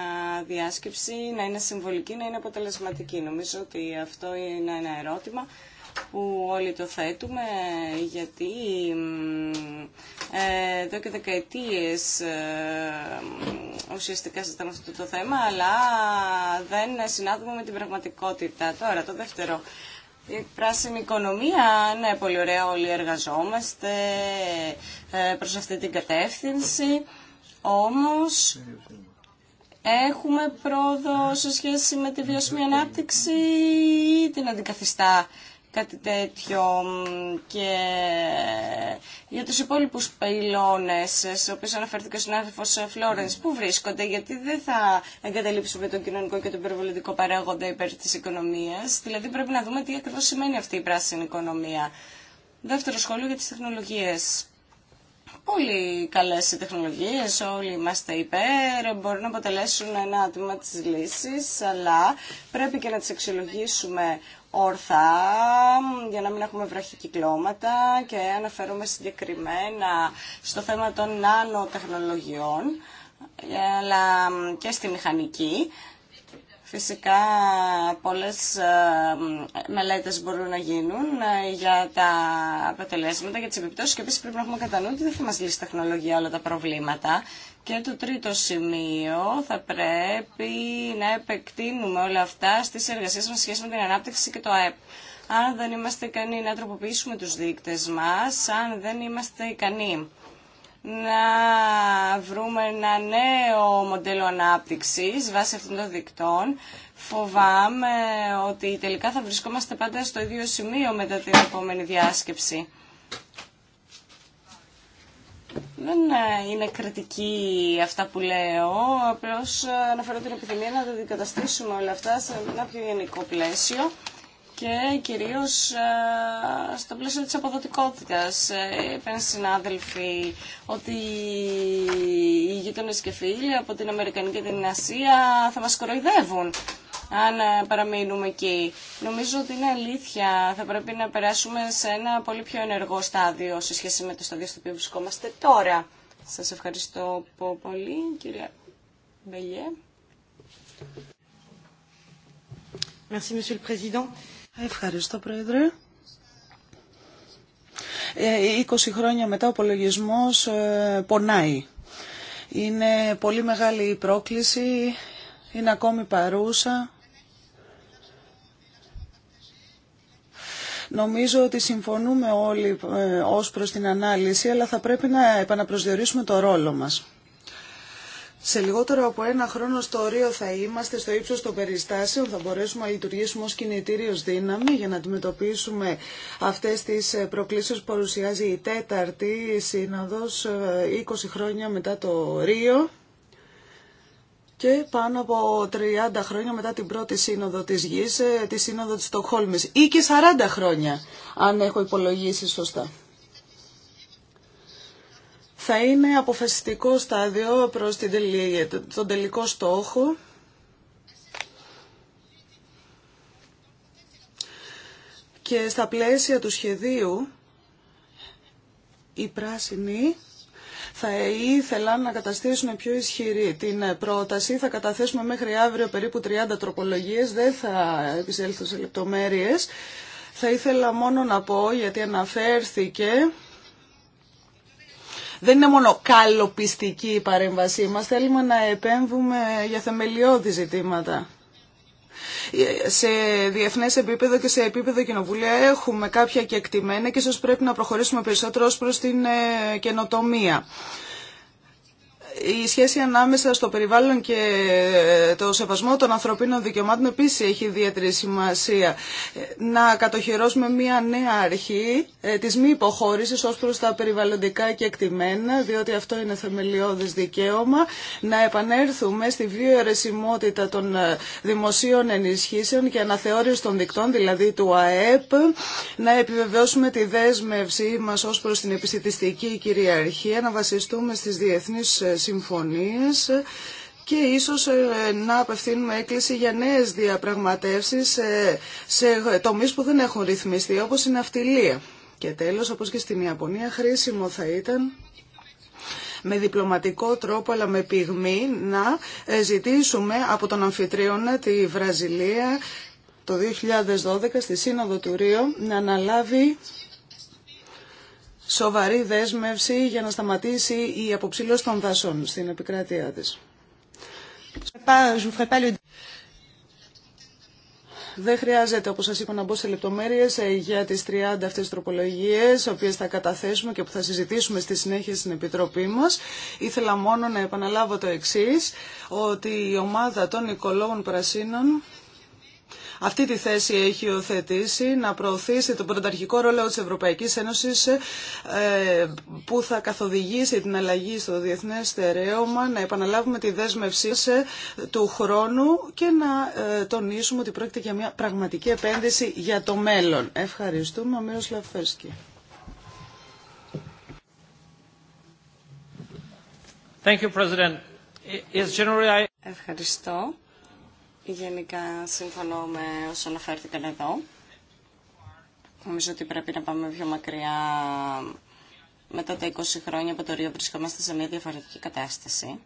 διάσκεψη να είναι συμβολική, να είναι αποτελεσματική. Νομίζω ότι αυτό είναι ένα ερώτημα που όλοι το θέτουμε, γιατί ε, εδώ και δεκαετίες ε, ουσιαστικά συζητάμε αυτό το θέμα, αλλά δεν συνάδουμε με την πραγματικότητα. Τώρα, το δεύτερο. Η πράσινη οικονομία, ναι, πολύ ωραία όλοι εργαζόμαστε ε, προς αυτή την κατεύθυνση, όμως έχουμε πρόοδο σε σχέση με τη βιώσιμη ανάπτυξη ή την αντικαθιστά κάτι τέτοιο και για τους υπόλοιπους πυλώνες στους οποίους αναφέρθηκε ο συνάδελφος Φλόρενς που βρίσκονται γιατί δεν θα εγκαταλείψουμε τον κοινωνικό και τον περιβολητικό παράγοντα υπέρ της οικονομίας δηλαδή πρέπει να δούμε τι ακριβώς σημαίνει αυτή η πράσινη οικονομία Δεύτερο σχόλιο για τις τεχνολογίες πολύ καλές οι τεχνολογίες, όλοι είμαστε υπέρ, μπορούν να αποτελέσουν ένα τμήμα της λύσης, αλλά πρέπει και να τις αξιολογήσουμε ορθά για να μην έχουμε βραχή κυκλώματα και αναφέρομαι συγκεκριμένα στο θέμα των νανοτεχνολογιών ε, αλλά και στη μηχανική. Φυσικά πολλές ε, μελέτες μπορούν να γίνουν ε, για τα αποτελέσματα, για τις επιπτώσεις και επίσης πρέπει να έχουμε κατά νου ότι δεν θα μας λύσει τεχνολογία όλα τα προβλήματα και το τρίτο σημείο θα πρέπει να επεκτείνουμε όλα αυτά στις εργασίες μας σχέση με την ανάπτυξη και το ΑΕΠ. Αν δεν είμαστε ικανοί να τροποποιήσουμε τους δείκτες μας, αν δεν είμαστε ικανοί να βρούμε ένα νέο μοντέλο ανάπτυξης βάσει αυτών των δικτών. Φοβάμαι ότι τελικά θα βρισκόμαστε πάντα στο ίδιο σημείο μετά την επόμενη διάσκεψη. Δεν ε, είναι κριτική αυτά που λέω, απλώς ε, αναφέρω την επιθυμία να τα δικαταστήσουμε όλα αυτά σε ένα πιο γενικό πλαίσιο και κυρίως ε, στο πλαίσιο της αποδοτικότητας. Είπαν συνάδελφοι ότι οι γείτονες και φίλοι από την Αμερικανική και την Ασία θα μας κοροϊδεύουν αν ε, παραμείνουμε εκεί. Νομίζω ότι είναι αλήθεια. Θα πρέπει να περάσουμε σε ένα πολύ πιο ενεργό στάδιο σε σχέση με το στάδιο στο οποίο βρισκόμαστε τώρα. Σας ευχαριστώ πολύ, κυρία Μπελιέ. Ευχαριστώ, Πρόεδρε. 20 ε, χρόνια μετά ο απολογισμός ε, πονάει. Είναι πολύ μεγάλη η πρόκληση, είναι ακόμη παρούσα Νομίζω ότι συμφωνούμε όλοι ε, ως προς την ανάλυση, αλλά θα πρέπει να επαναπροσδιορίσουμε το ρόλο μας. Σε λιγότερο από ένα χρόνο στο Ρίο θα είμαστε στο ύψος των περιστάσεων, θα μπορέσουμε να λειτουργήσουμε ως κινητήριος δύναμη για να αντιμετωπίσουμε αυτές τις ε, προκλήσεις που παρουσιάζει η τέταρτη σύνοδος 20 ε, χρόνια μετά το Ρίο και πάνω από 30 χρόνια μετά την πρώτη σύνοδο της γης, ε, τη σύνοδο της Στοχόλμης ή και 40 χρόνια, αν έχω υπολογίσει σωστά. Θα είναι αποφασιστικό στάδιο προς την τον τελικό στόχο. Και στα πλαίσια του σχεδίου, η πράσινη θα ήθελα να καταστήσουμε πιο ισχυρή την πρόταση. Θα καταθέσουμε μέχρι αύριο περίπου 30 τροπολογίες, δεν θα επισέλθω σε λεπτομέρειες. Θα ήθελα μόνο να πω, γιατί αναφέρθηκε, δεν είναι μόνο καλοπιστική η παρέμβασή μας, θέλουμε να επέμβουμε για θεμελιώδη ζητήματα σε διεθνέ επίπεδο και σε επίπεδο κοινοβουλία έχουμε κάποια κεκτημένα και ίσω πρέπει να προχωρήσουμε περισσότερο ω προς την ε, καινοτομία η σχέση ανάμεσα στο περιβάλλον και ε, το σεβασμό των ανθρωπίνων δικαιωμάτων επίση έχει ιδιαίτερη σημασία. Να κατοχυρώσουμε μια νέα αρχή ε, τη μη υποχώρηση ω προ τα περιβαλλοντικά και εκτιμένα, διότι αυτό είναι θεμελιώδες δικαίωμα, να επανέλθουμε στη βιοαιρεσιμότητα των ε, δημοσίων ενισχύσεων και αναθεώρηση των δικτών, δηλαδή του ΑΕΠ, να επιβεβαιώσουμε τη δέσμευσή μα ω προ την επιστημιστική κυριαρχία, να βασιστούμε συμφωνίες και ίσως ε, να απευθύνουμε έκκληση για νέες διαπραγματεύσεις ε, σε τομείς που δεν έχουν ρυθμιστεί, όπως η ναυτιλία. Και τέλος, όπως και στην Ιαπωνία, χρήσιμο θα ήταν με διπλωματικό τρόπο αλλά με πυγμή να ε, ζητήσουμε από τον αμφιτρίωνα τη Βραζιλία το 2012 στη Σύνοδο του Ρίο να αναλάβει σοβαρή δέσμευση για να σταματήσει η αποψήλωση των δασών στην επικράτειά της. Δεν χρειάζεται, όπως σας είπα, να μπω σε λεπτομέρειες ε, για τις 30 αυτές τις τροπολογίες, οποίες θα καταθέσουμε και που θα συζητήσουμε στη συνέχεια στην Επιτροπή μας. Ήθελα μόνο να επαναλάβω το εξής, ότι η ομάδα των οικολόγων πρασίνων αυτή τη θέση έχει υιοθετήσει να προωθήσει τον πρωταρχικό ρόλο της Ευρωπαϊκής Ένωσης ε, που θα καθοδηγήσει την αλλαγή στο διεθνές στερέωμα, να επαναλάβουμε τη δέσμευσή ε, του χρόνου και να ε, τονίσουμε ότι πρόκειται για μια πραγματική επένδυση για το μέλλον. Ευχαριστούμε. Ο Thank you, Ευχαριστώ. Γενικά συμφωνώ με όσα αναφέρθηκαν εδώ. Νομίζω ότι πρέπει να πάμε πιο μακριά. Μετά τα 20 χρόνια από το Ρίο βρισκόμαστε σε μια διαφορετική κατάσταση.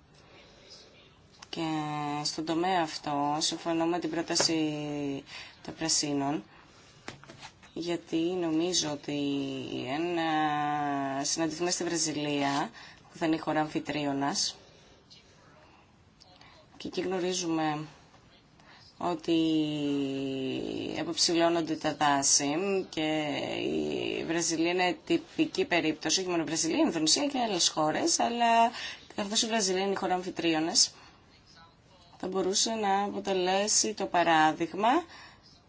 Και στον τομέα αυτό συμφωνώ με την πρόταση των Πρασίνων γιατί νομίζω ότι αν ε, συναντηθούμε στη Βραζιλία που θα είναι η χώρα αμφιτρίωνας και εκεί γνωρίζουμε ότι αποψηλώνονται τα δάση και η Βραζιλία είναι τυπική περίπτωση, όχι μόνο η Βραζιλία, η Ινδονησία και άλλες χώρες, αλλά καθώς η Βραζιλία είναι η χώρα αμφιτρίωνας, θα μπορούσε να αποτελέσει το παράδειγμα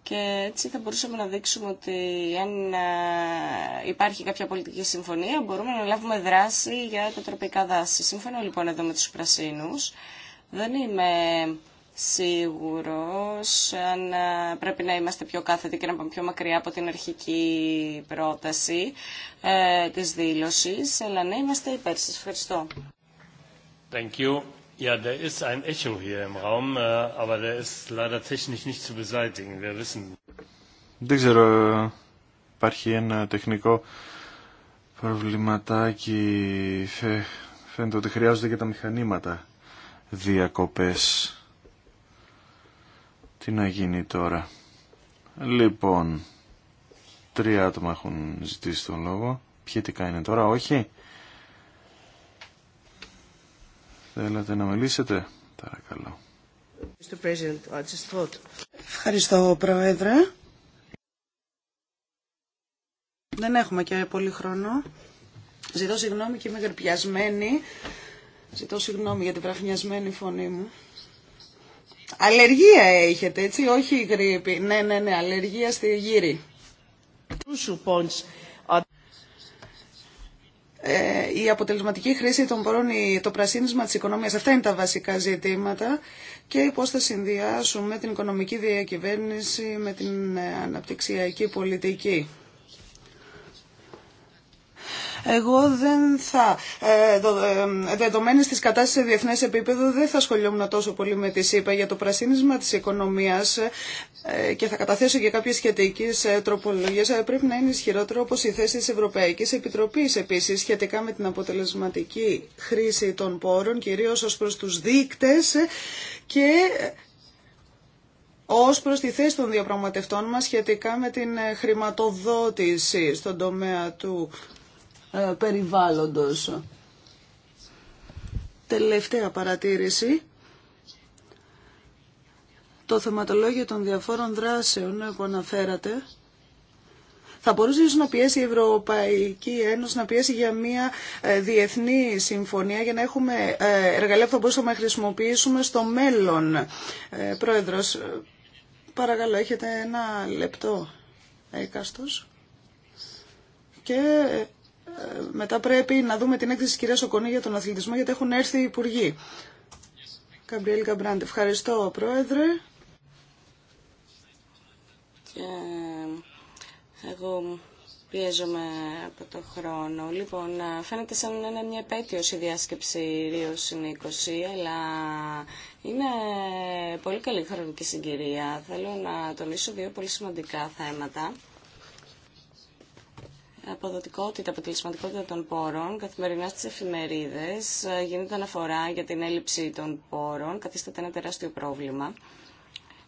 και έτσι θα μπορούσαμε να δείξουμε ότι αν υπάρχει κάποια πολιτική συμφωνία μπορούμε να λάβουμε δράση για τα τροπικά δάση. Σύμφωνα λοιπόν εδώ με τους πρασίνους. Δεν είμαι σίγουρος αν ε, πρέπει να είμαστε πιο κάθετοι και να πάμε πιο μακριά από την αρχική πρόταση ε, της δήλωσης, αλλά να είμαστε υπέρ σας. Ευχαριστώ. Δεν ξέρω, ε, υπάρχει ένα τεχνικό προβληματάκι. Φαίνεται ότι χρειάζονται και τα μηχανήματα διακοπές. Τι να γίνει τώρα. Λοιπόν, τρία άτομα έχουν ζητήσει τον λόγο. τι είναι τώρα, όχι. Θέλατε να μιλήσετε, παρακαλώ. Ευχαριστώ, Πρόεδρε. Δεν έχουμε και πολύ χρόνο. Ζητώ συγγνώμη και είμαι γρυπιασμένη. Ζητώ συγγνώμη για την βραχνιασμένη φωνή μου. Αλλεργία έχετε, έτσι, όχι γρήπη. Ναι, ναι, ναι, αλλεργία στη γύρι. Ε, η αποτελεσματική χρήση των πόρων, το πρασίνισμα της οικονομίας, αυτά είναι τα βασικά ζητήματα και πώς θα συνδυάσουμε την οικονομική διακυβέρνηση με την ε, αναπτυξιακή πολιτική. Εγώ δεν θα, ε, ε, Δεδομένε τη κατάσταση σε διεθνές επίπεδο, δεν θα ασχολιόμουν τόσο πολύ με τη ΣΥΠΑ για το πρασίνισμα της οικονομίας ε, και θα καταθέσω και κάποιε κάποιες τροπολογίε. τροπολογίες. Πρέπει να είναι ισχυρότερο όπω η θέση τη Ευρωπαϊκή Επιτροπή επίση σχετικά με την αποτελεσματική χρήση των πόρων, κυρίως ω προς τους δείκτες και ως προς τη θέση των διαπραγματευτών μας σχετικά με την χρηματοδότηση στον τομέα του ε, περιβάλλοντος. Τελευταία παρατήρηση. Το θεματολόγιο των διαφόρων δράσεων που αναφέρατε θα μπορούσε ίσως να πιέσει η Ευρωπαϊκή Ένωση να πιέσει για μια ε, διεθνή συμφωνία για να έχουμε ε, εργαλεία που θα μπορούσαμε να χρησιμοποιήσουμε στο μέλλον. Πρόεδρος, παρακαλώ, έχετε ένα λεπτό έκαστος. Και μετά πρέπει να δούμε την έκθεση της κυρίας Οκονή για τον αθλητισμό, γιατί έχουν έρθει οι υπουργοί. Καμπριέλ Καμπράντε, ευχαριστώ πρόεδρε. Και εγώ πιέζομαι από το χρόνο. Λοιπόν, φαίνεται σαν να είναι μια επέτειος η διάσκεψη Ρίο στην 20, αλλά είναι πολύ καλή χρονική συγκυρία. Θέλω να τονίσω δύο πολύ σημαντικά θέματα αποδοτικότητα, αποτελεσματικότητα των πόρων. Καθημερινά στις εφημερίδες ε, γίνεται αναφορά για την έλλειψη των πόρων. Καθίσταται ένα τεράστιο πρόβλημα.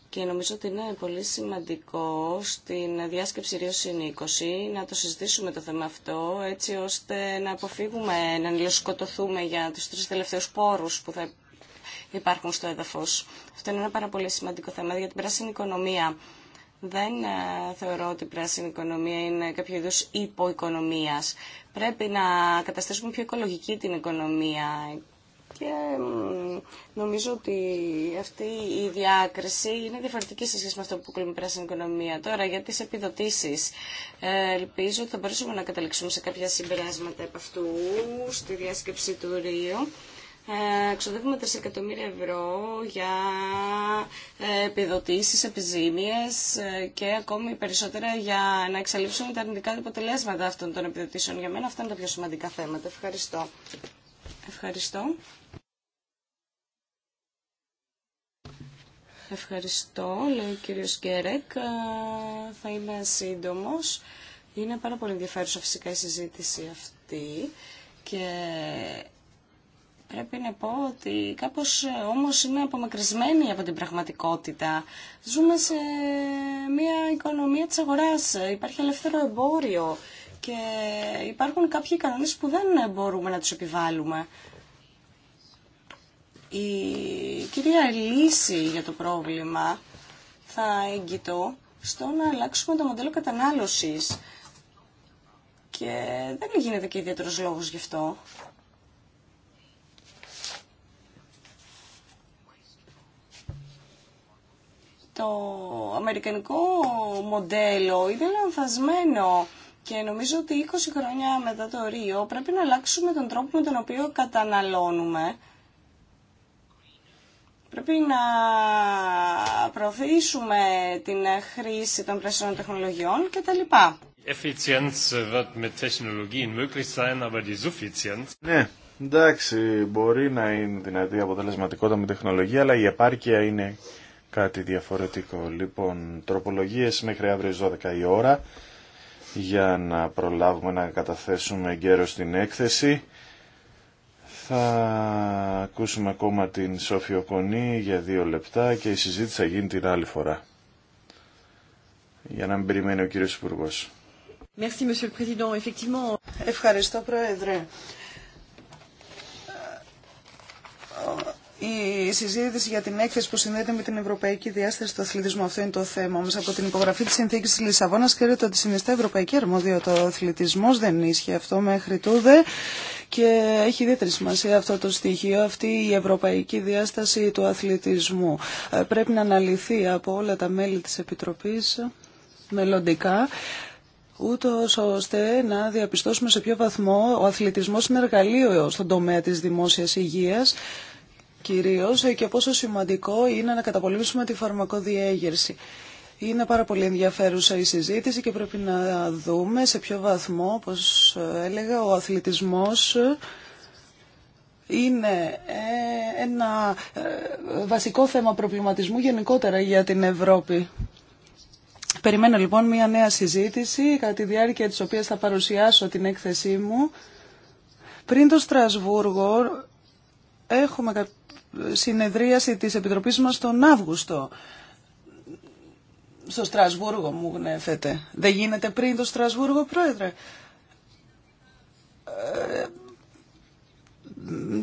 Και νομίζω ότι είναι πολύ σημαντικό στην διάσκεψη Ρίο 20 να το συζητήσουμε το θέμα αυτό, έτσι ώστε να αποφύγουμε να νηλοσκοτωθούμε για τους τρεις τελευταίους πόρους που θα υπάρχουν στο έδαφος. Αυτό είναι ένα πάρα πολύ σημαντικό θέμα για την πράσινη οικονομία. Δεν ε, θεωρώ ότι η πράσινη οικονομία είναι κάποιο είδου υποοικονομία. Πρέπει να καταστήσουμε πιο οικολογική την οικονομία. Και νομίζω ότι αυτή η διάκριση είναι διαφορετική σε σχέση με αυτό που κλείνει πράσινη οικονομία. Τώρα για τι επιδοτήσεις. Ε, ελπίζω ότι θα μπορέσουμε να καταληξούμε σε κάποια συμπεράσματα από αυτού στη διάσκεψη του Ρίου ε, ξοδεύουμε 3 εκατομμύρια ευρώ για ε, επιδοτήσεις, επιζήμιες ε, και ακόμη περισσότερα για να εξαλείψουμε τα αρνητικά αποτελέσματα αυτών των επιδοτήσεων. Για μένα αυτά είναι τα πιο σημαντικά θέματα. Ευχαριστώ. Ευχαριστώ. Ευχαριστώ, λέει ο κύριος Γκέρεκ. Θα είμαι σύντομος. Είναι πάρα πολύ ενδιαφέρουσα φυσικά η συζήτηση αυτή και Πρέπει να πω ότι κάπως ε, όμως είναι απομακρυσμένη από την πραγματικότητα. Ζούμε σε μια οικονομία της αγοράς, υπάρχει ελεύθερο εμπόριο και υπάρχουν κάποιοι κανόνες που δεν μπορούμε να τους επιβάλλουμε. Η κυρία λύση για το πρόβλημα θα έγκυτω στο να αλλάξουμε το μοντέλο κατανάλωσης. Και δεν γίνεται και ιδιαίτερος λόγος γι' αυτό. το αμερικανικό μοντέλο είναι λανθασμένο και νομίζω ότι 20 χρόνια μετά το Ρίο πρέπει να αλλάξουμε τον τρόπο με τον οποίο καταναλώνουμε. Πρέπει να προωθήσουμε την χρήση των πράσινων τεχνολογιών κτλ. Ναι, εντάξει, μπορεί να είναι δυνατή αποτελεσματικότητα με τεχνολογία, αλλά η επάρκεια είναι κάτι διαφορετικό. Λοιπόν, τροπολογίες μέχρι αύριο 12 η ώρα για να προλάβουμε να καταθέσουμε γέρο στην έκθεση. Θα ακούσουμε ακόμα την Σόφια Κονή για δύο λεπτά και η συζήτηση θα γίνει την άλλη φορά. Για να μην περιμένει ο κύριος Υπουργός. Ευχαριστώ, Πρόεδρε η συζήτηση για την έκθεση που συνδέεται με την ευρωπαϊκή διάσταση του αθλητισμού. Αυτό είναι το θέμα. Όμω από την υπογραφή τη συνθήκη τη Λισαβόνα ξέρετε ότι συνιστά ευρωπαϊκή αρμοδία το αθλητισμό. Δεν ίσχυε αυτό μέχρι τούδε. Και έχει ιδιαίτερη σημασία αυτό το στοιχείο, αυτή η ευρωπαϊκή διάσταση του αθλητισμού. Ε, πρέπει να αναλυθεί από όλα τα μέλη τη επιτροπή μελλοντικά ούτω ώστε να διαπιστώσουμε σε ποιο βαθμό ο αθλητισμός είναι εργαλείο στον τομέα της δημόσιας υγείας κυρίως ε, και πόσο σημαντικό είναι να καταπολεμήσουμε τη φαρμακοδιέγερση. Είναι πάρα πολύ ενδιαφέρουσα η συζήτηση και πρέπει να δούμε σε ποιο βαθμό, όπως ε, έλεγα, ο αθλητισμός είναι ε, ένα βασικό θέμα προβληματισμού γενικότερα για την Ευρώπη. Περιμένω λοιπόν μια νέα συζήτηση, κατά τη διάρκεια της οποίας θα παρουσιάσω την έκθεσή μου. Πριν το Στρασβούργο έχουμε συνεδρίαση της Επιτροπής μας τον Αύγουστο. Στο Στρασβούργο μου γνέφεται. Δεν γίνεται πριν το Στρασβούργο, Πρόεδρε. Ε,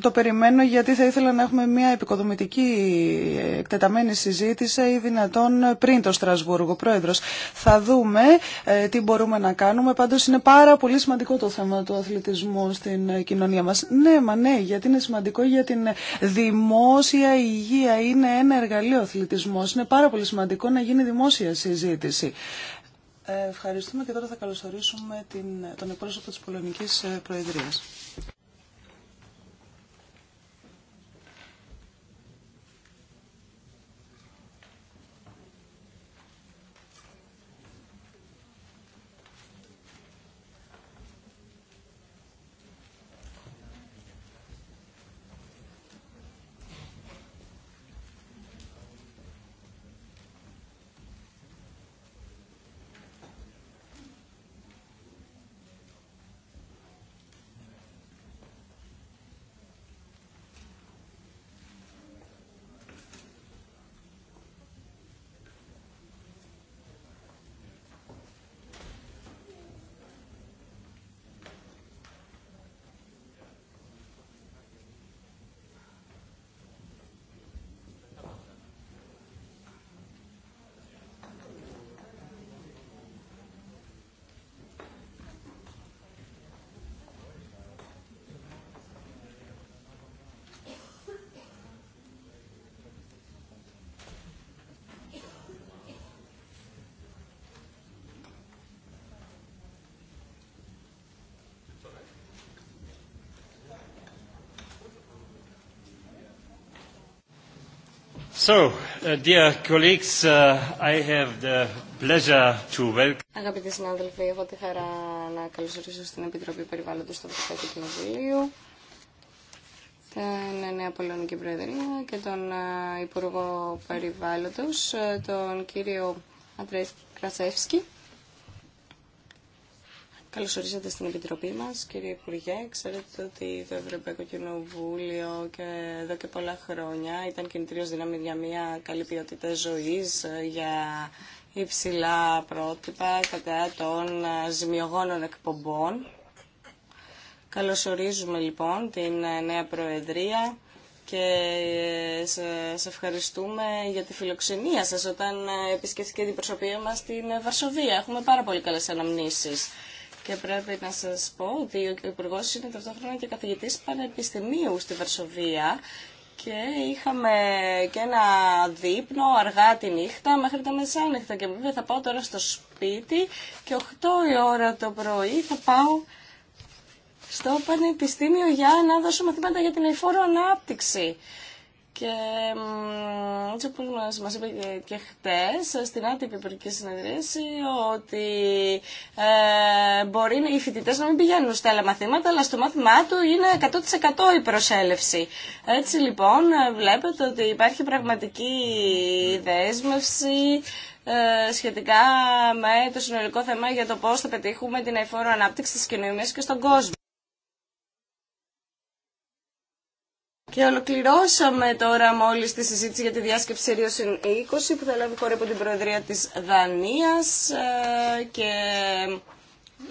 το περιμένω γιατί θα ήθελα να έχουμε μια επικοδομητική εκτεταμένη συζήτηση ή δυνατόν πριν το Στρασβούργο. Πρόεδρος, θα δούμε ε, τι μπορούμε να κάνουμε. Πάντως είναι πάρα πολύ σημαντικό το θέμα του αθλητισμού στην ε, κοινωνία μας. Ναι, μα ναι, γιατί είναι σημαντικό για την δημόσια υγεία. Είναι ένα εργαλείο αθλητισμός. Είναι πάρα πολύ σημαντικό να γίνει δημόσια συζήτηση. Ε, ευχαριστούμε και τώρα θα καλωσορίσουμε την, τον εκπρόσωπο της Πολωνικής Προεδρίας. So, Αγαπητοί συνάδελφοι, έχω τη χαρά να καλωσορίσω στην Επιτροπή Περιβάλλοντος του Ευρωπαϊκού Κοινοβουλίου την Νέα Πολωνική Προεδρία και τον ε, Υπουργό Περιβάλλοντος, ε, τον κύριο Αντρέη Κρασεύσκη. Καλώς στην Επιτροπή μας, κύριε Υπουργέ. Ξέρετε ότι το Ευρωπαϊκό Κοινοβούλιο και εδώ και πολλά χρόνια ήταν κινητήριος δύναμη για μια καλή ποιότητα ζωής, για υψηλά πρότυπα κατά των ζημιογόνων εκπομπών. Καλωσορίζουμε λοιπόν την νέα Προεδρία και σε ευχαριστούμε για τη φιλοξενία σας όταν επισκέφθηκε την προσωπία μας στην Βαρσοβία. Έχουμε πάρα πολύ καλές αναμνήσεις. Και πρέπει να σας πω ότι ο υπουργό είναι ταυτόχρονα και καθηγητή πανεπιστημίου στη Βαρσοβία και είχαμε και ένα δείπνο αργά τη νύχτα μέχρι τα μεσάνυχτα και βέβαια θα πάω τώρα στο σπίτι και 8 η ώρα το πρωί θα πάω στο Πανεπιστήμιο για να δώσω μαθήματα για την εφόρο ανάπτυξη. Και έτσι όπω μα είπε και χτε στην άτυπη υπουργική συνεδρίαση, ότι ε, μπορεί οι φοιτητέ να μην πηγαίνουν στα άλλα μαθήματα, αλλά στο μάθημά του είναι 100% η προσέλευση. Έτσι λοιπόν, βλέπετε ότι υπάρχει πραγματική δέσμευση ε, σχετικά με το συνολικό θέμα για το πώς θα πετύχουμε την αιφόρο ανάπτυξη της κοινωνίας και στον κόσμο. Και ολοκληρώσαμε τώρα μόλις τη συζήτηση για τη διάσκεψη Ρίος 20 που θα λάβει χώρα από την Προεδρία της Δανίας ε, και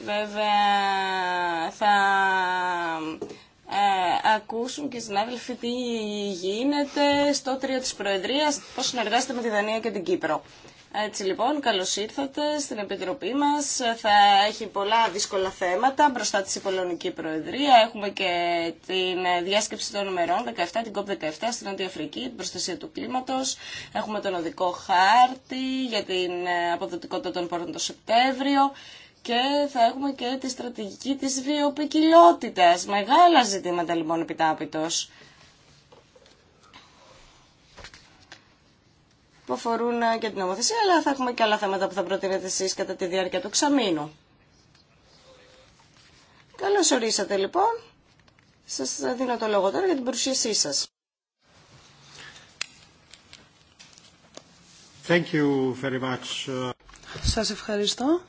βέβαια θα ε, ακούσουν και οι συνάδελφοι τι γίνεται στο τρίο της Προεδρίας, πώς συνεργάζεται με τη Δανία και την Κύπρο. Έτσι λοιπόν, καλώς ήρθατε στην Επιτροπή μας. Θα έχει πολλά δύσκολα θέματα μπροστά τη Πολωνική Προεδρία. Έχουμε και την διάσκεψη των ημερών 17, την COP17 στην Νότια Αφρική, την προστασία του κλίματο. Έχουμε τον οδικό χάρτη για την αποδοτικότητα των πόρων το Σεπτέμβριο. Και θα έχουμε και τη στρατηγική τη βιοποικιλότητα. Μεγάλα ζητήματα λοιπόν επιτάπητο. που αφορούν ε, και την νομοθεσία, αλλά θα έχουμε και άλλα θέματα που θα προτείνετε εσείς κατά τη διάρκεια του ξαμήνου. Καλώς ορίσατε λοιπόν. Σας δίνω το λόγο τώρα για την παρουσίασή σας. Thank you very much. Uh, σας ευχαριστώ.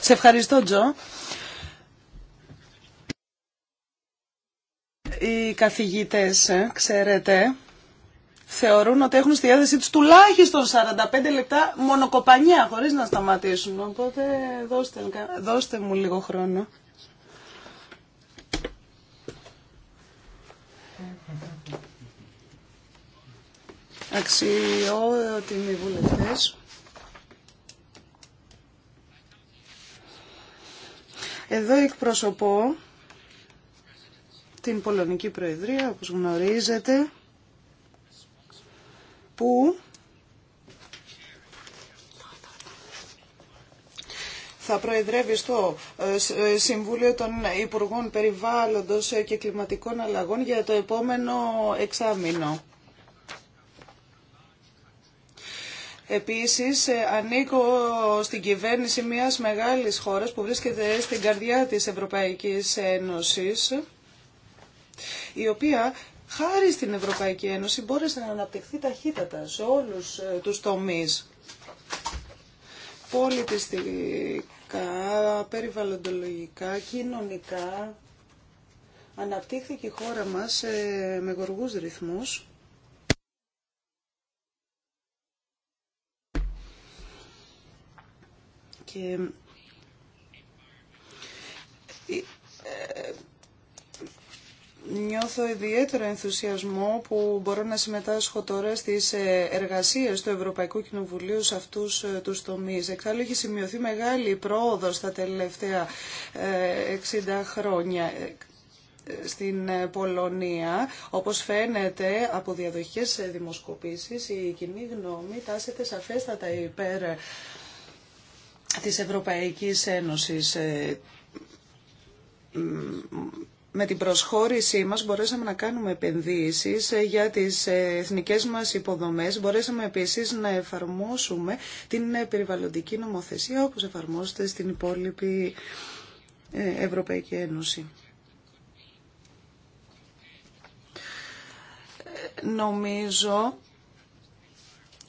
Σε ευχαριστώ, Τζο. οι καθηγητές, ε, ξέρετε, θεωρούν ότι έχουν στη διάθεσή τους τουλάχιστον 45 λεπτά μονοκοπανιά, χωρίς να σταματήσουν. Οπότε δώστε, δώστε μου λίγο χρόνο. Αξιότιμοι βουλευτές. Εδώ εκπροσωπώ την Πολωνική Προεδρία, όπως γνωρίζετε, που θα προεδρεύει στο ε, ε, Συμβούλιο των Υπουργών Περιβάλλοντος ε, και Κλιματικών Αλλαγών για το επόμενο εξάμεινο. Επίσης, ανήκω στην κυβέρνηση μιας μεγάλης χώρας που βρίσκεται στην καρδιά της Ευρωπαϊκής Ένωσης η οποία χάρη στην Ευρωπαϊκή Ένωση μπόρεσε να αναπτυχθεί ταχύτατα σε όλους ε, τους τομείς. Πολιτιστικά, περιβαλλοντολογικά, κοινωνικά, αναπτύχθηκε η χώρα μας ε, με γοργούς ρυθμούς. Και ε, Νιώθω ιδιαίτερο ενθουσιασμό που μπορώ να συμμετάσχω τώρα στις ε, εργασίες του Ευρωπαϊκού Κοινοβουλίου σε αυτούς ε, τους τομείς. Εξάλλου έχει σημειωθεί μεγάλη πρόοδος τα τελευταία 60 ε, χρόνια στην Πολωνία. Όπως φαίνεται από διαδοχές δημοσκοπήσεις η κοινή γνώμη τάσεται σαφέστατα υπέρ της ευρωπαϊκή Ένωσης με την προσχώρησή μας μπορέσαμε να κάνουμε επενδύσεις ε, για τις ε, εθνικές μας υποδομές. Μπορέσαμε επίσης να εφαρμόσουμε την ε, περιβαλλοντική νομοθεσία όπως εφαρμόζεται στην υπόλοιπη Ευρωπαϊκή Ένωση. Νομίζω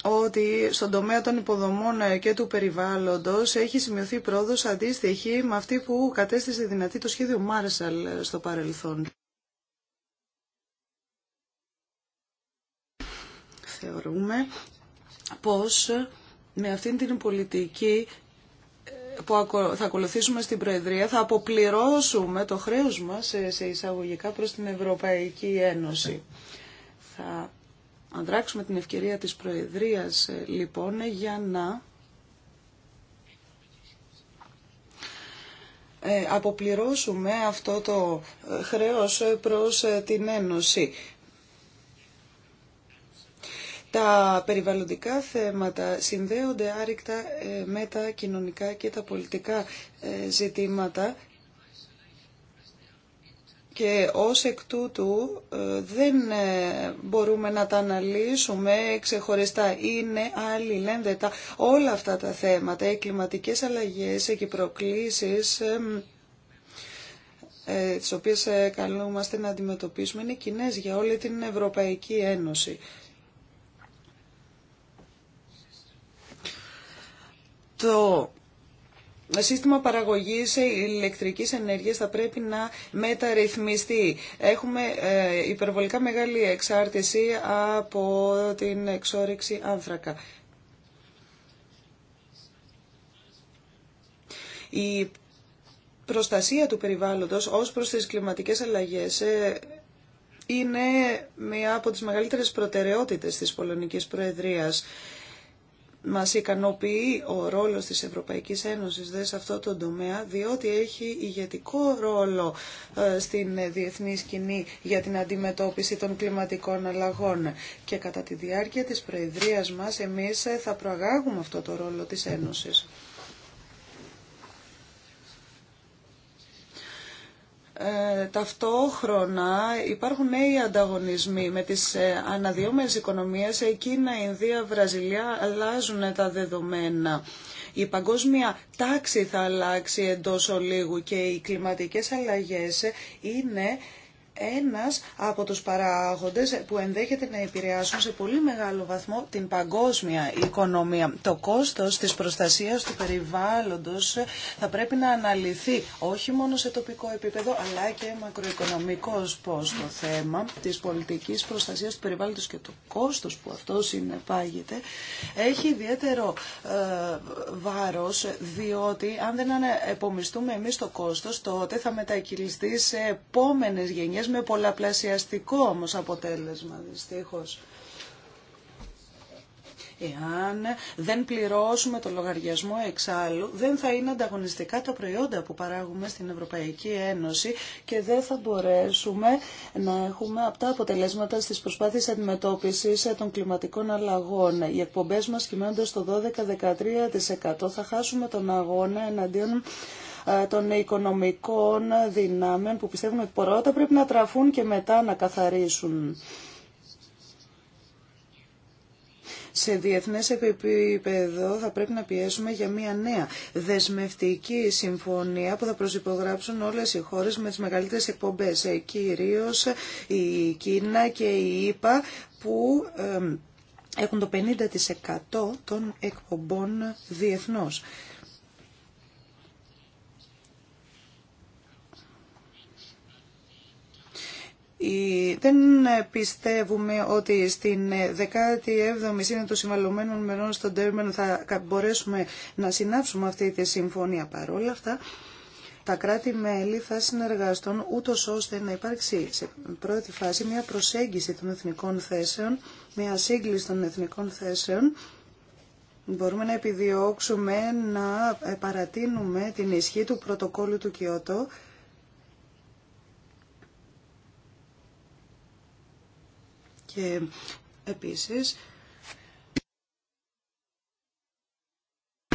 ότι στον τομέα των υποδομών ε, και του περιβάλλοντος έχει σημειωθεί πρόοδος αντίστοιχη με αυτή που κατέστησε δυνατή το σχέδιο Μάρσαλ ε, στο παρελθόν. Θεωρούμε πως με αυτήν την πολιτική ε, που θα ακολουθήσουμε στην Προεδρία θα αποπληρώσουμε το χρέος μας σε εισαγωγικά προς την Ευρωπαϊκή Ένωση. Θα αν την ευκαιρία της Προεδρίας ε, λοιπόν για να ε, αποπληρώσουμε αυτό το ε, χρέος προς την Ένωση. Τα περιβαλλοντικά θέματα συνδέονται άρρηκτα με τα κοινωνικά και τα πολιτικά ζητήματα και ως εκ τούτου ε, δεν ε, μπορούμε να τα αναλύσουμε ξεχωριστά. Είναι αλληλένδετα όλα αυτά τα θέματα, οι κλιματικές αλλαγές και οι προκλήσεις ε, τις οποίες καλούμαστε να αντιμετωπίσουμε είναι κοινέ για όλη την Ευρωπαϊκή Ένωση. Το σύστημα παραγωγής ηλεκτρικής ενέργειας θα πρέπει να μεταρρυθμιστεί. Έχουμε ε, υπερβολικά μεγάλη εξάρτηση από την εξόρυξη άνθρακα. Η προστασία του περιβάλλοντος ως προς τις κλιματικές αλλαγές ε, είναι μία από τις μεγαλύτερες προτεραιότητες της Πολωνικής Προεδρίας. Μας ικανοποιεί ο ρόλος της Ευρωπαϊκής Ένωσης δε σε αυτό το τομέα, διότι έχει ηγετικό ρόλο ε, στην ε, διεθνή σκηνή για την αντιμετώπιση των κλιματικών αλλαγών. Και κατά τη διάρκεια της Προεδρίας μας εμείς ε, θα προαγάγουμε αυτό το ρόλο της Ένωσης. Ε, ταυτόχρονα υπάρχουν νέοι ανταγωνισμοί με τις ε, αναδυόμενες οικονομίες. Ε, Κίνα, Ινδία, Βραζιλία αλλάζουν τα δεδομένα. Η παγκόσμια τάξη θα αλλάξει εντός ολίγου και οι κλιματικές αλλαγές ε, είναι ένας από τους παράγοντες που ενδέχεται να επηρεάσουν σε πολύ μεγάλο βαθμό την παγκόσμια οικονομία. Το κόστος της προστασίας του περιβάλλοντος θα πρέπει να αναλυθεί όχι μόνο σε τοπικό επίπεδο αλλά και μακροοικονομικό πώς το θέμα της πολιτικής προστασίας του περιβάλλοντος και το κόστος που αυτό συνεπάγεται έχει ιδιαίτερο ε, διότι αν δεν επομιστούμε εμείς το κόστος τότε θα μετακυλιστεί σε επόμενες γενιές με πολλαπλασιαστικό όμως αποτέλεσμα δυστυχώς. Εάν δεν πληρώσουμε το λογαριασμό εξάλλου, δεν θα είναι ανταγωνιστικά τα προϊόντα που παράγουμε στην Ευρωπαϊκή Ένωση και δεν θα μπορέσουμε να έχουμε αυτά αποτελέσματα στις προσπάθειες αντιμετώπισης των κλιματικών αλλαγών. Οι εκπομπές μας κυμαίνονται στο 12-13%. Θα χάσουμε τον αγώνα εναντίον ε, των οικονομικών δυνάμεων που πιστεύουμε ότι πρώτα πρέπει να τραφούν και μετά να καθαρίσουν. Σε διεθνές επίπεδο θα πρέπει να πιέσουμε για μια νέα δεσμευτική συμφωνία που θα προσυπογράψουν όλες οι χώρες με τις μεγαλύτερες εκπομπές, ε, κυρίως η Κίνα και η ΙΠΑ που ε, έχουν το 50% των εκπομπών διεθνώς. Δεν πιστεύουμε ότι στην 17η Σύνοδο των Συμβαλωμένων Μερών στον Τέρμεν θα μπορέσουμε να συνάψουμε αυτή τη συμφωνία. Παρόλα αυτά, τα κράτη-μέλη θα συνεργαστούν ούτω ώστε να υπάρξει σε πρώτη φάση μια προσέγγιση των εθνικών θέσεων, μια σύγκληση των εθνικών θέσεων. Μπορούμε να επιδιώξουμε να ε, παρατείνουμε την ισχύ του πρωτοκόλλου του Κιώτο Και επίσης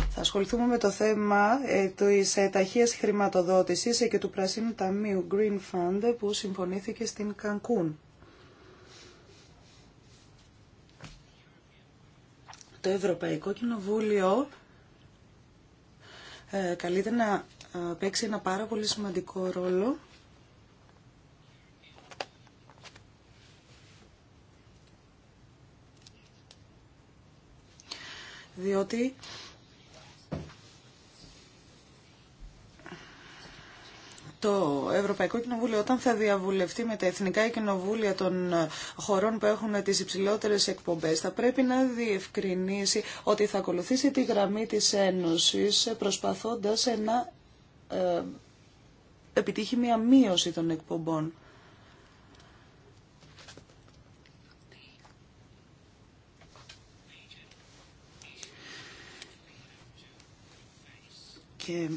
θα ασχοληθούμε με το θέμα ε, της ε, χρηματοδότησης ε, και του Πρασίνου Ταμείου Green Fund ε, που συμφωνήθηκε στην Κανκούν. Το Ευρωπαϊκό Κοινοβούλιο ε, καλείται να παίξει ένα πάρα πολύ σημαντικό ρόλο διότι το Ευρωπαϊκό Κοινοβούλιο όταν θα διαβουλευτεί με τα εθνικά κοινοβούλια των χωρών που έχουν τις υψηλότερες εκπομπές θα πρέπει να διευκρινίσει ότι θα ακολουθήσει τη γραμμή της Ένωσης προσπαθώντας να ε, επιτύχει μια μείωση των εκπομπών. Και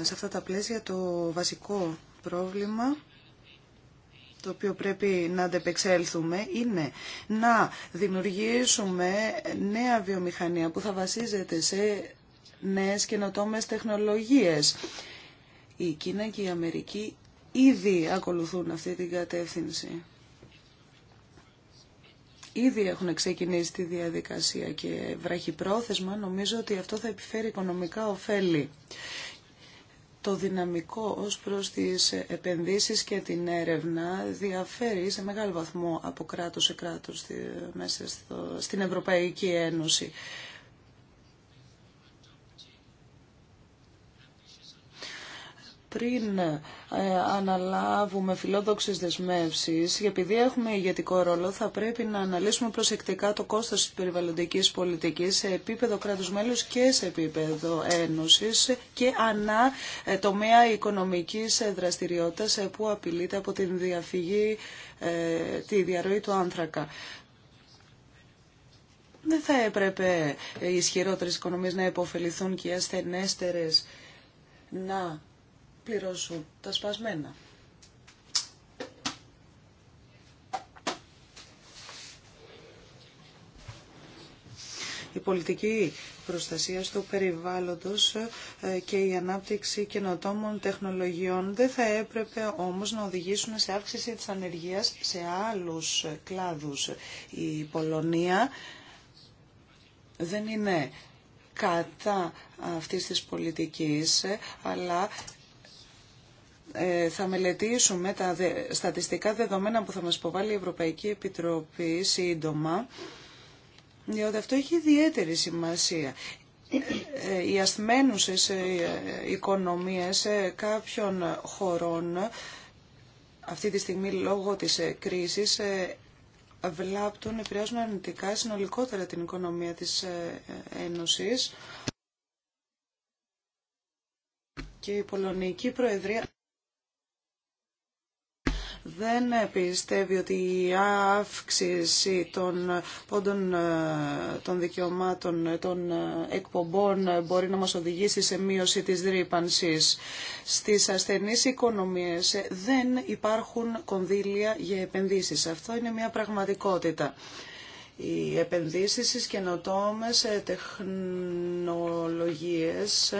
ε, σε αυτά τα πλαίσια το βασικό πρόβλημα το οποίο πρέπει να αντεπεξέλθουμε είναι να δημιουργήσουμε νέα βιομηχανία που θα βασίζεται σε νέες καινοτόμες τεχνολογίες. Η Κίνα και η Αμερική ήδη ακολουθούν αυτή την κατεύθυνση ήδη έχουν ξεκινήσει τη διαδικασία και βραχυπρόθεσμα νομίζω ότι αυτό θα επιφέρει οικονομικά ωφέλη. Το δυναμικό ως προς τις επενδύσεις και την έρευνα διαφέρει σε μεγάλο βαθμό από κράτος σε κράτος μέσα στην Ευρωπαϊκή Ένωση. πριν ε, αναλάβουμε φιλόδοξες δεσμεύσεις, επειδή έχουμε ηγετικό ρόλο, θα πρέπει να αναλύσουμε προσεκτικά το κόστος της περιβαλλοντικής πολιτικής σε επίπεδο κράτους μέλους και σε επίπεδο ένωσης και ανά ε, τομέα οικονομικής ε, δραστηριότητας που απειλείται από την διαφυγή, τη διαρροή του άνθρακα. Δεν θα έπρεπε οι ισχυρότερες οικονομίες να υποφεληθούν και οι ασθενέστερες να τα σπασμένα. Η πολιτική προστασία του περιβάλλοντος ε, και η ανάπτυξη καινοτόμων τεχνολογιών δεν θα έπρεπε όμως να οδηγήσουν σε αύξηση της ανεργία σε άλλους κλάδους. Η Πολωνία δεν είναι κατά αυτής της πολιτικής, ε, αλλά ε, θα μελετήσουμε τα στατιστικά δεδομένα που θα μας υποβάλει η Ευρωπαϊκή Επιτροπή σύντομα, διότι αυτό έχει ιδιαίτερη σημασία. Ε, οι ασθμένουσες ε, οικονομίες κάποιων χωρών αυτή τη στιγμή λόγω της κρίσης βλάπτουν, επηρεάζουν αρνητικά συνολικότερα την οικονομία της Ένωσης. Και η Πολωνική Προεδρία δεν πιστεύει ότι η αύξηση των πόντων ε, των δικαιωμάτων ε, των ε, εκπομπών μπορεί να μας οδηγήσει σε μείωση της δρύπανσης. Στις ασθενείς οικονομίες δεν υπάρχουν κονδύλια για επενδύσεις. Αυτό είναι μια πραγματικότητα. Οι επενδύσεις στις καινοτόμες τεχνολογίες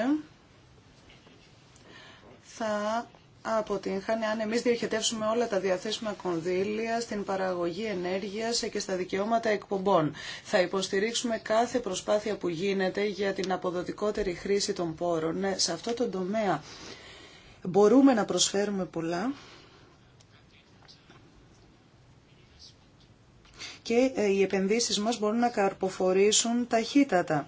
θα αποτύχανε αν εμείς διοχετεύσουμε όλα τα διαθέσιμα κονδύλια στην παραγωγή ενέργειας και στα δικαιώματα εκπομπών. Θα υποστηρίξουμε κάθε προσπάθεια που γίνεται για την αποδοτικότερη χρήση των πόρων. Ναι, σε αυτό το τομέα μπορούμε να προσφέρουμε πολλά. και ε, οι επενδύσεις μας μπορούν να καρποφορήσουν ταχύτατα.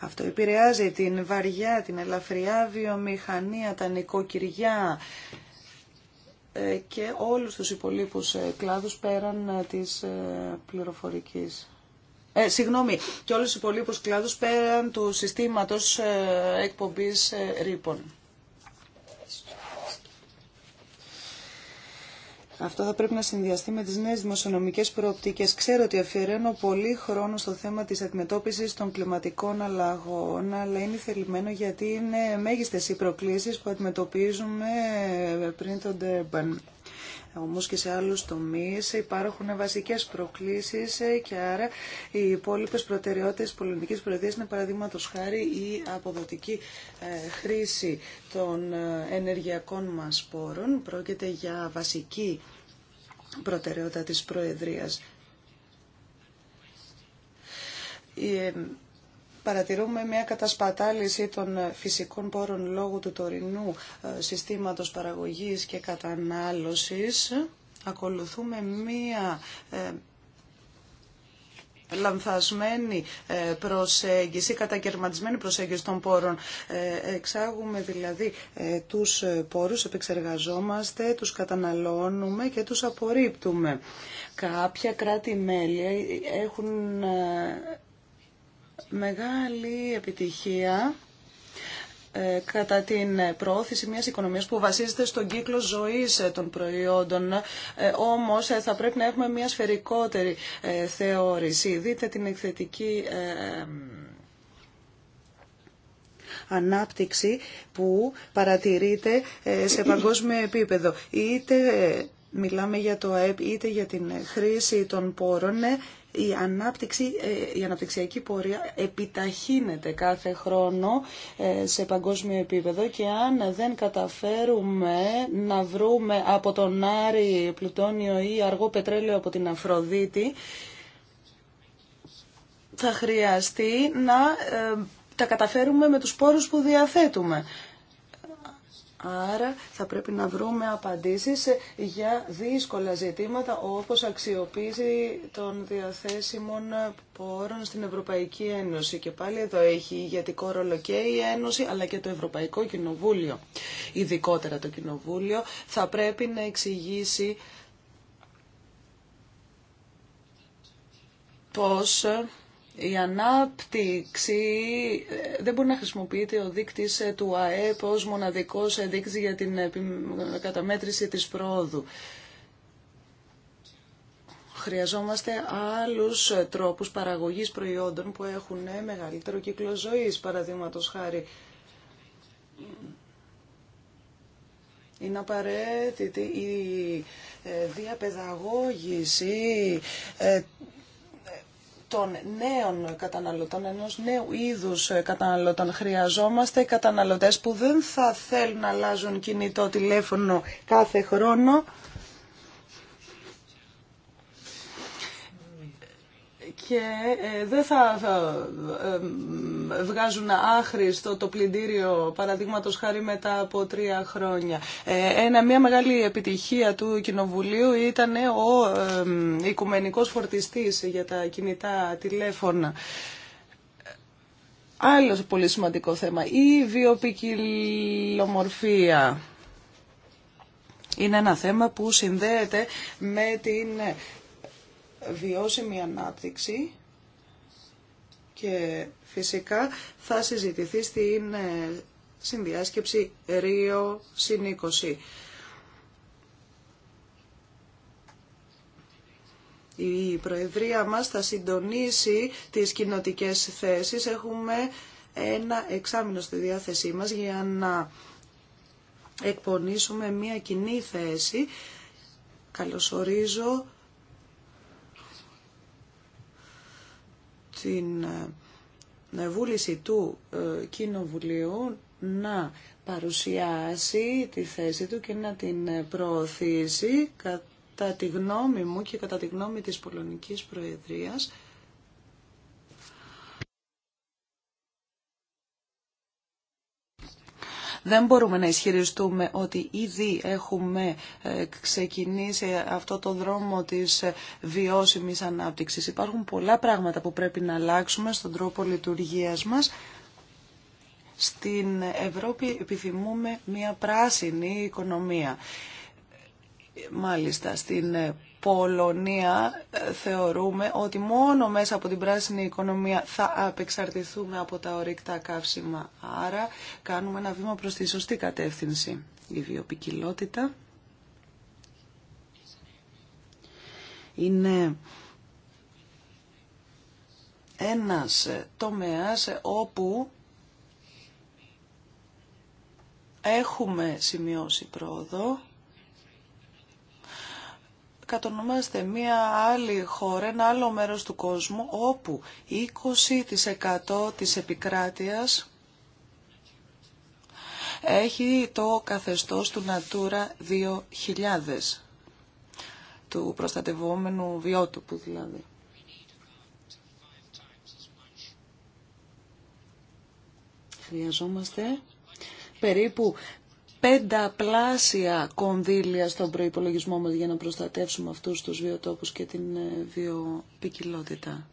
Αυτό επηρεάζει την βαριά, την ελαφριά βιομηχανία, τα νοικοκυριά ε, και όλους τους υπολείπους ε, κλάδους πέραν της πληροφορικής. Ε, συγγνώμη, και όλους τους υπολείπους κλάδους πέραν του συστήματος εκπομπής ρήπων. Αυτό θα πρέπει να συνδυαστεί με τι νέε δημοσιονομικέ προοπτικές. Ξέρω ότι αφιερώνω πολύ χρόνο στο θέμα τη αντιμετώπιση των κλιματικών αλλαγών, αλλά είναι θελημένο γιατί είναι μέγιστε οι προκλήσει που αντιμετωπίζουμε πριν τον Τέρμπαν. Όμω και σε άλλου τομεί υπάρχουν βασικέ προκλήσει και άρα οι υπόλοιπε προτεραιότητε τη πολιτική Προεδρία είναι παραδείγματο χάρη η αποδοτική ε, χρήση των ε, ενεργειακών μα πόρων. Πρόκειται για βασική προτεραιότητα της Προεδρίας. Ε, παρατηρούμε μια κατασπατάληση των φυσικών πόρων λόγω του τωρινού ε, συστήματος παραγωγής και κατανάλωσης. Ακολουθούμε μια ε, λανθασμένη ε, προσέγγιση, κατακαιρματισμένη προσέγγιση των πόρων. Ε, εξάγουμε δηλαδή ε, τους πόρους, επεξεργαζόμαστε, τους καταναλώνουμε και τους απορρίπτουμε. Κάποια κράτη-μέλη έχουν μεγάλη επιτυχία ε, κατά την προώθηση μιας οικονομίας που βασίζεται στον κύκλο ζωής ε, των προϊόντων. Ε, όμως θα πρέπει να έχουμε μια σφαιρικότερη θεώρηση. Δείτε την εκθετική ανάπτυξη που παρατηρείται σε παγκόσμιο επίπεδο. Είτε μιλάμε για το ΑΕΠ, είτε για την χρήση των πόρων η, ανάπτυξη, ε, η αναπτυξιακή πορεία επιταχύνεται κάθε χρόνο ε, σε παγκόσμιο επίπεδο και αν δεν καταφέρουμε να βρούμε από τον Άρη πλουτόνιο ή αργό πετρέλαιο από την Αφροδίτη, θα χρειαστεί να ε, τα καταφέρουμε με τους πόρους που διαθέτουμε. Άρα θα πρέπει να βρούμε απαντήσεις για δύσκολα ζητήματα όπως αξιοποίηση των διαθέσιμων πόρων στην Ευρωπαϊκή Ένωση. Και πάλι εδώ έχει ηγετικό ρόλο και η Ένωση αλλά και το Ευρωπαϊκό Κοινοβούλιο. Ειδικότερα το Κοινοβούλιο θα πρέπει να εξηγήσει πώς η ανάπτυξη ε, δεν μπορεί να χρησιμοποιείται ο δείκτης ε, του ΑΕΠ ως μοναδικός δείκτης για την ε, καταμέτρηση της πρόοδου. Χρειαζόμαστε άλλους τρόπους παραγωγής προϊόντων που έχουν μεγαλύτερο κύκλο ζωής, παραδείγματος χάρη. Είναι απαραίτητη η διαπαιδαγώγηση των νέων καταναλωτών, ενό νέου είδους καταναλωτών. Χρειαζόμαστε καταναλωτές που δεν θα θέλουν να αλλάζουν κινητό τηλέφωνο κάθε χρόνο, και ε, δεν θα ε, βγάζουν άχρηστο το πλυντήριο παραδείγματο χάρη μετά από τρία χρόνια. Ε, ένα, μια μεγάλη επιτυχία του Κοινοβουλίου ήταν ο οικουμενικός φορτιστής για τα κινητά τηλέφωνα. Άλλο πολύ σημαντικό θέμα, η βιοπικιλομορφία. Είναι ένα θέμα που συνδέεται με την βιώσιμη ανάπτυξη και φυσικά θα συζητηθεί στην ε, συνδιάσκεψη Ρίο συν Η Προεδρία μας θα συντονίσει τις κοινοτικές θέσεις. Έχουμε ένα εξάμεινο στη διάθεσή μας για να εκπονήσουμε μια κοινή θέση. Καλωσορίζω την ε, βούληση του ε, Κοινοβουλίου να παρουσιάσει τη θέση του και να την ε, προωθήσει κατά τη γνώμη μου και κατά τη γνώμη της Πολωνικής Προεδρίας Δεν μπορούμε να ισχυριστούμε ότι ήδη έχουμε ε, ξεκινήσει αυτό το δρόμο της ε, βιώσιμης ανάπτυξης. Υπάρχουν πολλά πράγματα που πρέπει να αλλάξουμε στον τρόπο λειτουργίας μας. Στην Ευρώπη επιθυμούμε μια πράσινη οικονομία. Μάλιστα, στην ε, Πολωνία ε, θεωρούμε ότι μόνο μέσα από την πράσινη οικονομία θα απεξαρτηθούμε από τα ορυκτά καύσιμα. Άρα κάνουμε ένα βήμα προς τη σωστή κατεύθυνση. Η βιοπικιλότητα είναι ένας ε, τομέας όπου έχουμε σημειώσει πρόοδο κατονομάστε μία άλλη χώρα, ένα άλλο μέρος του κόσμου, όπου 20% της επικράτειας έχει το καθεστώς του Natura 2000, του προστατευόμενου βιότοπου δηλαδή. Χρειαζόμαστε περίπου πενταπλάσια κονδύλια στον προϋπολογισμό μας για να προστατεύσουμε αυτούς τους βιοτόπους και την ε, βιοπικιλότητα.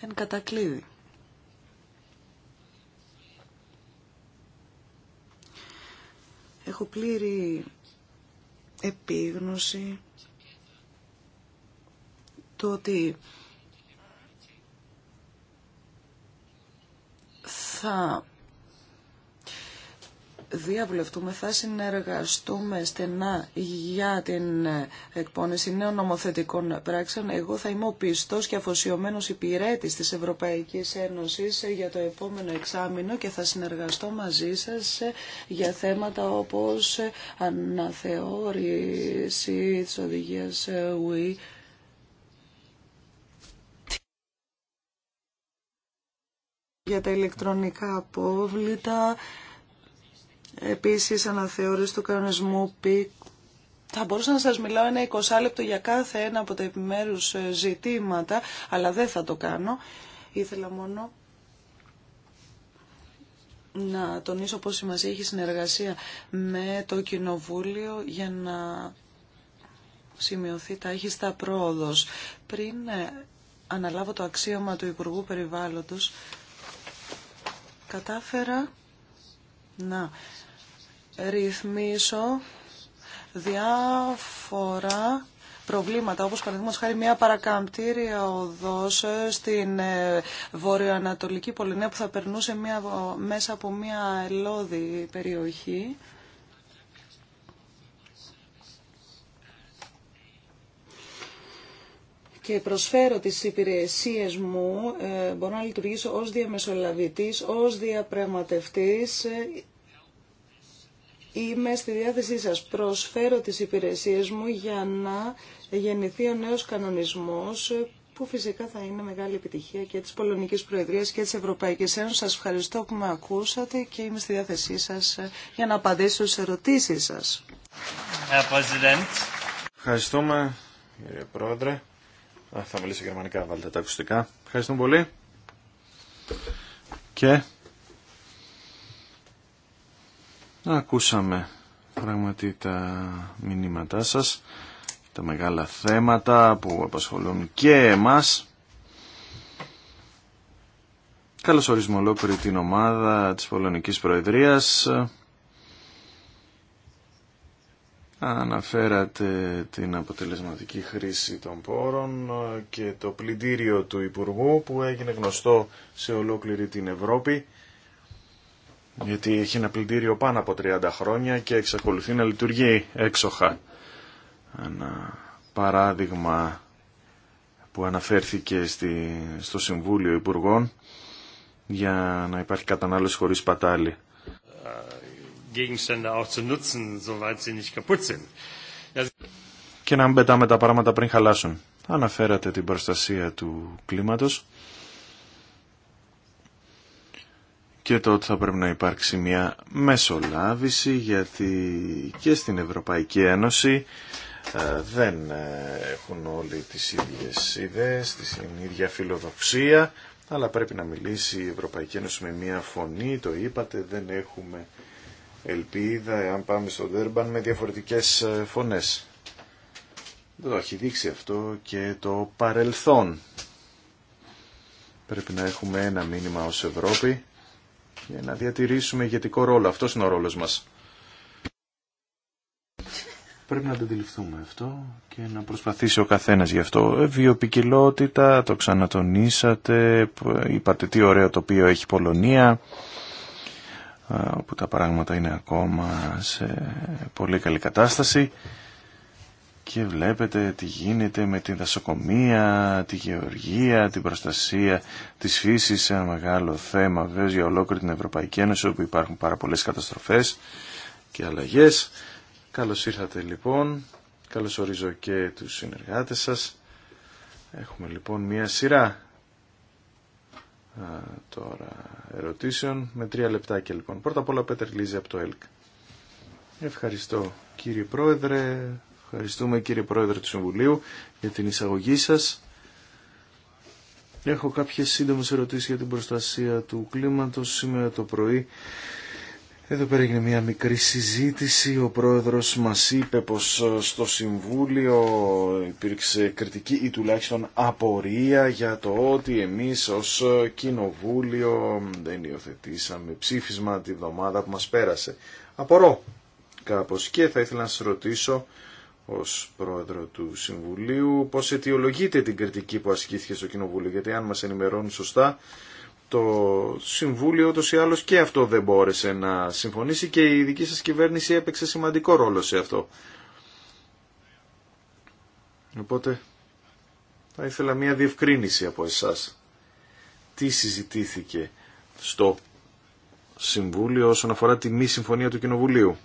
Εν κατακλείδη. Έχω πλήρη επίγνωση το ότι θα θα συνεργαστούμε στενά για την εκπόνηση νέων νομοθετικών πράξεων. Εγώ θα είμαι ο πιστός και αφοσιωμένος υπηρέτης της Ευρωπαϊκής Ένωσης για το επόμενο εξάμεινο και θα συνεργαστώ μαζί σας για θέματα όπως αναθεώρηση της οδηγίας για τα ηλεκτρονικά απόβλητα, Επίσης, αναθεώρηση του κανονισμού ΠΙΚ. Θα μπορούσα να σας μιλάω ένα 20 λεπτό για κάθε ένα από τα επιμέρους ε, ζητήματα, αλλά δεν θα το κάνω. Ήθελα μόνο να τονίσω η σημασία έχει συνεργασία με το Κοινοβούλιο για να σημειωθεί τα στα πρόοδος. Πριν ε, αναλάβω το αξίωμα του Υπουργού Περιβάλλοντος, κατάφερα να ρυθμίσω διάφορα προβλήματα, όπως παραδείγματος χάρη μια παρακαμπτήρια οδός στην ε, βορειοανατολική Πολυνέα που θα περνούσε μια, μέσα από μια ελώδη περιοχή. και προσφέρω τις υπηρεσίες μου, ε, μπορώ να λειτουργήσω ως διαμεσολαβητής, ως διαπραγματευτής Είμαι στη διάθεσή σας. Προσφέρω τις υπηρεσίες μου για να γεννηθεί ο νέος κανονισμός που φυσικά θα είναι μεγάλη επιτυχία και της Πολωνικής Προεδρίας και της Ευρωπαϊκής Ένωσης. Σας ευχαριστώ που με ακούσατε και είμαι στη διάθεσή σας ε, για να απαντήσω στις ερωτήσεις σας. Ευχαριστούμε κύριε Πρόεδρε. θα μιλήσω γερμανικά, βάλτε τα ακουστικά. Ευχαριστούμε πολύ. Και... Ακούσαμε πραγματικά τα μηνύματά σας, τα μεγάλα θέματα που απασχολούν και εμάς. Καλώς ορίζουμε ολόκληρη την ομάδα της Πολωνικής Προεδρίας. Αναφέρατε την αποτελεσματική χρήση των πόρων και το πλυντήριο του Υπουργού που έγινε γνωστό σε ολόκληρη την Ευρώπη γιατί έχει ένα πλυντήριο πάνω από 30 χρόνια και εξακολουθεί να λειτουργεί έξοχα. Ένα παράδειγμα που αναφέρθηκε στη, στο Συμβούλιο Υπουργών για να υπάρχει κατανάλωση χωρίς πατάλη. Και να μην πετάμε τα πράγματα πριν χαλάσουν. Αναφέρατε την προστασία του κλίματος. και το ότι θα πρέπει να υπάρξει μια μεσολάβηση γιατί και στην Ευρωπαϊκή Ένωση ε, δεν ε, έχουν όλοι τις ίδιες ιδέες, την ίδια φιλοδοξία αλλά πρέπει να μιλήσει η Ευρωπαϊκή Ένωση με μια φωνή, το είπατε, δεν έχουμε ελπίδα εάν πάμε στον Τέρμπαν με διαφορετικές ε, φωνές. Το έχει δείξει αυτό και το παρελθόν. Πρέπει να έχουμε ένα μήνυμα ως Ευρώπη για ε, να διατηρήσουμε ηγετικό ρόλο. Αυτός είναι ο ρόλος μας. Πρέπει να το αντιληφθούμε αυτό και να προσπαθήσει ο καθένας γι' αυτό. Ε, βιοπικιλότητα, το ξανατονίσατε, ε, είπατε τι ωραίο τοπίο έχει η Πολωνία, όπου τα πράγματα είναι ακόμα σε πολύ καλή κατάσταση και βλέπετε τι γίνεται με την δασοκομεία, τη γεωργία, την προστασία της φύσης, ένα μεγάλο θέμα βέβαια για ολόκληρη την Ευρωπαϊκή Ένωση όπου υπάρχουν πάρα πολλές καταστροφές και αλλαγές. Καλώς ήρθατε λοιπόν, καλώς ορίζω και τους συνεργάτες σας. Έχουμε λοιπόν μία σειρά Α, τώρα ερωτήσεων με τρία λεπτάκια λοιπόν. Πρώτα απ' όλα Πέτερ Λίζη από το ΕΛΚ. Ευχαριστώ κύριε Πρόεδρε, Ευχαριστούμε κύριε Πρόεδρε του Συμβουλίου για την εισαγωγή σας. Έχω κάποιες σύντομες ερωτήσεις για την προστασία του κλίματος. Σήμερα το πρωί εδώ πέρα έγινε μια μικρή συζήτηση. Ο πρόεδρος μας είπε πως ε, στο Συμβούλιο υπήρξε κριτική ή τουλάχιστον απορία για το ότι εμείς ως ε, Κοινοβούλιο δεν υιοθετήσαμε ψήφισμα τη βδομάδα που μας πέρασε. Απορώ κάπως και θα ήθελα να σας ρωτήσω ως πρόεδρο του Συμβουλίου, πώς αιτιολογείται την κριτική που ασκήθηκε στο Κοινοβούλιο, γιατί αν μας ενημερώνουν σωστά, το Συμβούλιο ότως ή άλλως και αυτό δεν μπόρεσε να συμφωνήσει και η δική σας κυβέρνηση έπαιξε σημαντικό ρόλο σε αυτό. Οπότε θα ήθελα μια διευκρίνηση από εσάς. Τι συζητήθηκε στο Συμβούλιο όσον αφορά τη μη συμφωνία του Κοινοβουλίου.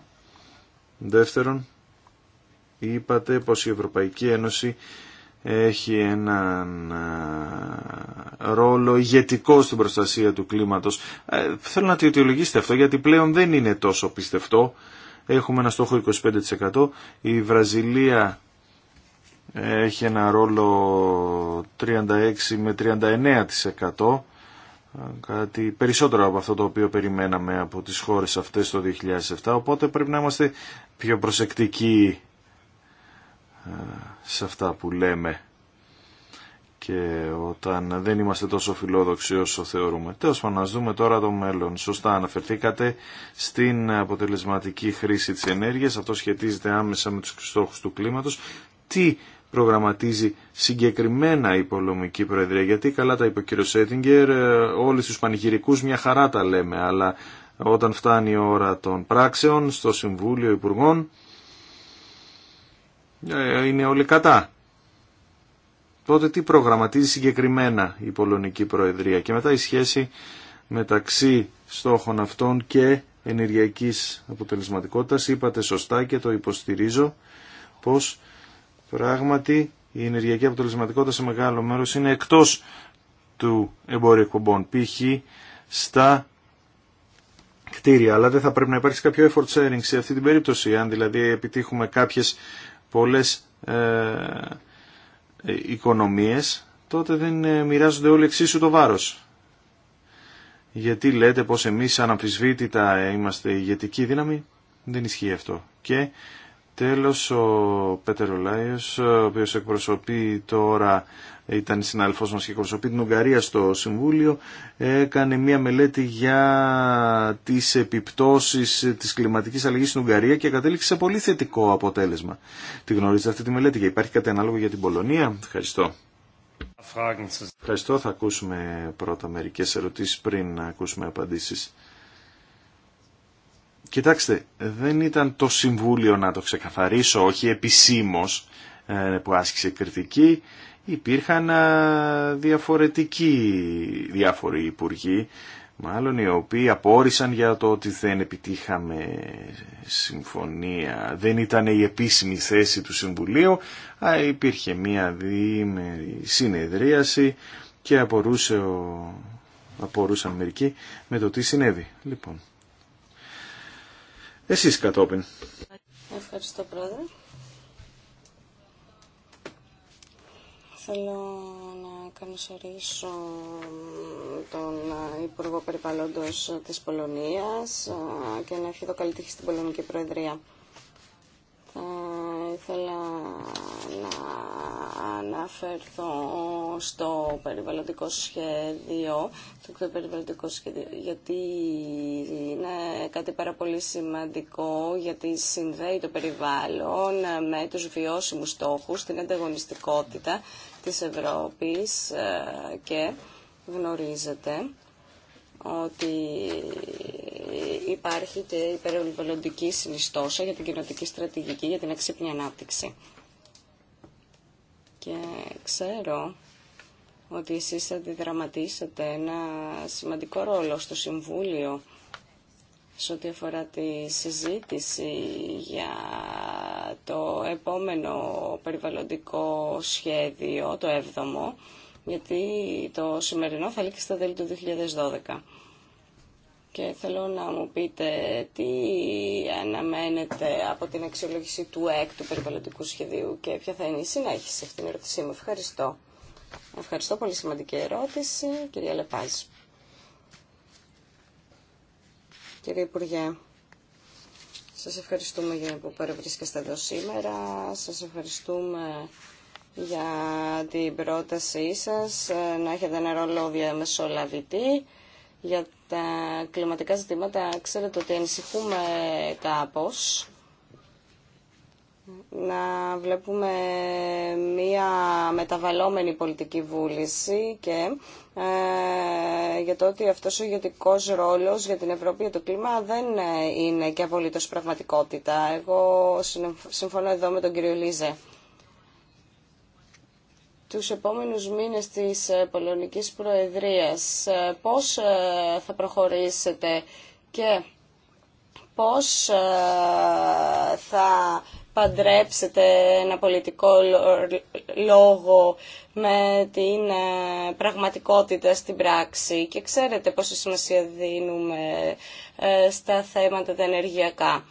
Δεύτερον, είπατε πως η Ευρωπαϊκή Ένωση έχει έναν ρόλο ηγετικό στην προστασία του κλίματος. Ε, θέλω να τη αιτιολογήσετε αυτό γιατί πλέον δεν είναι τόσο πιστευτό. Έχουμε ένα στόχο 25%. Η Βραζιλία έχει ένα ρόλο 36 με 39% κάτι περισσότερο από αυτό το οποίο περιμέναμε από τις χώρες αυτές το 2007 οπότε πρέπει να είμαστε πιο προσεκτικοί σε αυτά που λέμε και όταν δεν είμαστε τόσο φιλόδοξοι όσο θεωρούμε. Τέλο πάντων, δούμε τώρα το μέλλον. Σωστά αναφερθήκατε στην αποτελεσματική χρήση της ενέργειας. Αυτό σχετίζεται άμεσα με τους στόχου του κλίματος. Τι προγραμματίζει συγκεκριμένα η πολεμική Προεδρία. Γιατί καλά τα είπε ο κύριο Σέτιγκερ ε, όλοι του πανηγυρικού μια χαρά τα λέμε, αλλά όταν φτάνει η ώρα των πράξεων στο Συμβούλιο Υπουργών, ε, είναι όλοι κατά. Τότε τι προγραμματίζει συγκεκριμένα η Πολωνική Προεδρία και μετά η σχέση μεταξύ στόχων αυτών και ενεργειακής αποτελεσματικότητας. Είπατε σωστά και το υποστηρίζω πως πράγματι η ενεργειακή αποτελεσματικότητα σε μεγάλο μέρος είναι εκτός του εμπορίου εκπομπών π.χ. στα κτίρια. Αλλά δεν θα πρέπει να υπάρξει κάποιο effort sharing σε αυτή την περίπτωση. Αν δηλαδή επιτύχουμε κάποιες πολλές ε, ε, οικονομίες, τότε δεν ε, μοιράζονται όλοι εξίσου το βάρος. Γιατί λέτε πως εμείς αναμφισβήτητα είμαστε ηγετική δύναμη, δεν ισχύει αυτό. Και Τέλος, ο Πέτερ Λάιος, ο οποίος εκπροσωπεί τώρα, ήταν συνάδελφός μας και εκπροσωπεί την Ουγγαρία στο Συμβούλιο, έκανε μια μελέτη για τις επιπτώσεις της κλιματικής αλλαγής στην Ουγγαρία και κατέληξε σε πολύ θετικό αποτέλεσμα. Τη γνωρίζετε αυτή τη μελέτη και υπάρχει κάτι ανάλογο για την Πολωνία. Ευχαριστώ. Ευχαριστώ. Θα ακούσουμε πρώτα μερικές ερωτήσεις πριν να ακούσουμε απαντήσεις. Κοιτάξτε, δεν ήταν το Συμβούλιο να το ξεκαθαρίσω, όχι επισήμως ε, που άσκησε κριτική. Υπήρχαν διαφορετικοί διάφοροι υπουργοί, μάλλον οι οποίοι απόρρισαν για το ότι δεν επιτύχαμε συμφωνία. Δεν ήταν η επίσημη θέση του Συμβουλίου, αλλά υπήρχε μία διήμερη συνεδρίαση και απορούσε ο... απορούσαν μερικοί με το τι συνέβη. Λοιπόν. Εσείς κατόπιν. Ευχαριστώ πρόεδρε. Θέλω να καλωσορίσω τον Υπουργό Περιβαλλόντος της Πολωνίας ε, και να ευχηθώ καλή τύχη στην Πολωνική Προεδρία. Θα ήθελα να αναφερθώ στο περιβαλλοντικό σχέδιο, το περιβαλλοντικό σχέδιο, γιατί είναι κάτι πάρα πολύ σημαντικό, γιατί συνδέει το περιβάλλον με τους βιώσιμους στόχους, την ανταγωνιστικότητα της Ευρώπης ε, και γνωρίζετε ότι υπάρχει και η περιβαλλοντική συνιστόσα για την κοινωτική στρατηγική για την έξυπνη ανάπτυξη. Και ξέρω ότι εσείς θα διδραματίσετε ένα σημαντικό ρόλο στο Συμβούλιο σε ό,τι αφορά τη συζήτηση για το επόμενο περιβαλλοντικό σχέδιο, το 7ο, γιατί το σημερινό θα λήξει στα τέλη του 2012 και θέλω να μου πείτε τι αναμένετε από την αξιολόγηση του ΕΚ του περιβαλλοντικού σχεδίου και ποια θα είναι η συνέχιση αυτήν την ερώτησή μου. Ευχαριστώ. Ευχαριστώ πολύ σημαντική ερώτηση, κυρία Λεπάζ. Κύριε Υπουργέ, σας ευχαριστούμε για που παρευρίσκεστε εδώ σήμερα. Σας ευχαριστούμε για την πρότασή σας να έχετε ένα ρόλο διαμεσολαβητή για τα κλιματικά ζητήματα, ξέρετε ότι ανησυχούμε κάπως να βλέπουμε μία μεταβαλλόμενη πολιτική βούληση και ε, για το ότι αυτός ο ηγετικό ρόλος για την Ευρώπη το κλίμα δεν είναι και απολύτως πραγματικότητα. Εγώ συμφωνώ εδώ με τον κύριο Λίζε τους επόμενους μήνες της ε, Πολωνικής Προεδρίας. Ε, πώς ε, θα προχωρήσετε και πώς θα παντρέψετε ένα πολιτικό λόγο με την πραγματικότητα στην πράξη και ξέρετε πόσο σημασία δίνουμε στα θέματα τα ενεργειακά.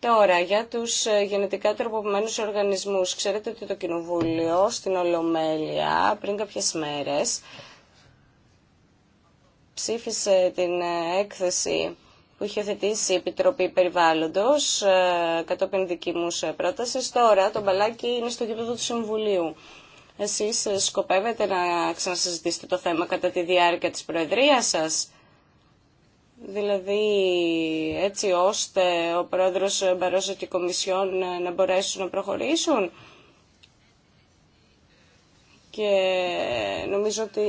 Τώρα, για του ε, γενετικά τροποποιημένους οργανισμούς. Ξέρετε ότι το Κοινοβούλιο στην Ολομέλεια πριν κάποιες μέρες ψήφισε την ε, έκθεση που είχε θετήσει η Επιτροπή Περιβάλλοντος ε, κατόπιν δική μου πρόταση. Τώρα το μπαλάκι είναι στο κήπεδο του Συμβουλίου. Εσείς σκοπεύετε να ξανασυζητήσετε το θέμα κατά τη διάρκεια της Προεδρίας σας δηλαδή έτσι ώστε ο πρόεδρος Μπαρόζο και η Κομισιόν να μπορέσουν να προχωρήσουν. Και νομίζω ότι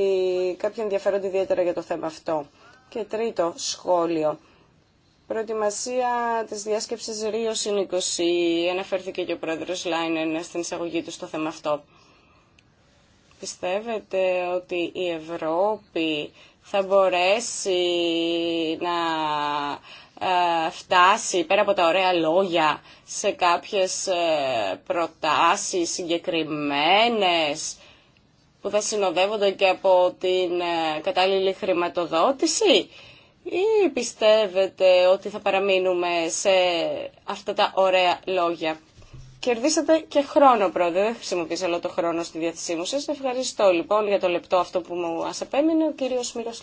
κάποιοι ενδιαφέρονται ιδιαίτερα για το θέμα αυτό. Και τρίτο σχόλιο. Προετοιμασία της διάσκεψης Ρίο 20. Αναφέρθηκε και ο πρόεδρος Λάινεν στην εισαγωγή του στο θέμα αυτό. Πιστεύετε ότι η Ευρώπη θα μπορέσει να ε, φτάσει πέρα από τα ωραία λόγια σε κάποιες ε, προτάσεις συγκεκριμένες που θα συνοδεύονται και από την ε, κατάλληλη χρηματοδότηση ή πιστεύετε ότι θα παραμείνουμε σε αυτά τα ωραία λόγια. Κερδίσατε και χρόνο πρώτα. Δεν χρησιμοποίησα όλο το χρόνο στη διάθεσή μου. σα. ευχαριστώ λοιπόν για το λεπτό αυτό που μου ας ο κύριος Μύρος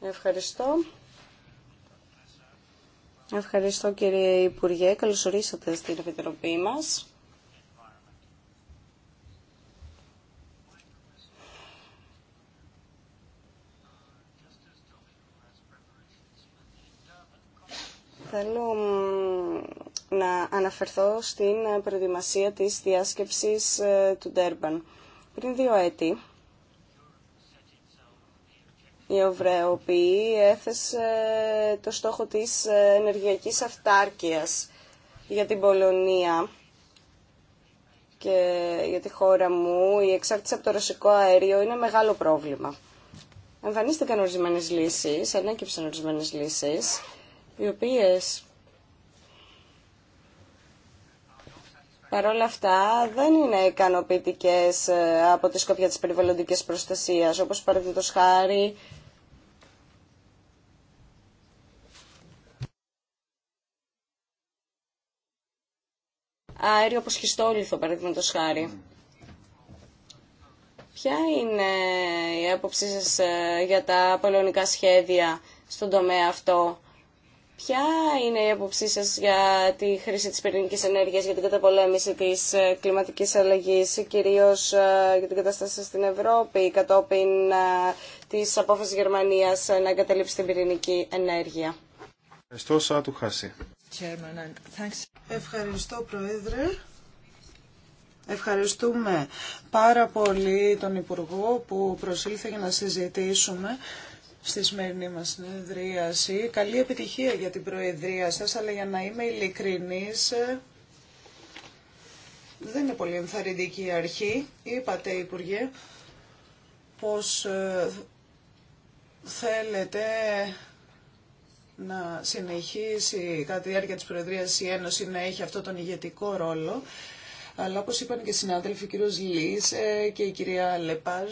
Ευχαριστώ. Ευχαριστώ κύριε Υπουργέ. Καλώς ορίσατε στην Επιτροπή μας. Θέλω να αναφερθώ στην προετοιμασία της διάσκεψης ε, του Ντέρμπαν. Πριν δύο έτη, η Ευρωπαϊκή έθεσε το στόχο της ε, ενεργειακής αυτάρκειας για την Πολωνία και για τη χώρα μου. Η εξάρτηση από το ρωσικό αέριο είναι μεγάλο πρόβλημα. Εμφανίστηκαν ορισμένες λύσεις, ανέκυψαν ορισμένες λύσεις οι οποίες παρόλα αυτά δεν είναι ικανοποιητικέ ε, από τη σκοπιά της περιβαλλοντικής προστασίας, όπως παραδείγματος χάρη αέριο όπως παραδείγματο χάρη. Ποια είναι η άποψή σας ε, για τα πολωνικά σχέδια στον τομέα αυτό Ποια είναι η άποψή σα για τη χρήση τη πυρηνική ενέργεια για την καταπολέμηση τη ε, κλιματική αλλαγή, κυρίω ε, για την κατάσταση στην Ευρώπη, κατόπιν ε, τη απόφαση Γερμανία να εγκαταλείψει την πυρηνική ενέργεια. Ευχαριστώ, Σάτου Χάση. Ευχαριστώ, Πρόεδρε. Ευχαριστούμε πάρα πολύ τον Υπουργό που προσήλθε για να συζητήσουμε στη σημερινή μας συνεδρίαση. Καλή επιτυχία για την Προεδρία σας, αλλά για να είμαι ειλικρινής, ε, δεν είναι πολύ ενθαρρυντική η αρχή. Είπατε, Υπουργέ, πως ε, θέλετε να συνεχίσει κατά τη διάρκεια της Προεδρίας η Ένωση να έχει αυτό τον ηγετικό ρόλο. Αλλά όπως είπαν και οι συνάδελφοι, ο κύριος ε, και η κυρία Λεπάζ,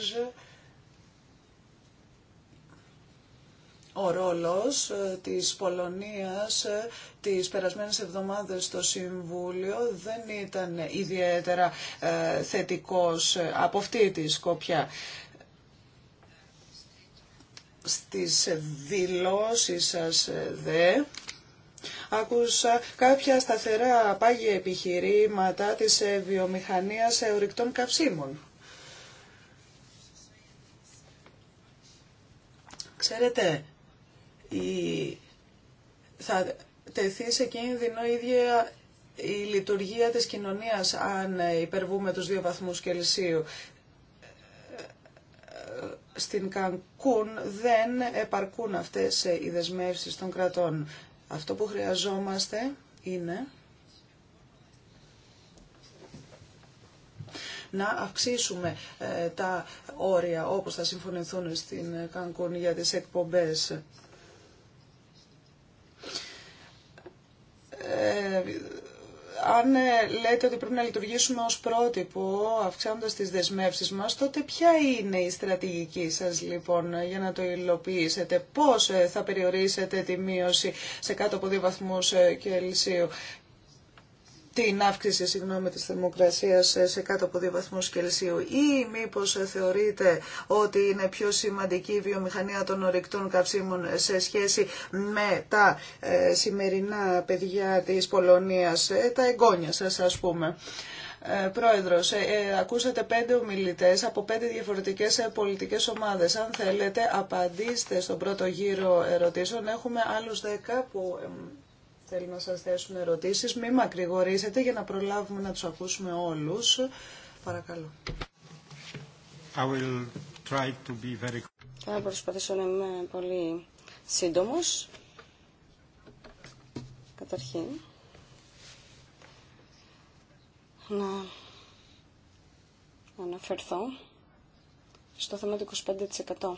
Ο ρόλος ε, της Πολωνίας ε, τις περασμένες εβδομάδες στο Συμβούλιο δεν ήταν ιδιαίτερα ε, θετικός από αυτή τη σκοπιά στις δηλώσεις σας δε άκουσα κάποια σταθερά πάγια επιχειρήματα της βιομηχανίας ορυκτών καυσίμων. Ξέρετε, θα τεθεί σε κίνδυνο η ίδια η λειτουργία της κοινωνίας αν υπερβούμε τους δύο βαθμούς Κελσίου. Στην Κανκούν δεν επαρκούν αυτές οι δεσμεύσεις των κρατών. Αυτό που χρειαζόμαστε είναι να αυξήσουμε ε, τα όρια όπως θα συμφωνηθούν στην Κανκούν για τις εκπομπές. Ε, αν ε, λέτε ότι πρέπει να λειτουργήσουμε ως πρότυπο αυξάνοντας τις δεσμεύσεις μας, τότε ποια είναι η στρατηγική σας λοιπόν για να το υλοποιήσετε, πώς ε, θα περιορίσετε τη μείωση σε κάτω από δύο βαθμούς Κελσίου την αύξηση συγγνώμη, της θερμοκρασίας σε κάτω από κελσίου ή μήπως βαθμούς Κελσίου ή μήπως θεωρείτε ότι είναι πιο σημαντική η βιομηχανία των ορεικτών καυσίμων σε σχέση με τα ε, σημερινά παιδιά της Πολωνίας, ε, τα εγγόνια σας ας πούμε. Ε, πρόεδρος, ε, ακούσατε πέντε ομιλητές από πέντε διαφορετικές πολιτικές ομάδες. Αν θέλετε, απαντήστε στον πρώτο γύρο ερωτήσεων. Έχουμε άλλους δέκα που Θέλω να σας θέσουν ερωτήσεις. Μην μακρηγορήσετε για να προλάβουμε να τους ακούσουμε όλους. Παρακαλώ. I will try to be very... Θα προσπαθήσω να είμαι πολύ σύντομος. Καταρχήν, να αναφερθώ στο θέμα του 25%.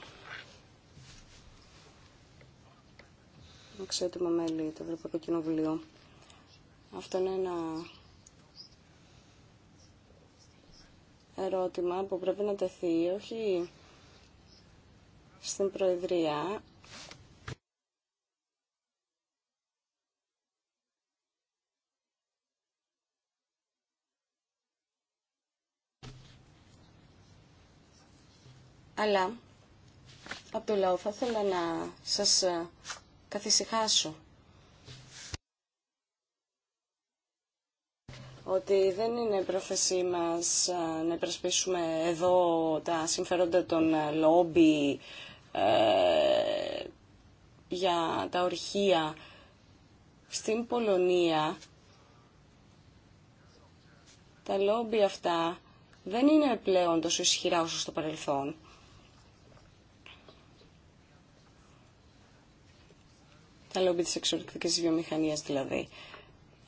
αξιότιμα μέλη του Ευρωπαϊκού Κοινοβουλίου. Αυτό είναι ένα ερώτημα που πρέπει να τεθεί όχι στην Προεδρία, αλλά από το λαό θα ήθελα να σας καθησυχάσω. ότι δεν είναι η πρόθεσή μας ε, να υπερασπίσουμε εδώ τα συμφέροντα των ε, λόμπι ε, για τα ορχεία στην Πολωνία. Τα λόμπι αυτά δεν είναι πλέον τόσο ισχυρά όσο στο παρελθόν. τα λόμπι της εξορρυκτικής βιομηχανίας δηλαδή.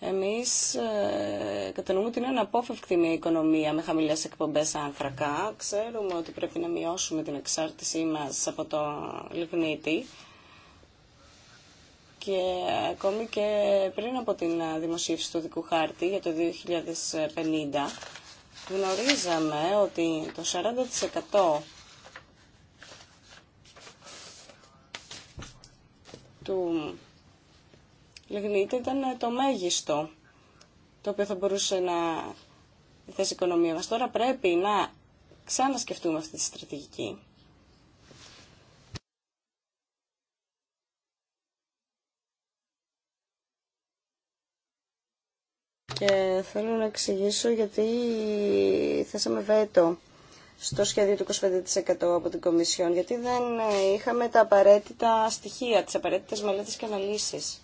Εμείς ε, κατανοούμε ότι είναι αναπόφευκτη μια οικονομία με χαμηλές εκπομπές άνθρακα. Ξέρουμε ότι πρέπει να μειώσουμε την εξάρτησή μας από το λιγνίτη. Και ακόμη και πριν από την δημοσίευση του δικού χάρτη για το 2050, γνωρίζαμε ότι το 40% του λιγνίτη ήταν ε, το μέγιστο το οποίο θα μπορούσε να θέσει οικονομία μας. Τώρα πρέπει να ξανασκεφτούμε αυτή τη στρατηγική. Και θέλω να εξηγήσω γιατί θέσαμε βέτο στο σχέδιο του 25% από την Κομισιόν, γιατί δεν ε, είχαμε τα απαραίτητα στοιχεία, τις απαραίτητες μελέτες και αναλύσεις.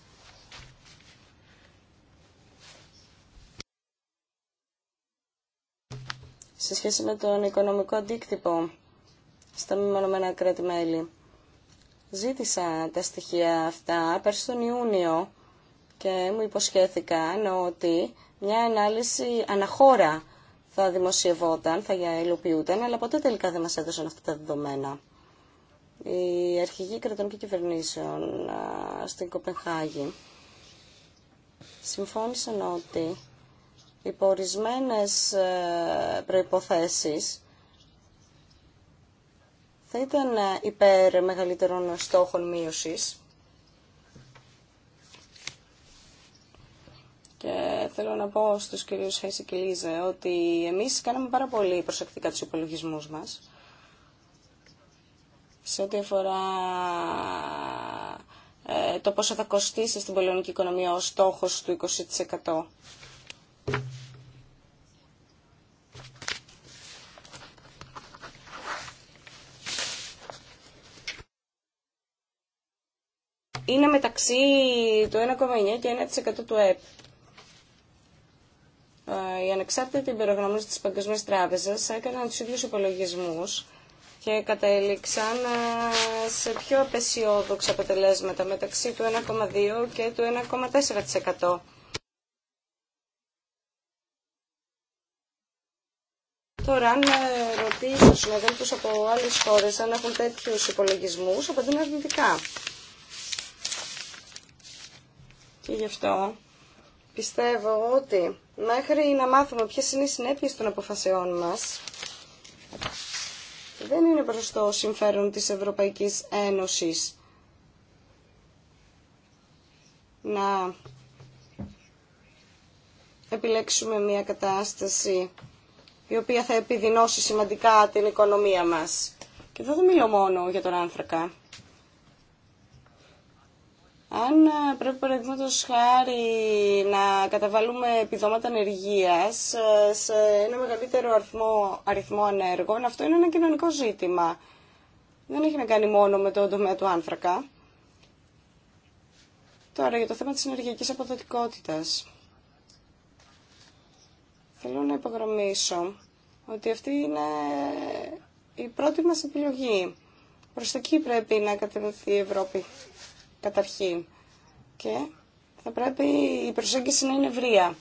σε σχέση με τον οικονομικό αντίκτυπο στα μη μονομένα κράτη-μέλη. Ζήτησα τα στοιχεία αυτά πέρσι τον Ιούνιο και μου υποσχέθηκαν ότι μια ανάλυση αναχώρα θα δημοσιευόταν, θα υλοποιούταν, αλλά ποτέ τελικά δεν μας έδωσαν αυτά τα δεδομένα. Οι αρχηγοί κρατών και κυβερνήσεων στην Κοπενχάγη συμφώνησαν ότι υπό ορισμένε ε, προϋποθέσεις θα ήταν ε, υπέρ μεγαλύτερων στόχων μείωσης θέλω να πω στους κυρίους Χέση και Λίζε ότι εμείς κάναμε πάρα πολύ προσεκτικά τους υπολογισμούς μας σε ό,τι αφορά ε, το πόσο θα κοστίσει στην πολεμική οικονομία ο στόχος του 20%. Είναι μεταξύ του 1,9 και 1% του ΕΠ. Ε, οι ανεξάρτητοι εμπειρογνώμονες τη Παγκοσμία Τράπεζα έκαναν του ίδιου υπολογισμού και κατέληξαν ε, σε πιο απεσιόδοξα αποτελέσματα μεταξύ του 1,2 και του 1,4%. Τώρα, αν ε, ρωτήσω συναδέλφου από άλλες χώρες αν έχουν τέτοιους υπολογισμούς, απαντούν αρνητικά. Και γι' αυτό πιστεύω ότι μέχρι να μάθουμε ποιες είναι οι συνέπειες των αποφασεών μας δεν είναι προς το συμφέρον της Ευρωπαϊκής Ένωσης να επιλέξουμε μια κατάσταση η οποία θα επιδεινώσει σημαντικά την οικονομία μας. Και δεν μιλώ μόνο για τον άνθρακα. Αν ε, πρέπει παραδείγματο χάρη να καταβάλουμε επιδόματα ανεργία ε, σε ένα μεγαλύτερο αριθμό, αριθμό ανέργων, αυτό είναι ένα κοινωνικό ζήτημα. Δεν έχει να κάνει μόνο με το τομέα του άνθρακα. Τώρα για το θέμα της ενεργειακής αποδοτικότητας. Θέλω να υπογραμμίσω ότι αυτή είναι η πρώτη μας επιλογή. Προς εκεί πρέπει να κατευθυνθεί η Ευρώπη καταρχήν. Και θα πρέπει η προσέγγιση να είναι ευρεία.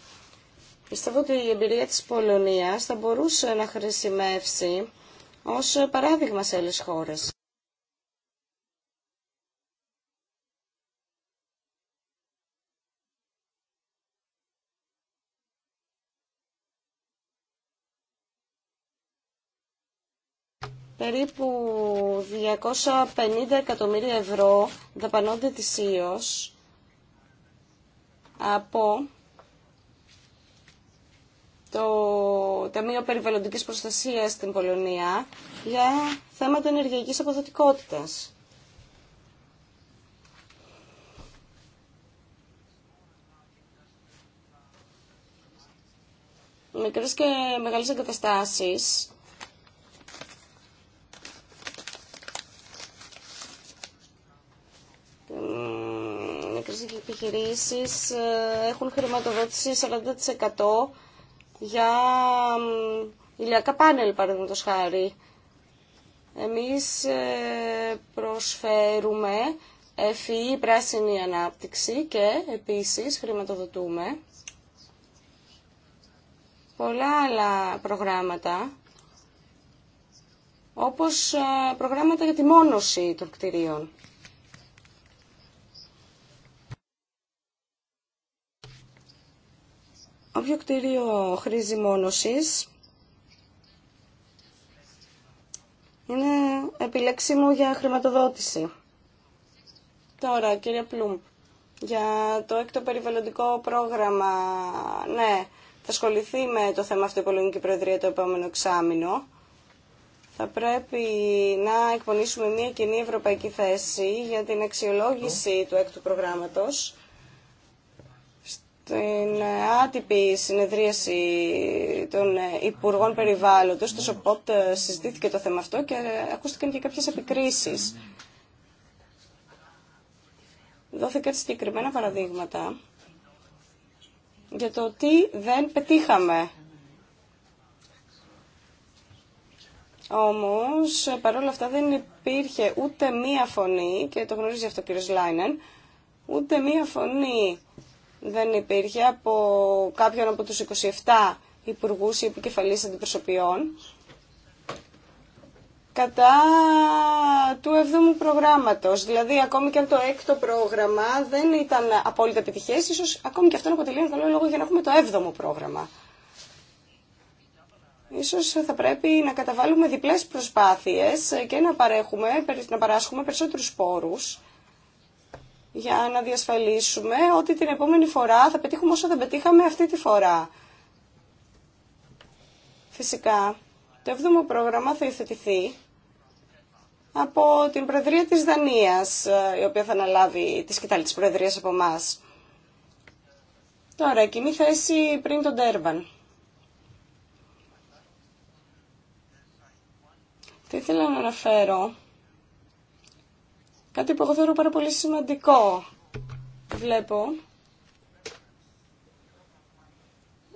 Πιστεύω ότι η εμπειρία της Πολωνίας θα μπορούσε να χρησιμεύσει ως παράδειγμα σε άλλες χώρες. περίπου 250 εκατομμύρια ευρώ δαπανώνται ΥΟΣ από το Ταμείο Περιβαλλοντικής Προστασίας στην Πολωνία για θέματα ενεργειακής αποδοτικότητας. Μικρές και μεγάλες εγκαταστάσεις επιχειρήσεις ε, έχουν χρηματοδότηση 40% για ηλιακά πάνελ, παραδείγματο χάρη. Εμείς ε, προσφέρουμε ευφυή e, πράσινη ανάπτυξη και επίσης χρηματοδοτούμε πολλά άλλα προγράμματα, όπως ε, προγράμματα για τη μόνωση των κτηρίων. Όποιο κτίριο χρήζει μόνωσης είναι επιλέξιμο για χρηματοδότηση. Τώρα, κύριε πλούμ για το έκτο περιβαλλοντικό πρόγραμμα, ναι, θα ασχοληθεί με το θέμα αυτό η Προεδρία το επόμενο εξάμεινο. Θα πρέπει να εκπονήσουμε μια κοινή ευρωπαϊκή θέση για την αξιολόγηση του έκτου προγράμματος την άτυπη συνεδρίαση των Υπουργών Περιβάλλοντος, το ΣΟΠΟΤ, ε, συζητήθηκε το θέμα αυτό και ακούστηκαν και κάποιες επικρίσεις. Δόθηκαν συγκεκριμένα παραδείγματα για το τι δεν πετύχαμε. Όμως, παρόλα αυτά δεν υπήρχε ούτε μία φωνή, και το γνωρίζει αυτό ο κ. Λάινεν, ούτε μία φωνή δεν υπήρχε από κάποιον από τους 27 υπουργούς ή επικεφαλής αντιπροσωπιών κατά του 7ου προγράμματος. Δηλαδή, ακόμη και αν το 6ο πρόγραμμα δεν ήταν απόλυτα επιτυχές, ίσως ακόμη και αυτό να αποτελεί ένα καλό λόγο για να έχουμε το 7ο πρόγραμμα. Ίσως θα πρέπει να καταβάλουμε διπλές προσπάθειες και να, παρέχουμε, να παράσχουμε περισσότερους πόρους για να διασφαλίσουμε ότι την επόμενη φορά θα πετύχουμε όσο δεν πετύχαμε αυτή τη φορά. Φυσικά, το 7ο πρόγραμμα θα υφετηθεί από την Προεδρία της Δανίας, ε, η οποία θα αναλάβει τη σκητάλη της Προεδρίας από εμά. Τώρα, κοινή θέση πριν τον Τέρμπαν. Τι ήθελα να αναφέρω Κάτι που εγώ θεωρώ πάρα πολύ σημαντικό. Βλέπω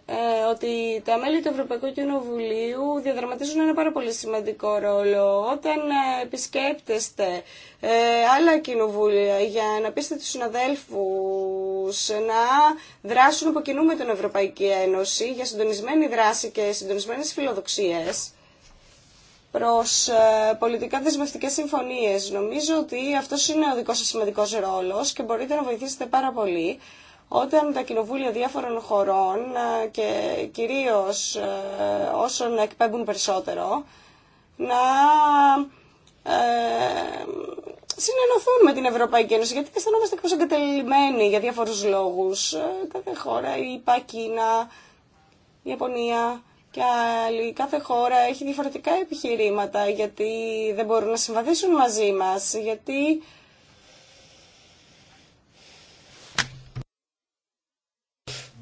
ε, ότι τα μέλη του Ευρωπαϊκού Κοινοβουλίου διαδραματίζουν ένα πάρα πολύ σημαντικό ρόλο. Όταν ε, επισκέπτεστε ε, άλλα κοινοβούλια για να πείστε τους συναδέλφους να δράσουν από κοινού με την Ευρωπαϊκή Ένωση για συντονισμένη δράση και συντονισμένες φιλοδοξίες, προς ε, πολιτικά δεσμευτικές συμφωνίες. Νομίζω ότι αυτό είναι ο δικός σας σημαντικός ρόλος και μπορείτε να βοηθήσετε πάρα πολύ όταν τα κοινοβούλια διάφορων χωρών ε, και κυρίως ε, όσων εκπέμπουν περισσότερο να συνενωθούν με την Ευρωπαϊκή Ένωση, γιατί αισθανόμαστε κάπως εγκατελειμμένοι για διάφορους λόγους. Κάθε χώρα, η Πακίνα, η Ιαπωνία, και κάθε χώρα έχει διαφορετικά επιχειρήματα γιατί δεν μπορούν να συμβαδίσουν μαζί μας, γιατί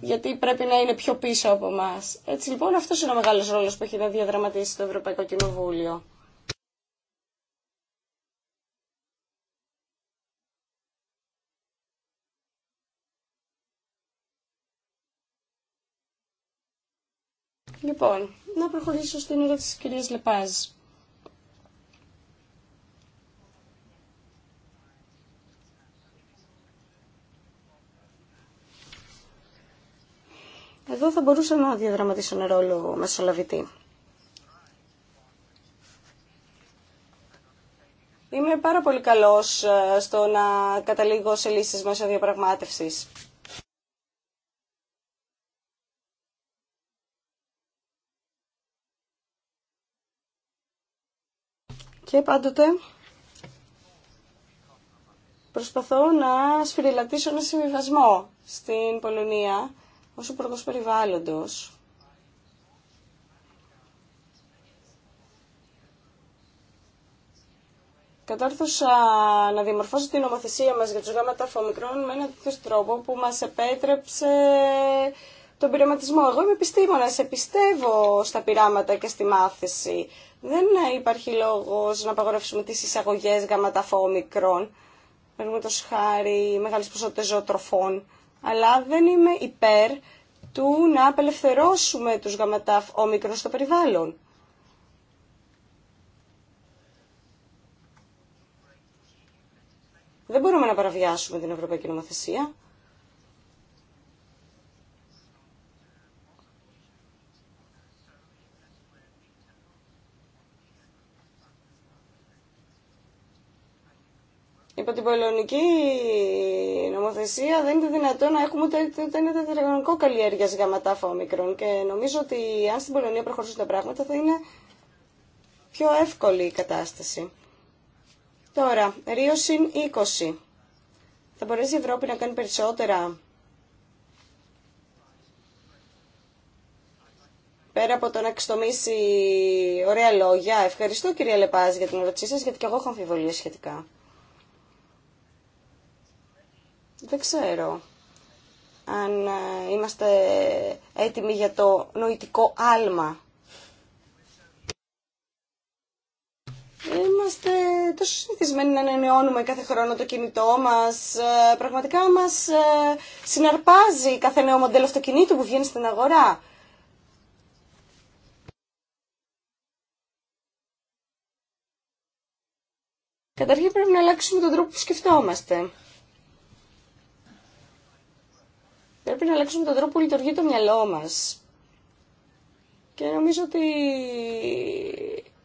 γιατί πρέπει να είναι πιο πίσω από μας. Έτσι λοιπόν αυτός είναι ο μεγάλος ρόλος που έχει να διαδραματίσει το Ευρωπαϊκό Κοινοβούλιο. Λοιπόν, να προχωρήσω στην ώρα της κυρίας Λεπάζ. Εδώ θα μπορούσα να διαδραματίσω ένα ρόλο μεσολαβητή. Είμαι πάρα πολύ καλός ε, στο να καταλήγω σε λύσεις μέσω διαπραγμάτευσης. Και πάντοτε προσπαθώ να σφυριλατήσω ένα συμβιβασμό στην Πολωνία ως υπουργός περιβάλλοντος. Κατόρθωσα να διαμορφώσω την νομοθεσία μας για τους γάμματα αφομικρών με έναν τέτοιο τρόπο που μας επέτρεψε τον πειραματισμό. Εγώ είμαι επιστήμονας, πιστεύω στα πειράματα και στη μάθηση δεν υπάρχει λόγος να απαγορεύσουμε τις εισαγωγές γαματαφόμικρων, μικρών, το χάρη μεγάλες ποσότητες ζωοτροφών, αλλά δεν είμαι υπέρ του να απελευθερώσουμε τους γαματάφ όμικρον στο περιβάλλον. Δεν μπορούμε να παραβιάσουμε την Ευρωπαϊκή Νομοθεσία. Υπό την πολωνική νομοθεσία δεν είναι δυνατό να έχουμε ούτε, ένα τετραγωνικό καλλιέργεια γαματάφα ομικρών και νομίζω ότι αν στην Πολωνία προχωρήσουν τα πράγματα θα είναι πιο εύκολη η κατάσταση. Τώρα, Ρίο 20. Θα μπορέσει η Ευρώπη να κάνει περισσότερα πέρα από το να εξτομίσει ωραία λόγια. Ευχαριστώ κυρία Λεπάζ για την ερώτησή σας γιατί και εγώ έχω αμφιβολία σχετικά. Δεν ξέρω αν ε, είμαστε έτοιμοι για το νοητικό άλμα. Είμαστε τόσο συνηθισμένοι να ανανεώνουμε κάθε χρόνο το κινητό μας. Ε, πραγματικά μας ε, συναρπάζει κάθε νέο μοντέλο αυτοκινήτου που βγαίνει στην αγορά. Καταρχήν πρέπει να αλλάξουμε τον τρόπο που σκεφτόμαστε. Πρέπει να αλλάξουμε τον τρόπο που λειτουργεί το μυαλό μας. Και νομίζω ότι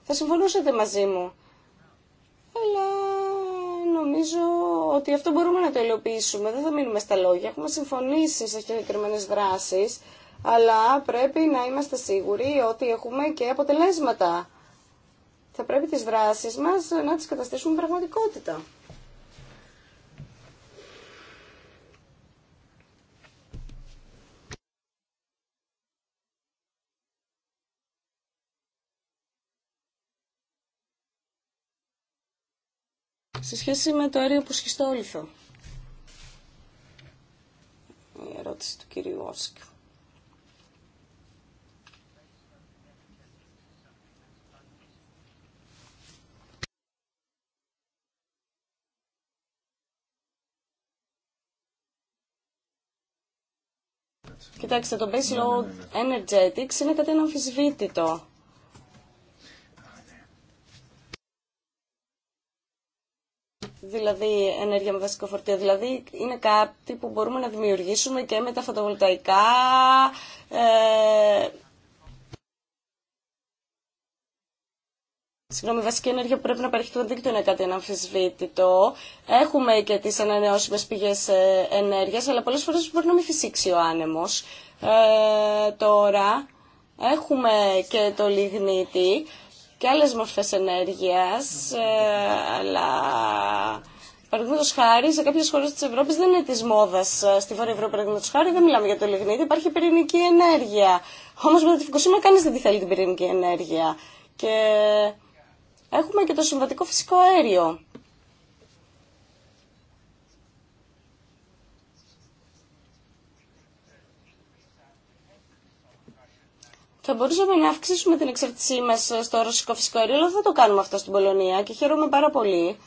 θα συμφωνούσατε μαζί μου. Αλλά νομίζω ότι αυτό μπορούμε να το υλοποιήσουμε. Δεν θα μείνουμε στα λόγια. Έχουμε συμφωνήσει σε συγκεκριμένε δράσεις. Αλλά πρέπει να είμαστε σίγουροι ότι έχουμε και αποτελέσματα. Θα πρέπει τις δράσεις μας να τις καταστήσουμε πραγματικότητα. Σε σχέση με το αέριο σχιστόληθο. Η ερώτηση του κυρίου Όσκα. Κοιτάξτε, το base load ναι, ναι, ναι, energetics είναι κάτι αναμφισβήτητο. δηλαδή ενέργεια με βασικό φορτίο. Δηλαδή είναι κάτι που μπορούμε να δημιουργήσουμε και με τα φωτοβολταϊκά. Ε, Συγγνώμη, η βασική ενέργεια που πρέπει να παρέχει το δίκτυο είναι κάτι αναμφισβήτητο. Έχουμε και τι ανανεώσιμε πηγέ ε, ενέργεια, αλλά πολλέ φορέ μπορεί να μην φυσήξει ο άνεμο. Ε, τώρα έχουμε και το λιγνίτι και άλλες μορφές ενέργειας, ε, αλλά παραδείγματο χάρη σε κάποιες χώρες της Ευρώπης δεν είναι της μόδας. Ε, στη Βόρεια Ευρώπη, παραδείγματος χάρη, δεν μιλάμε για το λιγνίδι, υπάρχει πυρηνική ενέργεια. Όμως με τη Φουκουσίμα κανείς δεν τη θέλει την πυρηνική ενέργεια. Και έχουμε και το συμβατικό φυσικό αέριο. Θα μπορούσαμε να αυξήσουμε την εξαρτησή μα στο ρωσικό φυσικό αέριο, αλλά δεν το κάνουμε αυτό στην Πολωνία και χαίρομαι πάρα πολύ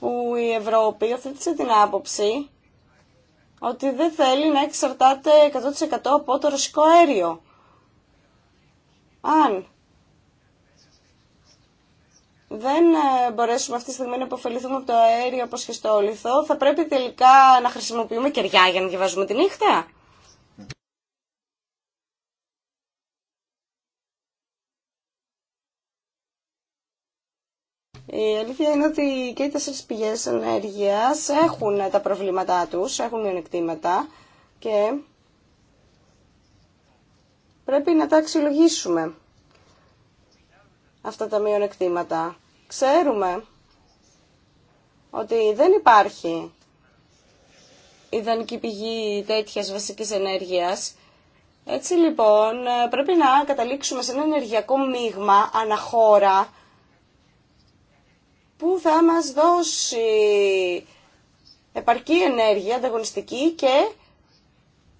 που η Ευρώπη οθέτησε την άποψη ότι δεν θέλει να εξαρτάται 100% από το ρωσικό αέριο. Αν δεν ε, μπορέσουμε αυτή τη στιγμή να υποφεληθούμε από το αέριο όπως και στο όλυθο, θα πρέπει τελικά να χρησιμοποιούμε κεριά για να διαβάζουμε τη νύχτα. Η αλήθεια είναι ότι και οι τέσσερι πηγέ ενέργεια έχουν τα προβλήματά τους, έχουν μειονεκτήματα και πρέπει να τα αξιολογήσουμε αυτά τα μειονεκτήματα. Ξέρουμε ότι δεν υπάρχει ιδανική πηγή τέτοιας βασικής ενέργειας. Έτσι λοιπόν πρέπει να καταλήξουμε σε ένα ενεργειακό μείγμα αναχώρα που θα μας δώσει επαρκή ενέργεια, ανταγωνιστική και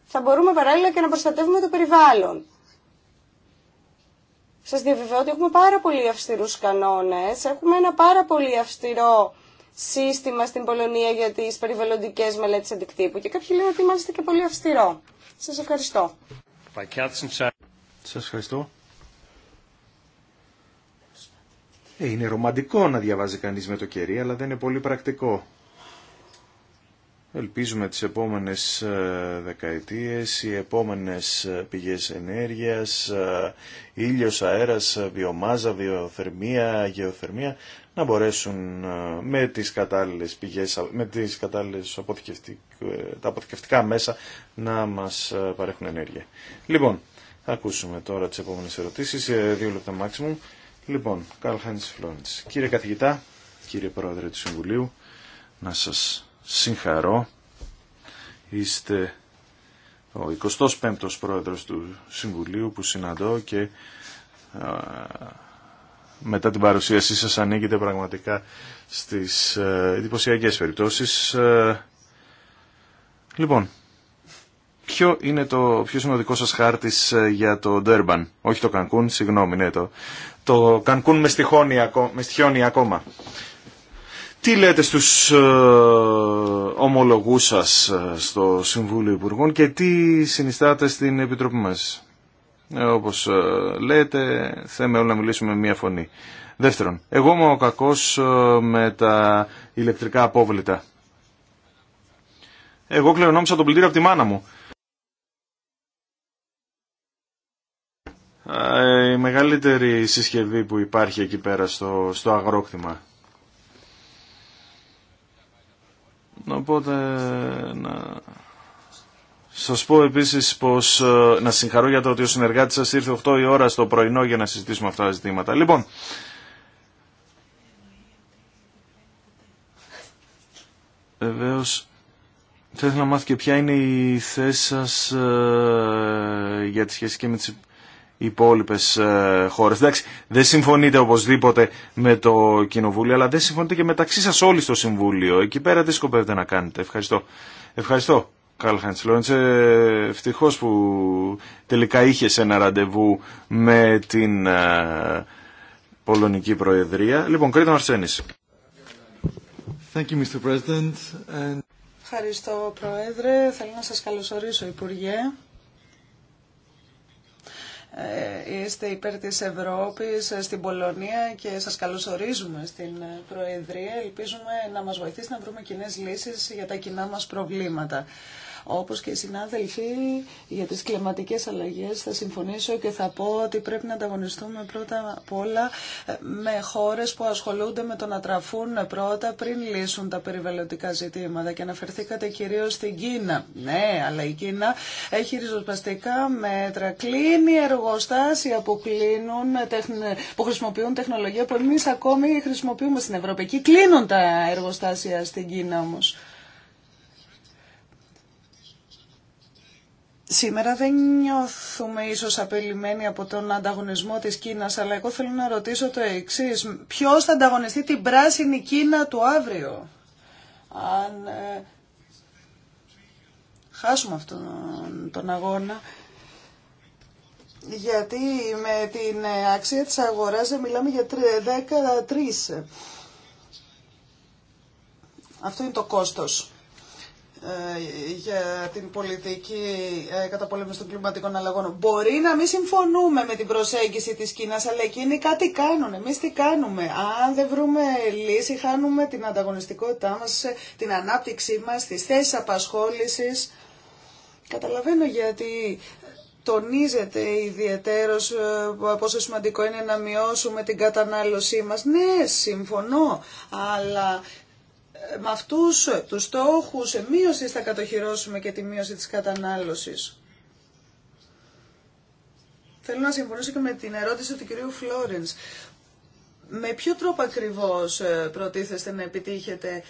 θα μπορούμε παράλληλα και να προστατεύουμε το περιβάλλον. Σας διαβεβαιώ ότι έχουμε πάρα πολύ αυστηρούς κανόνες, έχουμε ένα πάρα πολύ αυστηρό σύστημα στην Πολωνία για τις περιβαλλοντικές μελέτες αντικτύπου και κάποιοι λένε ότι μάλιστα και πολύ αυστηρό. Σας ευχαριστώ. Σας ευχαριστώ. Ε, είναι ρομαντικό να διαβάζει κανείς με το κερί, αλλά δεν είναι πολύ πρακτικό. Ελπίζουμε τις επόμενες ε, δεκαετίες, οι επόμενες ε, πηγές ενέργειας, ήλιος, αέρας, βιομάζα, βιοθερμία, γεωθερμία, να μπορέσουν με τις κατάλληλες πηγές, με τις κατάλληλες τα αποθηκευτικά μέσα να μας παρέχουν ενέργεια. Λοιπόν, θα ακούσουμε τώρα τις επόμενες ερωτήσεις, δύο λεπτά maximum. Λοιπόν, Καρλ Χάιντς Κύριε καθηγητά, κύριε πρόεδρε του Συμβουλίου, να σας συγχαρώ. Είστε ο 25ος πρόεδρος του Συμβουλίου που συναντώ και μετά την παρουσίασή σας ανήκετε πραγματικά στις ε, εντυπωσιακέ περιπτώσεις. Ε, λοιπόν, Ποιο είναι το πιο σημαντικό σας χάρτης ε, για το Ντέρμπαν, όχι το Κανκούν, συγγνώμη, ναι, το, το Κανκούν με, με ακόμα. Τι λέτε στους ε, ομολογούς σας ε, στο Συμβούλιο Υπουργών και τι συνιστάτε στην Επιτροπή μας. Ε, όπως ε, λέτε, θέμε όλοι να μιλήσουμε με μία φωνή. Δεύτερον, εγώ είμαι ο κακός με τα ηλεκτρικά απόβλητα. Εγώ κληρονόμησα τον πλητήριο από τη μάνα μου. η μεγαλύτερη συσκευή που υπάρχει εκεί πέρα στο, στο αγρόκτημα. Οπότε να σας πω επίσης πως ε, να συγχαρώ για το ότι ο συνεργάτης σας ήρθε 8 η ώρα στο πρωινό για να συζητήσουμε αυτά τα ζητήματα. Λοιπόν, Βεβαίω. θα να μάθω και ποια είναι η θέση σας ε, για τη σχέση και με τις υπόλοιπε ε, χώρε. Εντάξει, δεν συμφωνείτε οπωσδήποτε με το Κοινοβούλιο, αλλά δεν συμφωνείτε και μεταξύ σα όλοι στο Συμβούλιο. Εκεί πέρα τι σκοπεύετε να κάνετε. Ευχαριστώ. Ευχαριστώ, Καρλ Χαντσλόντσε. Ευτυχώ που τελικά είχε ένα ραντεβού με την ε, Πολωνική Προεδρία. Λοιπόν, Κρήτον Αρσένη. Ευχαριστώ, Πρόεδρε. Θέλω να σας καλωσορίσω, Υπουργέ. Ε, είστε υπέρ της Ευρώπης ε, στην Πολωνία και σας καλωσορίζουμε στην ε, Προεδρία. Ελπίζουμε να μας βοηθήσει να βρούμε κοινέ λύσεις για τα κοινά μας προβλήματα. Όπως και οι συνάδελφοι για τις κλιματικές αλλαγές θα συμφωνήσω και θα πω ότι πρέπει να ανταγωνιστούμε πρώτα απ' όλα ε, με χώρες που ασχολούνται με το να τραφούν πρώτα πριν λύσουν τα περιβαλλοντικά ζητήματα. Και αναφερθήκατε κυρίως στην Κίνα. Ναι, αλλά η Κίνα έχει ριζοσπαστικά μέτρα. Κλείνει εργοστάσια που, χρησιμοποιούν τεχνολογία που εμείς ακόμη χρησιμοποιούμε στην Ευρωπαϊκή. Κλείνουν τα εργοστάσια στην Κίνα όμως. Σήμερα δεν νιώθουμε ίσως απελημένοι από τον ανταγωνισμό της Κίνας, αλλά εγώ θέλω να ρωτήσω το εξή. Ποιος θα ανταγωνιστεί την πράσινη Κίνα του αύριο, αν ε, χάσουμε αυτόν τον αγώνα. Γιατί με την ε, αξία της αγοράς ε, μιλάμε για 13. Αυτό είναι το κόστος. Ε, για την πολιτική ε, καταπολέμηση των κλιματικών αλλαγών. Μπορεί να μην συμφωνούμε με την προσέγγιση της Κίνας, αλλά εκείνοι κάτι κάνουν. Εμείς τι κάνουμε. Αν δεν βρούμε λύση, χάνουμε την ανταγωνιστικότητά μας, την ανάπτυξή μας, τις θέσεις απασχόλησης. Καταλαβαίνω γιατί τονίζεται ιδιαιτέρως ε, πόσο σημαντικό είναι να μειώσουμε την κατανάλωσή μας. Ναι, συμφωνώ, αλλά με αυτούς τους στόχους μείωση θα κατοχυρώσουμε και τη μείωση της κατανάλωσης. Θέλω να συμφωνήσω και με την ερώτηση του κυρίου Φλόρενς. Με ποιο τρόπο ακριβώς ε, προτίθεστε να επιτύχετε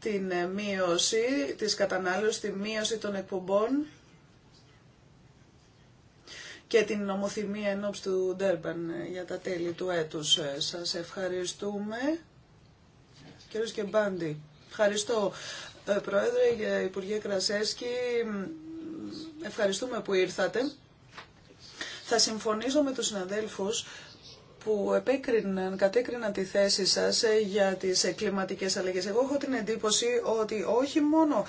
την ε, μείωση της κατανάλωσης, τη μείωση των εκπομπών και την ομοθυμία ενόψη του Ντέρμπαν ε, για τα τέλη του έτους. Σας ευχαριστούμε. Κύριος Κεμπάντη. Ευχαριστώ, ε, Πρόεδρε, Υπουργέ Κρασέσκη. Ευχαριστούμε που ήρθατε. Θα συμφωνήσω με τους συναδέλφους που επέκριναν, κατέκριναν τη θέση σας ε, για τις ε, κλιματικές αλλαγές. Εγώ έχω την εντύπωση ότι όχι μόνο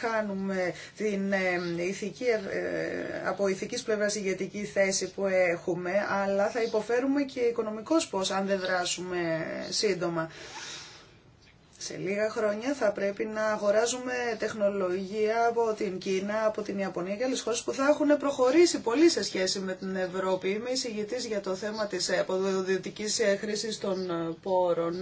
χάνουμε την ηθική, από ηθικής πλευράς ηγετική θέση που έχουμε, αλλά θα υποφέρουμε και οικονομικός πώς αν δεν δράσουμε σύντομα. Σε λίγα χρόνια θα πρέπει να αγοράζουμε τεχνολογία από την Κίνα, από την Ιαπωνία και άλλες χώρες που θα έχουν προχωρήσει πολύ σε σχέση με την Ευρώπη. Είμαι εισηγητής για το θέμα της αποδοτικής χρήσης των πόρων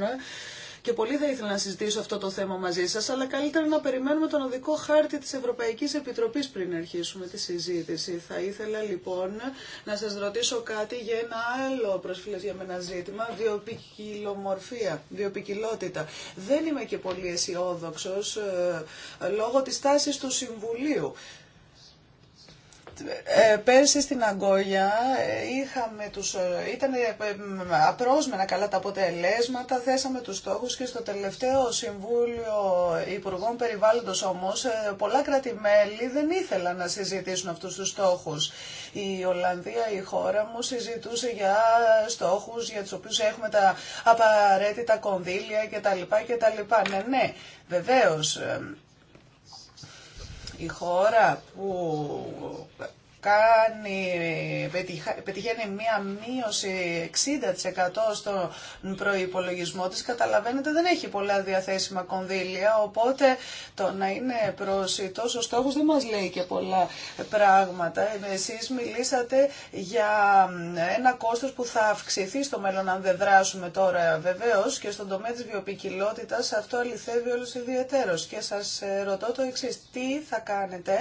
και πολύ θα ήθελα να συζητήσω αυτό το θέμα μαζί σας, αλλά καλύτερα να περιμένουμε τον οδικό χάρτη της Ευρωπαϊκής Επιτροπής πριν αρχίσουμε τη συζήτηση. Θα ήθελα λοιπόν να σας ρωτήσω κάτι για ένα άλλο προσφύλλες για μένα ζήτημα, βιοπικιλομορφία, βιοπικιλότητα. Δεν είμαι και πολύ αισιόδοξο ε, λόγω της τάσης του Συμβουλίου. Ε, πέρσι στην Αγκόγια ε, είχαμε τους, ε, ήταν απρόσμενα καλά τα αποτελέσματα, θέσαμε τους στόχους και στο τελευταίο Συμβούλιο Υπουργών Περιβάλλοντος όμως κρατημέλη δεν ήθελαν να συζητήσουν αυτούς τους στόχους. Η Ολλανδία, η χώρα μου, συζητούσε για στόχους για τους οποίους έχουμε τα απαραίτητα κονδύλια κτλ. Ναι, ναι, βεβαίως η χώρα που κάνει, πετυχαίνει μία μείωση 60% στον προϋπολογισμό της, καταλαβαίνετε δεν έχει πολλά διαθέσιμα κονδύλια, οπότε το να είναι προσιτός ο στόχος δεν μας λέει και πολλά πράγματα. Εσείς μιλήσατε για ένα κόστος που θα αυξηθεί στο μέλλον αν δεν δράσουμε τώρα βεβαίως και στον τομέα της βιοπικιλότητας αυτό αληθεύει όλους ιδιαίτερος και σας ε, ρωτώ το εξής, τι θα κάνετε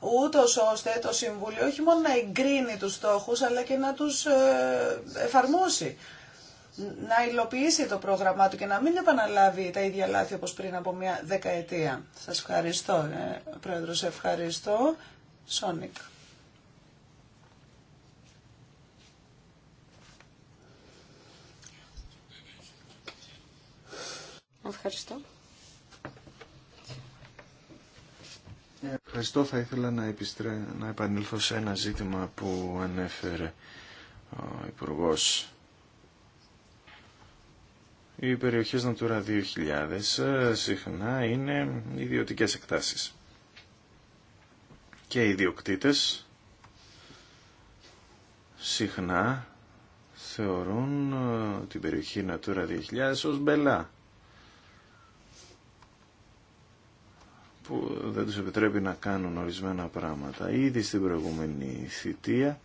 ούτως ώστε το Συμβούλιο όχι μόνο να εγκρίνει τους στόχους αλλά και να τους ε, εφαρμόσει να υλοποιήσει το πρόγραμμά του και να μην επαναλάβει τα ίδια λάθη όπως πριν από μια δεκαετία. Σας ευχαριστώ, ε, Πρόεδρος, ευχαριστώ. Σόνικ. Ευχαριστώ. Ευχαριστώ. Θα ήθελα να, επιστρέ... να επανέλθω σε ένα ζήτημα που ανέφερε ο υπουργό. Οι περιοχές Natura 2000 ε, συχνά είναι ιδιωτικές εκτάσεις. Και οι ιδιοκτήτες συχνά θεωρούν ε, την περιοχή Natura 2000 ως μπελά. που δεν τους επιτρέπει να κάνουν ορισμένα πράγματα. Ήδη στην προηγούμενη θητεία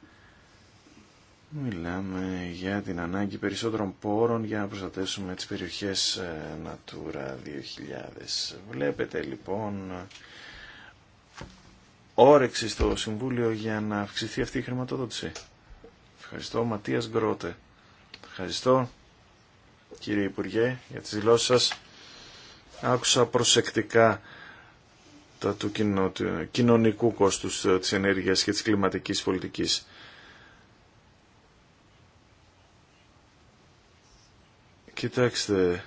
μιλάμε για την ανάγκη περισσότερων πόρων για να προστατεύσουμε τις περιοχές ε, Natura 2000. Βλέπετε λοιπόν όρεξη στο Συμβούλιο για να αυξηθεί αυτή η χρηματοδότηση. Ευχαριστώ Ματίας Γκρότε. Ευχαριστώ κύριε Υπουργέ για τις δηλώσεις σας. Άκουσα προσεκτικά του κοινωνικού κόστους ε, της ενέργειας και της κλιματικής πολιτικής. Κοιτάξτε,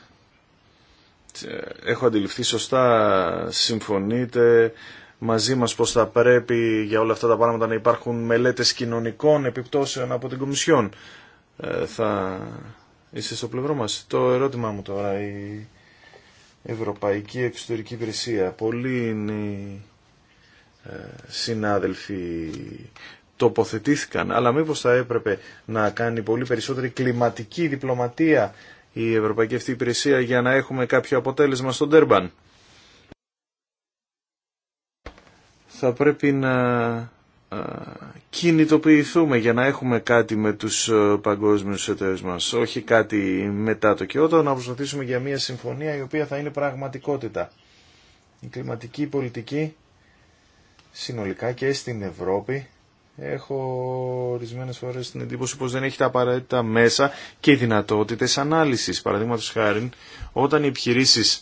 ε, έχω αντιληφθεί σωστά, συμφωνείτε μαζί μας πως θα πρέπει για όλα αυτά τα πράγματα να υπάρχουν μελέτες κοινωνικών επιπτώσεων από την Κομισιόν. Ε, θα είστε στο πλευρό μας. Το ερώτημά μου τώρα, Ευρωπαϊκή Εξωτερική Υπηρεσία. Πολλοί ε, συνάδελφοι τοποθετήθηκαν, αλλά μήπως θα έπρεπε να κάνει πολύ περισσότερη κλιματική διπλωματία η Ευρωπαϊκή αυτή υπηρεσία για να έχουμε κάποιο αποτέλεσμα στον Τέρμπαν. Θα πρέπει να κινητοποιηθούμε για να έχουμε κάτι με τους ε, παγκόσμιους εταίρους μας, όχι κάτι μετά το Κιώτο, να προσπαθήσουμε για μια συμφωνία η οποία θα είναι πραγματικότητα. Η κλιματική πολιτική συνολικά και στην Ευρώπη έχω ορισμένε φορές την εντύπωση πως δεν έχει τα απαραίτητα μέσα και δυνατότητες ανάλυσης. Παραδείγματο χάρη, όταν οι επιχειρήσει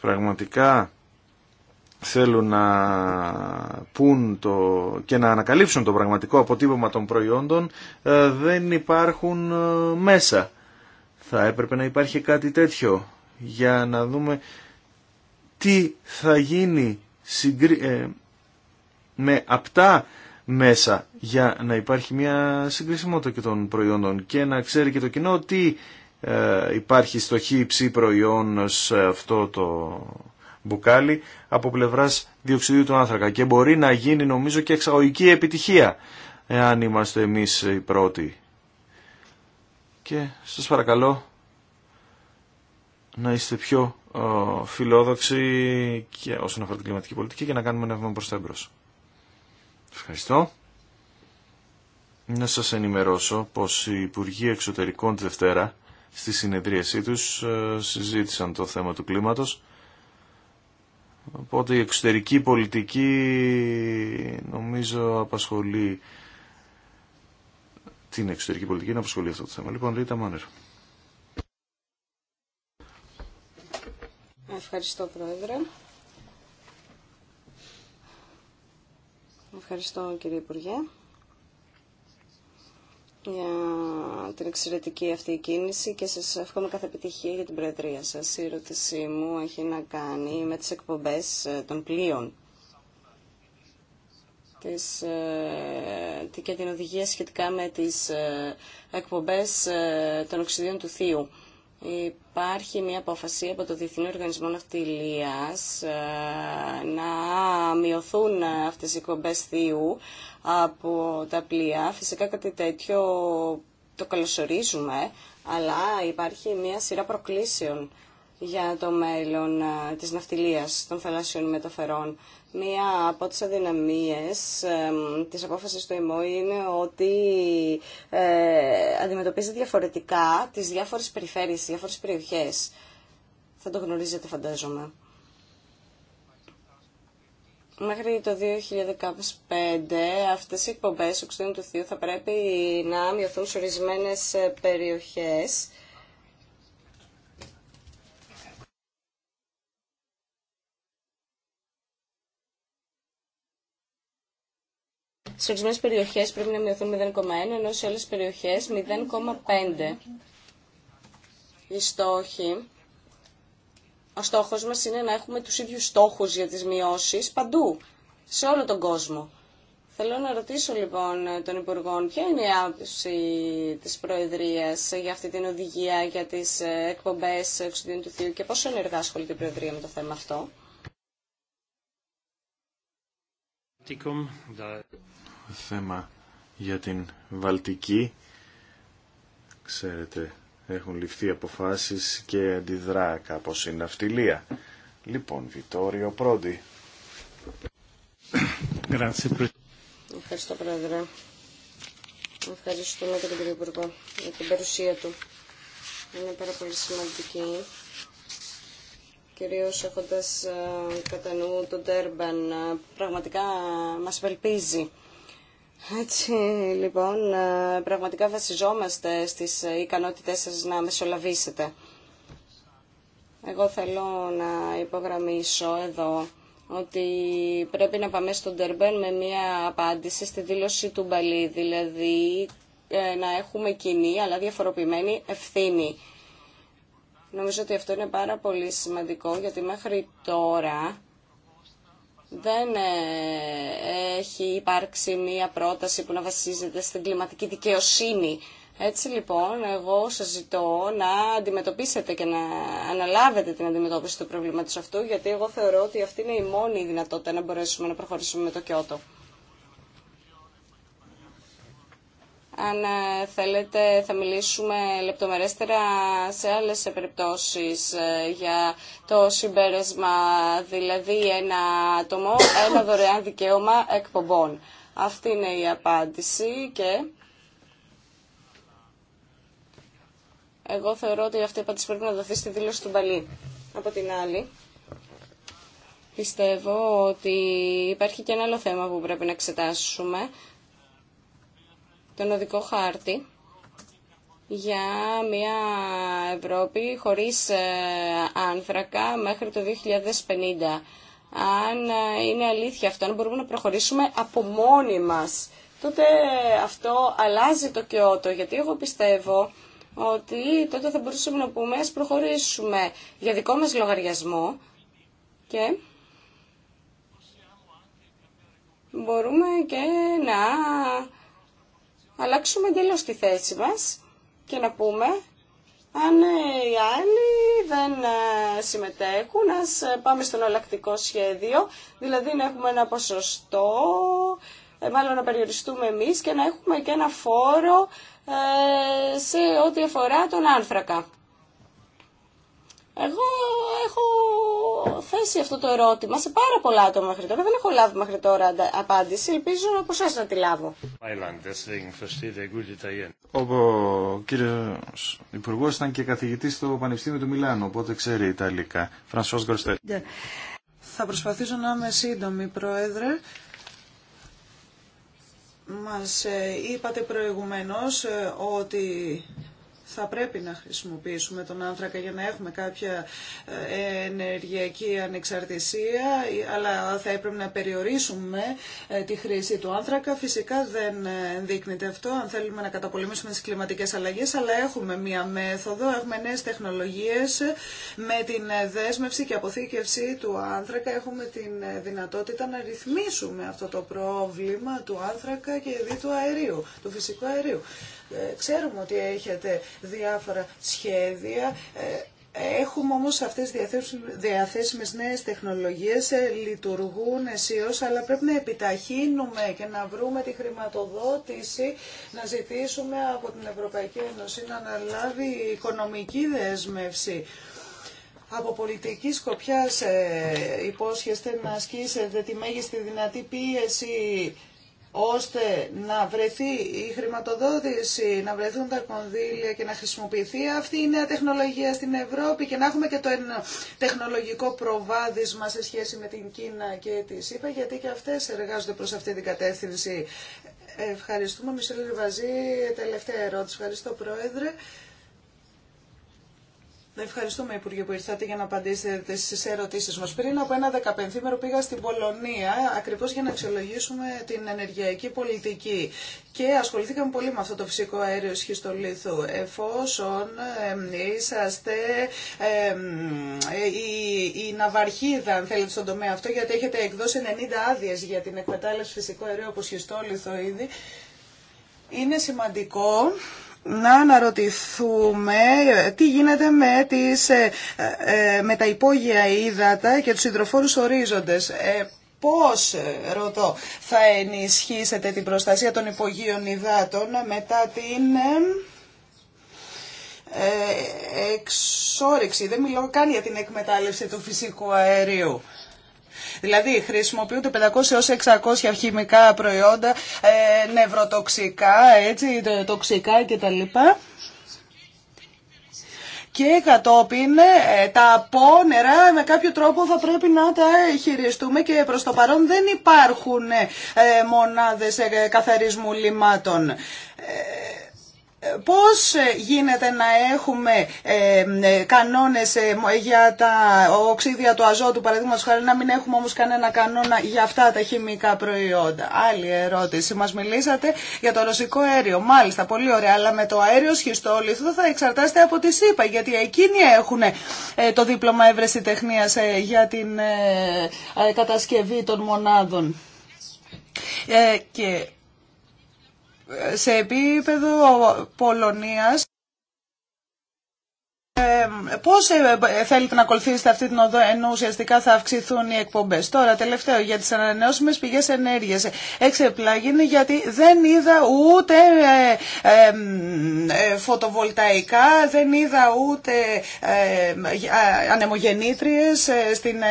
πραγματικά θέλουν να πουν το, και να ανακαλύψουν το πραγματικό αποτύπωμα των προϊόντων ε, δεν υπάρχουν ε, μέσα. Θα έπρεπε να υπάρχει κάτι τέτοιο για να δούμε τι θα γίνει ε, με απτά μέσα για να υπάρχει μια συγκρισιμότητα και των προϊόντων και να ξέρει και το κοινό ότι υπάρχει στο χύψη προϊόν σε αυτό το μπουκάλι από πλευράς διοξιδίου του άνθρακα και μπορεί να γίνει νομίζω και εξαγωγική επιτυχία εάν είμαστε εμείς οι πρώτοι. Και σας παρακαλώ να είστε πιο ε, φιλόδοξοι και όσον αφορά την κλιματική πολιτική και να κάνουμε ένα βήμα προ τα εμπρός. Ευχαριστώ. Να σας ενημερώσω πως οι Υπουργοί Εξωτερικών τη Δευτέρα στη συνεδρίασή τους ε, συζήτησαν το θέμα του κλίματος Οπότε η εξωτερική πολιτική νομίζω απασχολεί την εξωτερική πολιτική να απασχολεί αυτό το θέμα. Λοιπόν, Ρίτα Μάνερ. Ευχαριστώ, Πρόεδρε. Ευχαριστώ, κύριε Υπουργέ για την εξαιρετική αυτή κίνηση και σας εύχομαι κάθε επιτυχία για την Προεδρία σας. Η ερώτησή μου έχει να κάνει με τις εκπομπές ε, των πλοίων ε, και την οδηγία σχετικά με τις ε, εκπομπές των οξυδίων του θείου. Υπάρχει μια απόφαση από το Διεθνή Οργανισμό Ναυτιλίας ε, να μειωθούν αυτές οι κομπές θείου από τα πλοία. Φυσικά κάτι τέτοιο το καλωσορίζουμε, αλλά υπάρχει μια σειρά προκλήσεων για το μέλλον ε, της ναυτιλίας των θαλάσσιων μεταφερών. Μία από τις αδυναμίες ε, της απόφασης του ΕΜΟ είναι ότι ε, αντιμετωπίζει διαφορετικά τις διάφορες περιφέρειες, τις διάφορες περιοχές. Θα το γνωρίζετε φαντάζομαι. Μέχρι το 2015 αυτές οι εκπομπές του θείου θα πρέπει να μειωθούν σε ορισμένες ε, περιοχές Σε ορισμένε περιοχέ πρέπει να μειωθούν 0,1 ενώ σε άλλε περιοχέ 0,5. Οι στόχοι. Ο στόχο μα είναι να έχουμε του ίδιου στόχου για τι μειώσει παντού, σε όλο τον κόσμο. Θέλω να ρωτήσω λοιπόν τον Υπουργό, ποια είναι η άποψη τη προεδρία για αυτή την οδηγία για τις ε, εκπομπές εξωτερικού του θείου και πόσο ενεργά ασχολείται η Προεδρία με το θέμα αυτό θέμα για την Βαλτική. Ξέρετε, έχουν ληφθεί αποφάσεις και αντιδρά κάπως η ναυτιλία. Λοιπόν, Βιτόριο Πρόντι. Ευχαριστώ, Πρόεδρε. Ευχαριστούμε και τον κύριο Υπουργό για την παρουσία του. Είναι πάρα πολύ σημαντική κυρίως έχοντας ε, κατά νου τον Τέρμπαν, ε, πραγματικά μας βελπίζει έτσι λοιπόν ε, πραγματικά βασιζόμαστε στις ε, ικανότητές σας να μεσολαβήσετε. Εγώ θέλω να υπογραμμίσω εδώ ότι πρέπει να πάμε στον Τερμπέν με μια απάντηση στη δήλωση του Μπαλί, δηλαδή ε, να έχουμε κοινή αλλά διαφοροποιημένη ευθύνη. Νομίζω ότι αυτό είναι πάρα πολύ σημαντικό γιατί μέχρι τώρα δεν ε, έχει υπάρξει μία πρόταση που να βασίζεται στην κλιματική δικαιοσύνη. Έτσι λοιπόν, εγώ σας ζητώ να αντιμετωπίσετε και να αναλάβετε την αντιμετώπιση του προβλήματος αυτού, γιατί εγώ θεωρώ ότι αυτή είναι η μόνη δυνατότητα να μπορέσουμε να προχωρήσουμε με το Κιώτο. Αν ε, θέλετε θα μιλήσουμε λεπτομερέστερα σε άλλες περιπτώσεις ε, για το συμπέρασμα, δηλαδή ένα άτομο, ένα δωρεάν δικαίωμα εκπομπών. Αυτή είναι η απάντηση και εγώ θεωρώ ότι αυτή η απάντηση πρέπει να δοθεί στη δήλωση του Μπαλή. Από την άλλη, πιστεύω ότι υπάρχει και ένα άλλο θέμα που πρέπει να εξετάσουμε τον οδικό χάρτη για μια Ευρώπη χωρίς ε, άνθρακα μέχρι το 2050. Αν ε, είναι αλήθεια αυτό, αν μπορούμε να προχωρήσουμε από μόνοι μας, τότε αυτό αλλάζει το κοιότο. γιατί εγώ πιστεύω ότι τότε θα μπορούσαμε να πούμε ας προχωρήσουμε για δικό μας λογαριασμό και μπορούμε και να αλλάξουμε εντελώ τη θέση μας και να πούμε αν ε, οι άλλοι δεν ε, συμμετέχουν, ας ε, πάμε στον αλλακτικό σχέδιο, δηλαδή να έχουμε ένα ποσοστό, μάλλον να περιοριστούμε εμείς και να έχουμε και ένα φόρο σε ό,τι αφορά τον άνθρακα. Εγώ έχω θέσει αυτό το ερώτημα σε πάρα πολλά άτομα μέχρι τώρα. Δεν έχω λάβει μέχρι τώρα απάντηση. Ελπίζω από εσά να τη λάβω. Ο κύριο Υπουργό ήταν και καθηγητή στο Πανεπιστήμιο του Μιλάνου, οπότε ξέρει Ιταλικά. Φρανσό Γκροστέλ. Ναι. Θα προσπαθήσω να είμαι σύντομη, Πρόεδρε. Μας ε, είπατε προηγουμένως ε, ότι θα πρέπει να χρησιμοποιήσουμε τον άνθρακα για να έχουμε κάποια ε, ενεργειακή ανεξαρτησία, αλλά θα έπρεπε να περιορίσουμε ε, τη χρήση του άνθρακα. Φυσικά δεν ε, δείχνεται αυτό αν θέλουμε να καταπολεμήσουμε τις κλιματικές αλλαγές, αλλά έχουμε μία μέθοδο, έχουμε νέες τεχνολογίες με την δέσμευση και αποθήκευση του άνθρακα. Έχουμε την δυνατότητα να ρυθμίσουμε αυτό το πρόβλημα του άνθρακα και δι του αερίου, του φυσικού αερίου. Ξέρουμε ότι έχετε διάφορα σχέδια. Ε, έχουμε όμως αυτές τις διαθέσιμες νέες τεχνολογίες, ε, λειτουργούν αισίως, αλλά πρέπει να επιταχύνουμε και να βρούμε τη χρηματοδότηση, να ζητήσουμε από την Ευρωπαϊκή Ένωση να αναλάβει οικονομική δέσμευση. Από πολιτική σκοπιά ε, υπόσχεστε να ασκήσετε τη μέγιστη δυνατή πίεση ώστε να βρεθεί η χρηματοδότηση, να βρεθούν τα κονδύλια και να χρησιμοποιηθεί αυτή η νέα τεχνολογία στην Ευρώπη και να έχουμε και το τεχνολογικό προβάδισμα σε σχέση με την Κίνα και τη ΣΥΠΑ, γιατί και αυτές εργάζονται προς αυτή την κατεύθυνση. Ευχαριστούμε. Μισελ Ριβαζή, τελευταία ερώτηση. Ευχαριστώ, Πρόεδρε. Ευχαριστούμε, Υπουργέ, που ήρθατε για να απαντήσετε στι ερωτήσει μα. Πριν από ένα δεκαπενθήμερο πήγα στην Πολωνία, ακριβώ για να αξιολογήσουμε την ενεργειακή πολιτική. Και ασχοληθήκαμε πολύ με αυτό το φυσικό αέριο ισχύ Εφόσον είσαστε η, ναυαρχίδα, αν θέλετε, στον τομέα αυτό, γιατί έχετε εκδώσει 90 άδειε για την εκμετάλλευση φυσικού αερίου από σχιστόλιθο ήδη, είναι σημαντικό να αναρωτηθούμε τι γίνεται με, τις, ε, ε, με τα υπόγεια ύδατα και τους υδροφόρους ορίζοντες. Ε, πώς, ρωτώ, θα ενισχύσετε την προστασία των υπογείων υδάτων μετά την εξόρυξη. Δεν μιλώ καν για την εκμετάλλευση του φυσικού αερίου. Δηλαδή χρησιμοποιούνται 500 έως 600 χημικά προϊόντα, ε, νευροτοξικά, έτσι, τοξικά κτλ και κατόπιν ε, τα πόνερα με κάποιο τρόπο θα πρέπει να τα χειριστούμε και προς το παρόν δεν υπάρχουν ε, μονάδες καθαρισμού λιμάτων. Πώς γίνεται να έχουμε ε, ε, κανόνες ε, για τα οξύδια του αζότου, παραδείγματος χάρη, να μην έχουμε όμως κανένα κανόνα για αυτά τα χημικά προϊόντα. Άλλη ερώτηση. Μας μιλήσατε για το ρωσικό αέριο. Μάλιστα, πολύ ωραία. Αλλά με το αέριο σχιστόλιθο θα εξαρτάστε από τη ΣΥΠΑ, γιατί εκείνοι έχουν το δίπλωμα εύρεση τεχνίας για την κατασκευή των μονάδων. και σε επίπεδο Πολωνίας ε, Πώ ε, θέλετε να ακολουθήσετε αυτή την οδό ενώ ουσιαστικά θα αυξηθούν οι εκπομπέ. Τώρα τελευταίο για τις ανανεώσιμες πηγές ενέργειας. είναι γιατί δεν είδα ούτε ε, φωτοβολταϊκά, δεν είδα ούτε ανεμογεννήτριες στην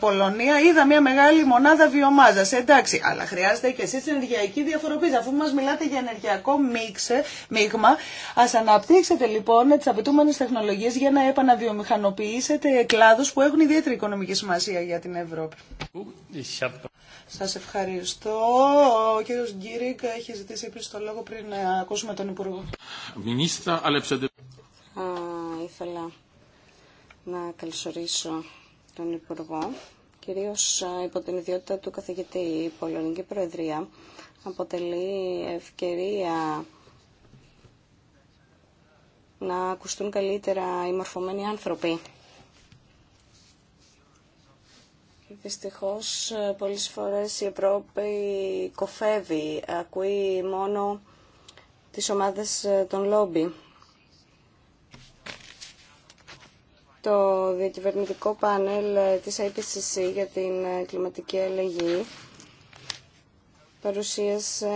Πολωνία. Είδα μια μεγάλη μονάδα βιομάζας. Εντάξει, αλλά χρειάζεται και εσεί ενεργειακή διαφοροποίηση. Αφού μα μιλάτε για ενεργειακό μίξε, μείγμα, ας αναπτύξετε λοιπόν τι απαιτούμενε τεχνολογίε τεχνολογίε για να επαναβιομηχανοποιήσετε κλάδου που έχουν ιδιαίτερη οικονομική σημασία για την Ευρώπη. Σα ευχαριστώ. Ο κύριος Γκίρικ έχει ζητήσει επίση το λόγο πριν να ακούσουμε τον Υπουργό. Μινίστα, αλλά ήθελα να καλωσορίσω τον Υπουργό, κυρίως υπό την ιδιότητα του καθηγητή η Πολωνική Προεδρία αποτελεί ευκαιρία να ακουστούν καλύτερα οι μορφωμένοι άνθρωποι. Δυστυχώς, πολλές φορές η Ευρώπη κοφεύει, ακούει μόνο τις ομάδες των λόμπι. Το διακυβερνητικό πάνελ της IPCC για την κλιματική αλλαγή παρουσίασε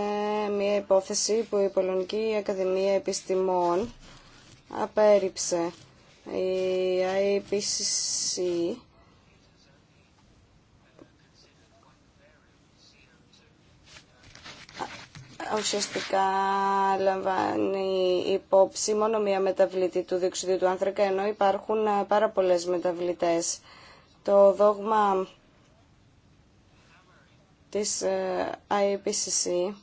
μια υπόθεση που η Πολωνική Ακαδημία Επιστημών απέριψε. Η IPCC ουσιαστικά λαμβάνει υπόψη μόνο μία μεταβλητή του διοξιδίου του άνθρακα, ενώ υπάρχουν ε, πάρα πολλές μεταβλητές. Το δόγμα της ε, IPCC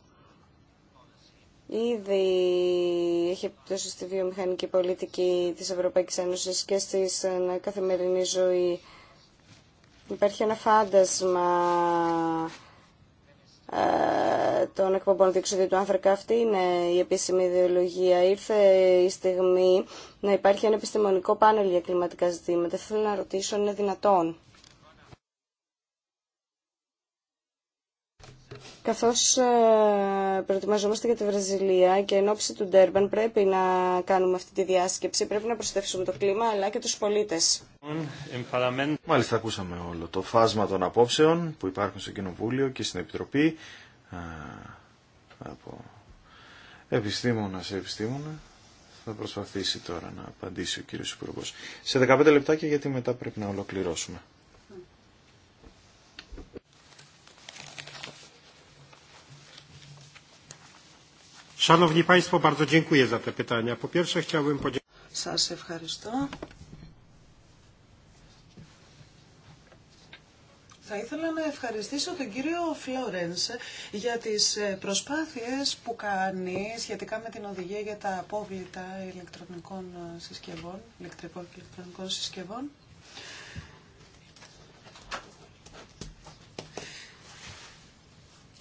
Ήδη έχει επιπτώσει στη βιομηχανική πολιτική της Ευρωπαϊκής Ένωσης και στη ε, καθημερινή ζωή. Υπάρχει ένα φάντασμα ε, των εκπομπών διεξουδίου του άνθρακα. Αυτή είναι η επίσημη ιδεολογία. Ήρθε η στιγμή να υπάρχει ένα επιστημονικό πάνελ για κλιματικά ζητήματα. Θέλω να ρωτήσω, είναι δυνατόν. καθώς ε, προετοιμαζόμαστε για τη Βραζιλία και εν ώψη του Ντέρμπαν πρέπει να κάνουμε αυτή τη διάσκεψη, πρέπει να προστατεύσουμε το κλίμα αλλά και τους πολίτες. Μάλιστα ακούσαμε όλο το φάσμα των απόψεων που υπάρχουν στο Κοινοβούλιο και στην Επιτροπή ε, από επιστήμονα σε επιστήμονα. Θα προσπαθήσει τώρα να απαντήσει ο κύριος Υπουργός. Σε 15 λεπτάκια γιατί μετά πρέπει να ολοκληρώσουμε. Szanowni ευχαριστώ. Θα ήθελα να ευχαριστήσω τον κύριο Φλόρενς για τις ε, προσπάθειες που κάνει σχετικά με την οδηγία για τα απόβλητα ηλεκτρονικών ε, συσκευών, ηλεκτρικών ηλεκτρονικών συσκευών.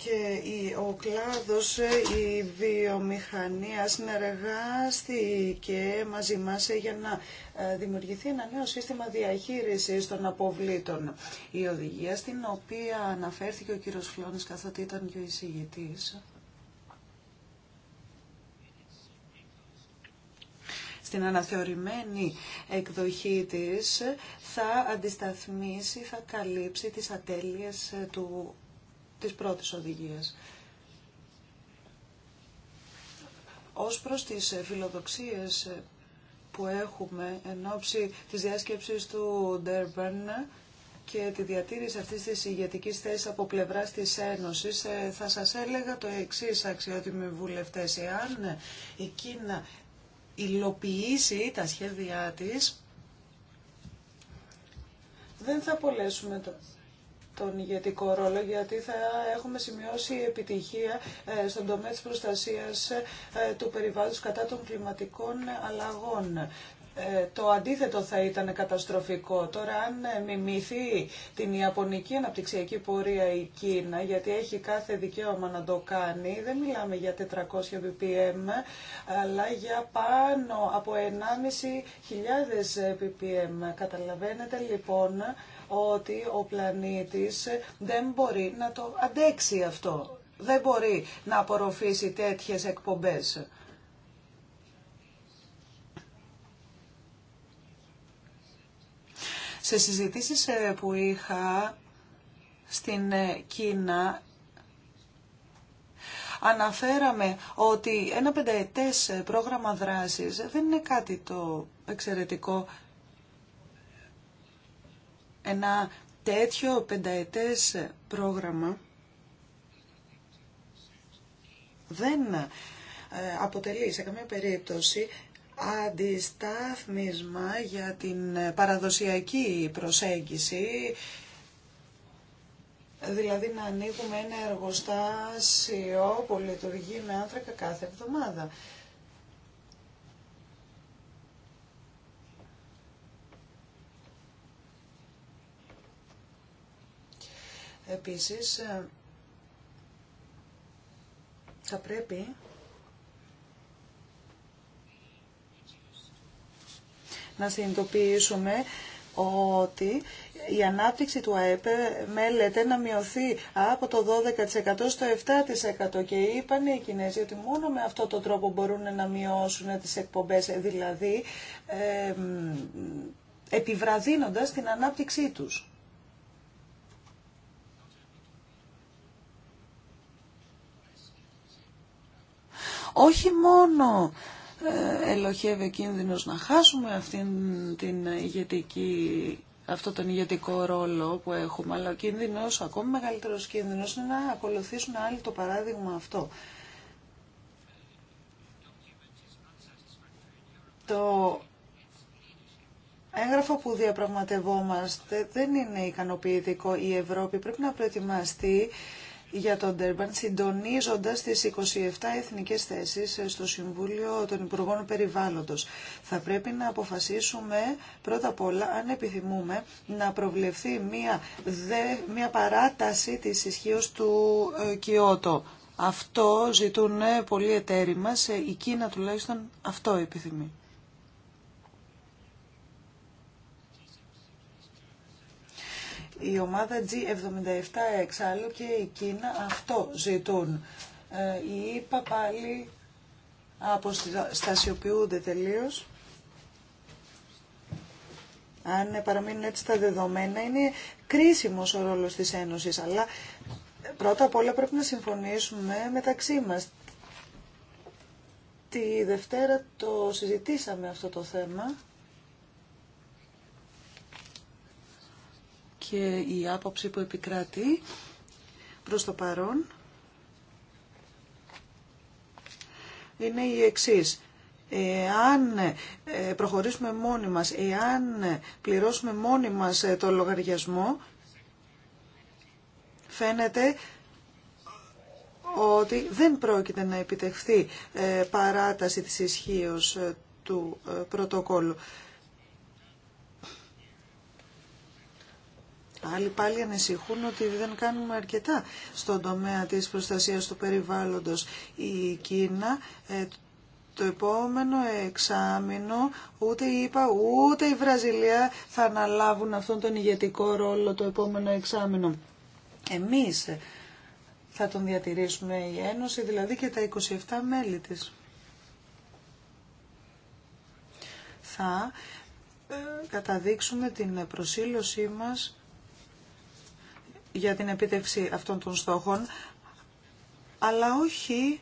και ο κλάδος, ε, η βιομηχανία συνεργάστηκε μαζί μας ε, για να ε, δημιουργηθεί ένα νέο σύστημα διαχείρισης των αποβλήτων. Η οδηγία στην οποία αναφέρθηκε ο κύριος Φλώνης καθότι ήταν και ο εισηγητής. στην αναθεωρημένη εκδοχή της θα αντισταθμίσει, θα καλύψει τις ατέλειες του της πρώτης οδηγίας. Ως προς τις φιλοδοξίες που έχουμε εν ώψη της διάσκεψης του Ντερμπέρνα και τη διατήρηση αυτής της ηγετική θέσης από πλευράς της Ένωσης, ε, θα σας έλεγα το εξής αξιότιμοι βουλευτές. Εάν η Κίνα υλοποιήσει τα σχέδιά της, δεν θα απολέσουμε το τον ηγετικό ρόλο γιατί θα έχουμε σημειώσει επιτυχία ε, στον τομέα της προστασίας ε, του περιβάλλοντος κατά των κλιματικών αλλαγών. Ε, το αντίθετο θα ήταν καταστροφικό. Τώρα αν μιμηθεί την Ιαπωνική αναπτυξιακή πορεία η Κίνα, γιατί έχει κάθε δικαίωμα να το κάνει, δεν μιλάμε για 400 ppm, αλλά για πάνω από 1.500 ppm. Καταλαβαίνετε λοιπόν ότι ο πλανήτης δεν μπορεί να το αντέξει αυτό. Δεν μπορεί να απορροφήσει τέτοιες εκπομπές. Σε συζητήσεις ε, που είχα στην ε, Κίνα αναφέραμε ότι ένα πενταετές ε, πρόγραμμα δράσης δεν είναι κάτι το εξαιρετικό ένα τέτοιο πενταετές πρόγραμμα δεν ε, αποτελεί σε καμία περίπτωση αντιστάθμισμα για την παραδοσιακή προσέγγιση δηλαδή να ανοίγουμε ένα εργοστάσιο που λειτουργεί με άνθρακα κάθε εβδομάδα. Επίσης, ε, θα πρέπει να συνειδητοποιήσουμε ότι η ανάπτυξη του ΑΕΠ μέλεται να μειωθεί από το 12% στο 7% και είπαν οι Κινέζοι ότι μόνο με αυτό τον τρόπο μπορούν να μειώσουν τις εκπομπές, δηλαδή ε, επιβραδύνοντας την ανάπτυξή τους. όχι μόνο ε, ελοχεύει κίνδυνος να χάσουμε αυτήν την ηγετική αυτό τον ηγετικό ρόλο που έχουμε, αλλά ο κίνδυνος, ακόμη μεγαλύτερος κίνδυνος, είναι να ακολουθήσουν άλλοι το παράδειγμα αυτό. Το έγγραφο που διαπραγματευόμαστε δεν είναι ικανοποιητικό. Η Ευρώπη πρέπει να προετοιμαστεί για τον Τέρμπαν, συντονίζοντα τις 27 εθνικές θέσεις στο Συμβούλιο των Υπουργών Περιβάλλοντος. Θα πρέπει να αποφασίσουμε πρώτα απ' όλα αν επιθυμούμε να προβλεφθεί μια, δε, μια παράταση της ισχύω του κιότο. Ε, Κιώτο. Αυτό ζητούν πολλοί εταίροι μας, ε, η Κίνα τουλάχιστον αυτό επιθυμεί. Η ομάδα G77 εξάλλου και η Κίνα αυτό ζητούν. Ε, η ΕΠΑ πάλι αποστασιοποιούνται τελείως. Αν παραμείνουν έτσι τα δεδομένα είναι κρίσιμος ο ρόλος της Ένωσης, αλλά πρώτα απ' όλα πρέπει να συμφωνήσουμε μεταξύ μας. Τη Δευτέρα το συζητήσαμε αυτό το θέμα. και η άποψη που επικράτει προς το παρόν είναι η εξής. Εάν ε, προχωρήσουμε μόνοι μας, εάν πληρώσουμε μόνοι μας ε, το λογαριασμό, φαίνεται ότι δεν πρόκειται να επιτευχθεί ε, παράταση της ισχύως του πρωτοκόλλου. Άλλοι πάλι ανησυχούν ότι δεν κάνουμε αρκετά στον τομέα της προστασίας του περιβάλλοντος. Η Κίνα ε, το επόμενο εξάμεινο ούτε η ΕΠΑ ούτε η Βραζιλία θα αναλάβουν αυτόν τον ηγετικό ρόλο το επόμενο εξάμεινο. Εμείς θα τον διατηρήσουμε η Ένωση, δηλαδή και τα 27 μέλη της. Θα ε, καταδείξουμε την προσήλωσή μας για την επίτευξη αυτών των στόχων, αλλά όχι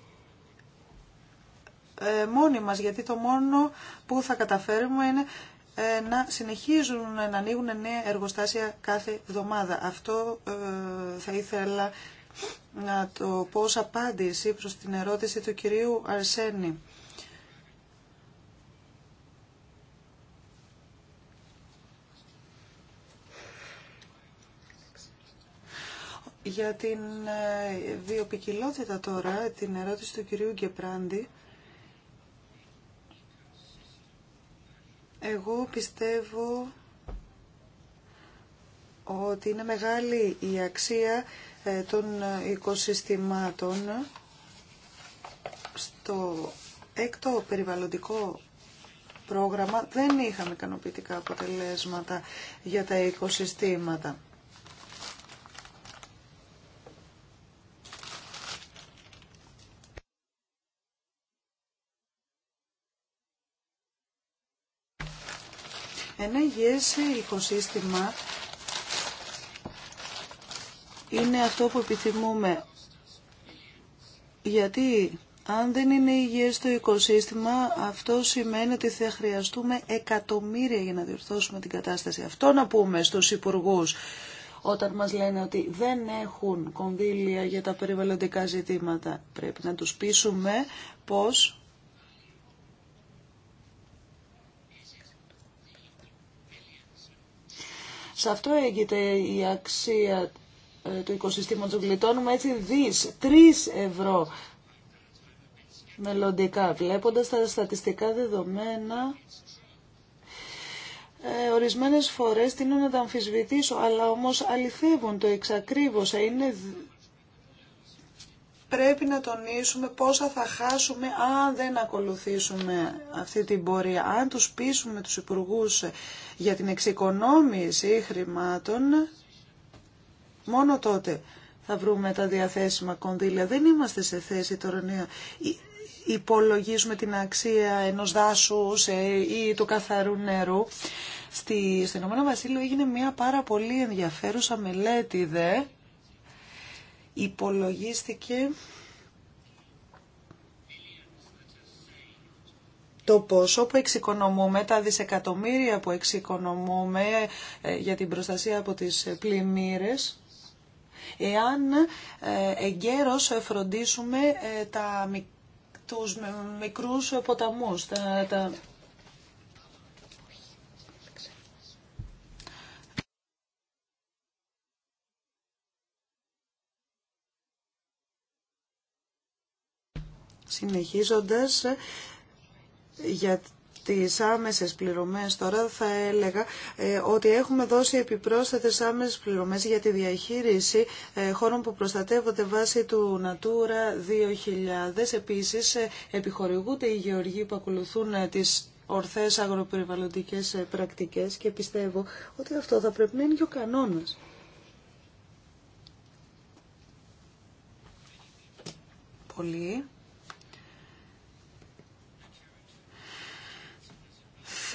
ε, μόνοι μας, γιατί το μόνο που θα καταφέρουμε είναι ε, να συνεχίζουν να ανοίγουν νέα εργοστάσια κάθε εβδομάδα. Αυτό ε, θα ήθελα να το πω ως απάντηση προς την ερώτηση του κυρίου Αρσένη. Για την ε, βιοπικιλότητα τώρα, την ερώτηση του κυρίου Γκεπράντη, εγώ πιστεύω ότι είναι μεγάλη η αξία ε, των οικοσυστημάτων στο έκτο περιβαλλοντικό πρόγραμμα δεν είχαμε ικανοποιητικά αποτελέσματα για τα οικοσυστήματα. Ένα υγιές οικοσύστημα είναι αυτό που επιθυμούμε. Γιατί αν δεν είναι υγιές το οικοσύστημα, αυτό σημαίνει ότι θα χρειαστούμε εκατομμύρια για να διορθώσουμε την κατάσταση. Αυτό να πούμε στους υπουργούς όταν μας λένε ότι δεν έχουν κονδύλια για τα περιβαλλοντικά ζητήματα. Πρέπει να τους πείσουμε πως Σε αυτό έγινε η αξία ε, του οικοσυστήματος. Γλιτώνουμε έτσι δις, τρεις ευρώ μελλοντικά. Βλέποντας τα στατιστικά δεδομένα, ε, ορισμένες φορές την να τα αμφισβητήσω, αλλά όμως αληθεύουν το εξακρίβωσα. Είναι πρέπει να τονίσουμε πόσα θα χάσουμε αν δεν ακολουθήσουμε αυτή την πορεία. Αν τους πείσουμε τους υπουργούς για την εξοικονόμηση χρημάτων, μόνο τότε θα βρούμε τα διαθέσιμα κονδύλια. Δεν είμαστε σε θέση τώρα να υπολογίζουμε την αξία ενός δάσους ή του καθαρού νερού. Στη, στην Ηνωμένα έγινε μια πάρα πολύ ενδιαφέρουσα μελέτη δε, υπολογίστηκε το ποσό που εξοικονομούμε, τα δισεκατομμύρια που εξοικονομούμε ε, για την προστασία από τις ε, πλημμύρες, εάν ε, εγκαίρως φροντίσουμε τα, τους μικρούς ποταμούς, τα, τα Συνεχίζοντας, για τις άμεσες πληρωμές τώρα θα έλεγα ε, ότι έχουμε δώσει επιπρόσθετες άμεσες πληρωμές για τη διαχείριση ε, χώρων που προστατεύονται βάσει του Natura 2000. Επίσης ε, επιχορηγούνται οι γεωργοί που ακολουθούν τις ορθές αγροπεριβαλλοντικές πρακτικές και πιστεύω ότι αυτό θα πρέπει να είναι και ο κανόνας. Πολύ.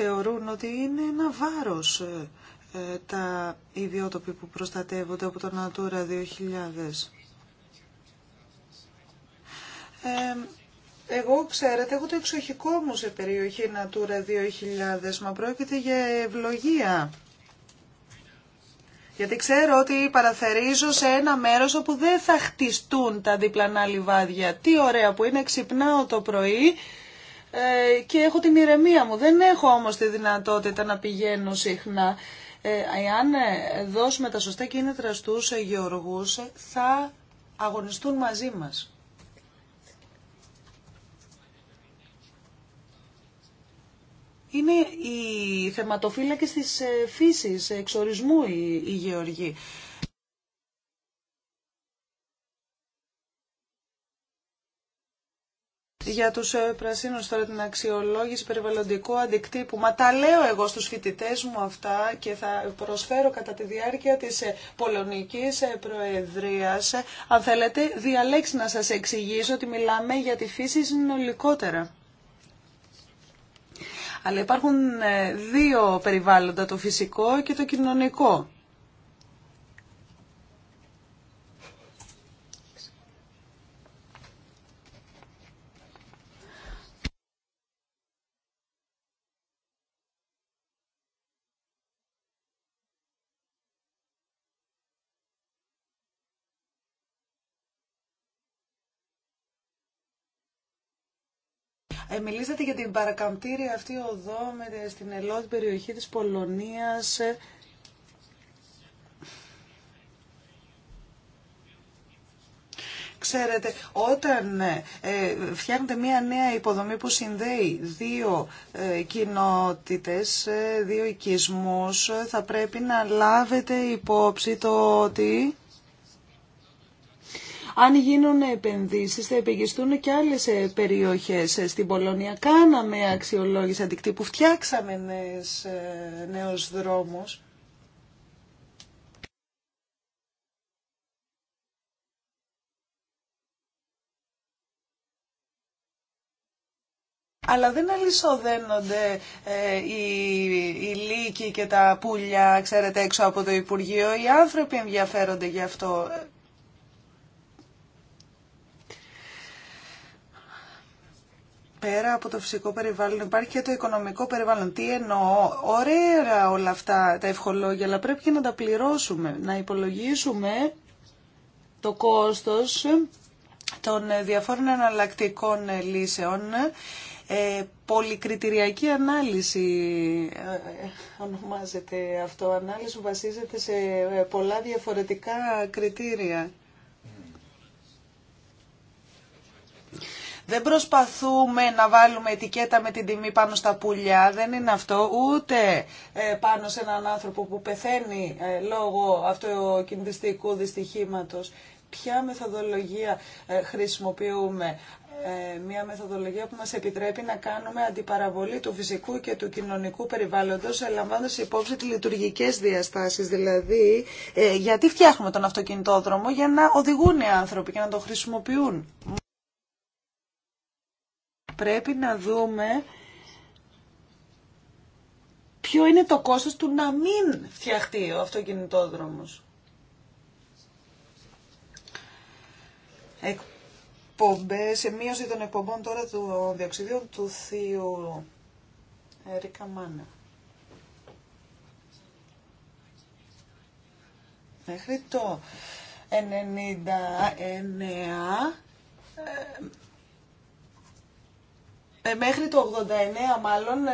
θεωρούν ότι είναι ένα βάρος ε, ε, τα ιδιότοποι που προστατεύονται από το Natura 2000. Ε, εγώ, ξέρετε, έχω το εξοχικό μου σε περιοχή Natura 2000, μα πρόκειται για ευλογία. Γιατί ξέρω ότι παραθερίζω σε ένα μέρος όπου δεν θα χτιστούν τα διπλανά λιβάδια. Τι ωραία που είναι, ξυπνάω το πρωί ε, και έχω την ηρεμία μου. Δεν έχω όμως τη δυνατότητα να πηγαίνω συχνά. Ε, εάν ε, δώσουμε τα σωστά κίνητρα στους γεωργούς θα αγωνιστούν μαζί μας. Είναι οι θεματοφύλακες της φύσης, εξορισμού οι γεωργοί. για τους ε, πρασίνους τώρα την αξιολόγηση περιβαλλοντικού αντικτύπου. Μα τα λέω εγώ στους φοιτητέ μου αυτά και θα προσφέρω κατά τη διάρκεια της ε, Πολωνικής ε, Προεδρίας. Αν θέλετε, διαλέξει να σας εξηγήσω ότι μιλάμε για τη φύση συνολικότερα. Αλλά υπάρχουν δύο περιβάλλοντα, το φυσικό και το κοινωνικό. Ε, μιλήσατε για την παρακαμπτήρια αυτή οδό με, στην ελότ περιοχή της Πολωνίας. Ε, ξέρετε, όταν ε, ε, φτιάχνετε μία νέα υποδομή που συνδέει δύο ε, κοινότητες, δύο οικισμούς, θα πρέπει να λάβετε υπόψη το ότι αν γίνουν επενδύσεις θα επηγιστούν και άλλες ε, περιοχές ε, στην Πολωνία. Κάναμε αξιολόγηση αντικτύπου, φτιάξαμε νέες, ε, νέους δρόμους. αλλά δεν αλυσοδένονται ε, οι, οι λύκοι και τα πουλιά, ξέρετε, έξω από το Υπουργείο. Οι άνθρωποι ενδιαφέρονται γι' αυτό. πέρα από το φυσικό περιβάλλον υπάρχει και το οικονομικό περιβάλλον. Τι εννοώ, ωραία όλα αυτά τα ευχολόγια, αλλά πρέπει και να τα πληρώσουμε, να υπολογίσουμε το κόστος των διαφόρων εναλλακτικών λύσεων, ε, πολυκριτηριακή ανάλυση ε, ονομάζεται αυτό. Ανάλυση που βασίζεται σε ε, πολλά διαφορετικά κριτήρια. Δεν προσπαθούμε να βάλουμε ετικέτα με την τιμή πάνω στα πουλιά, δεν είναι αυτό, ούτε ε, πάνω σε έναν άνθρωπο που πεθαίνει ε, λόγω αυτοκινητιστικού δυστυχήματος. Ποια μεθοδολογία ε, χρησιμοποιούμε. Μια μεθοδολογία που μας επιτρέπει να κάνουμε αντιπαραβολή του φυσικού και του κοινωνικού περιβάλλοντος ελαμβάνοντας υπόψη τις λειτουργικές διαστάσεις. Δηλαδή, γιατί φτιάχνουμε τον αυτοκινητόδρομο για να οδηγούν οι άνθρωποι και να το χρησιμοποιούν πρέπει να δούμε ποιο είναι το κόστος του να μην φτιαχτεί ο αυτοκινητόδρομος. Εκπομπές, σε μείωση των εκπομπών τώρα του διοξιδίου του θείου. Ερικα Μάνα. Μέχρι το 99 ε, μέχρι το 89 μάλλον ε,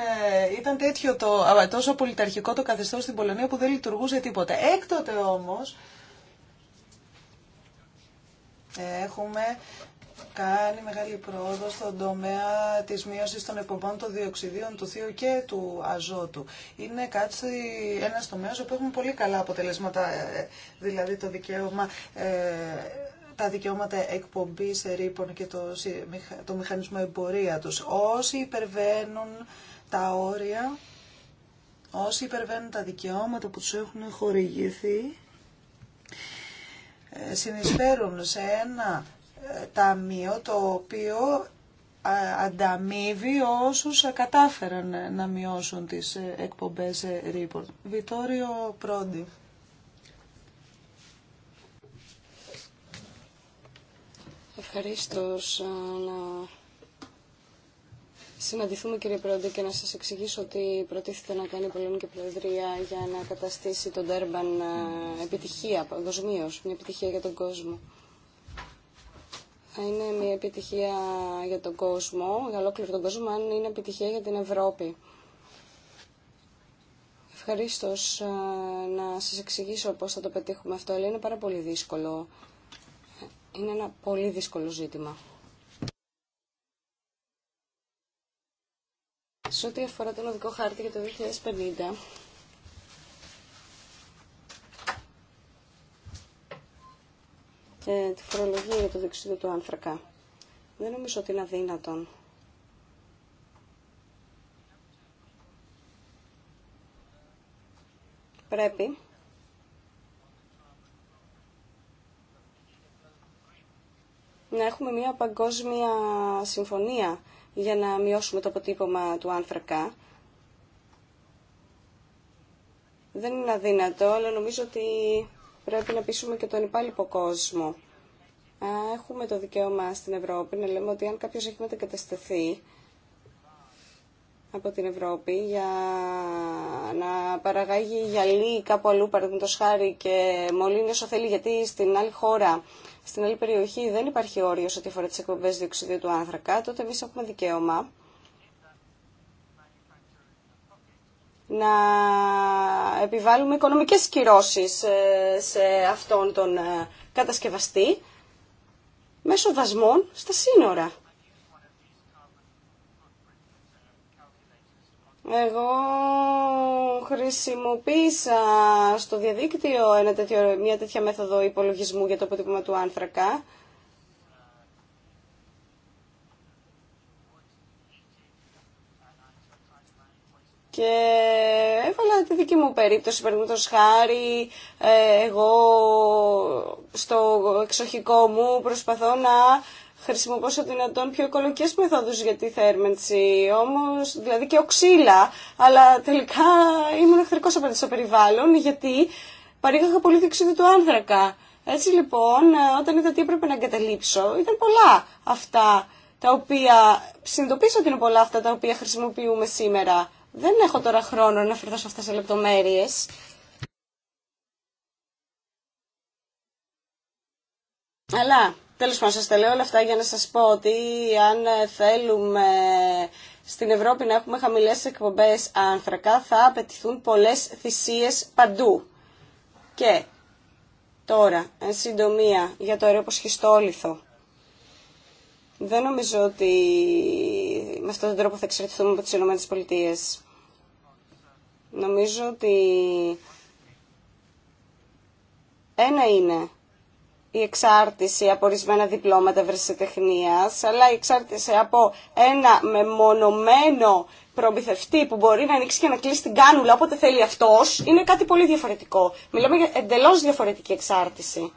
ήταν τέτοιο το, τόσο πολιταρχικό το καθεστώς στην Πολωνία που δεν λειτουργούσε τίποτα. Έκτοτε όμως έχουμε κάνει μεγάλη πρόοδο στον τομέα της μείωσης των εκπομπών των διοξιδίων του θείου και του αζότου. Είναι κάτι, ένας τομέας όπου έχουμε πολύ καλά αποτελέσματα, ε, δηλαδή το δικαίωμα ε, τα δικαιώματα εκπομπής ρήπων και το, το μηχανισμό εμπορία τους. Όσοι υπερβαίνουν τα όρια, όσοι υπερβαίνουν τα δικαιώματα που τους έχουν χορηγηθεί, ε, συνεισφέρουν σε ένα ε, ταμείο το οποίο ε, ανταμείβει όσους κατάφεραν να μειώσουν τις εκπομπές ρήπων. Βιτόριο Πρόντι. ευχαρίστως ε, να συναντηθούμε κύριε Πρόεδρε και να σας εξηγήσω ότι προτίθεται να κάνει η και Προεδρία για να καταστήσει τον Τέρμπαν ε, επιτυχία παγκοσμίως, μια επιτυχία για τον κόσμο. Θα είναι μια επιτυχία για τον κόσμο, για ολόκληρο τον κόσμο, αν είναι επιτυχία για την Ευρώπη. Ευχαρίστως ε, να σας εξηγήσω πώς θα το πετύχουμε αυτό, αλλά είναι πάρα πολύ δύσκολο είναι ένα πολύ δύσκολο ζήτημα. Σε ό,τι αφορά τον οδικό χάρτη για το 2050, και τη φορολογία για το διοξείδιο του άνθρακα. Δεν νομίζω ότι είναι αδύνατον. Πρέπει να έχουμε μια παγκόσμια συμφωνία για να μειώσουμε το αποτύπωμα του άνθρακα. Δεν είναι αδύνατο, αλλά νομίζω ότι πρέπει να πείσουμε και τον υπάλληλο κόσμο. Έχουμε το δικαίωμα στην Ευρώπη να λέμε ότι αν κάποιος έχει μετακατασταθεί από την Ευρώπη για να παραγάγει γυαλί κάπου αλλού, παραδείγματος χάρη και μολύνει όσο θέλει, γιατί στην άλλη χώρα στην άλλη περιοχή δεν υπάρχει όριο ό,τι αφορά τις εκπομπές διοξιδίου του άνθρακα, τότε εμείς έχουμε δικαίωμα να επιβάλλουμε οικονομικές κυρώσεις ε, σε αυτόν τον ε, κατασκευαστή μέσω δασμών στα σύνορα. Εγώ χρησιμοποίησα στο διαδίκτυο ένα τέτοιο, μια τέτοια μέθοδο υπολογισμού για το αποτύπωμα του άνθρακα. Και έβαλα τη δική μου περίπτωση, παραδείγματο χάρη, ε, εγώ στο εξοχικό μου προσπαθώ να χρησιμοποιώ δυνατόν πιο οικολογικές μεθόδους για τη θέρμανση, όμως, δηλαδή και οξύλα, αλλά τελικά ήμουν εχθρικός απέναντι στο περιβάλλον, γιατί παρήγαγα πολύ διοξείδιο του άνθρακα. Έτσι λοιπόν, όταν είδα τι έπρεπε να εγκαταλείψω, ήταν πολλά αυτά τα οποία, συνειδητοποίησα ότι είναι πολλά αυτά τα οποία χρησιμοποιούμε σήμερα. Δεν έχω τώρα χρόνο να φερθώ σε αυτές τις λεπτομέρειες. Αλλά Τέλο. πάντων, σας τα λέω όλα αυτά για να σα πω ότι αν ε, θέλουμε στην Ευρώπη να έχουμε χαμηλέ εκπομπέ άνθρακα, θα απαιτηθούν πολλέ θυσίε παντού. Και τώρα, εν συντομία, για το αεροποσχιστόλιθο. Δεν νομίζω ότι με αυτόν τον τρόπο θα εξαρτηθούμε από τις ΗΠΑ. Νομίζω ότι ένα είναι η εξάρτηση από ορισμένα διπλώματα βρεσιτεχνίας, αλλά η εξάρτηση από ένα μεμονωμένο προμηθευτή που μπορεί να ανοίξει και να κλείσει την κάνουλα όποτε θέλει αυτός, είναι κάτι πολύ διαφορετικό. Μιλάμε για εντελώς διαφορετική εξάρτηση.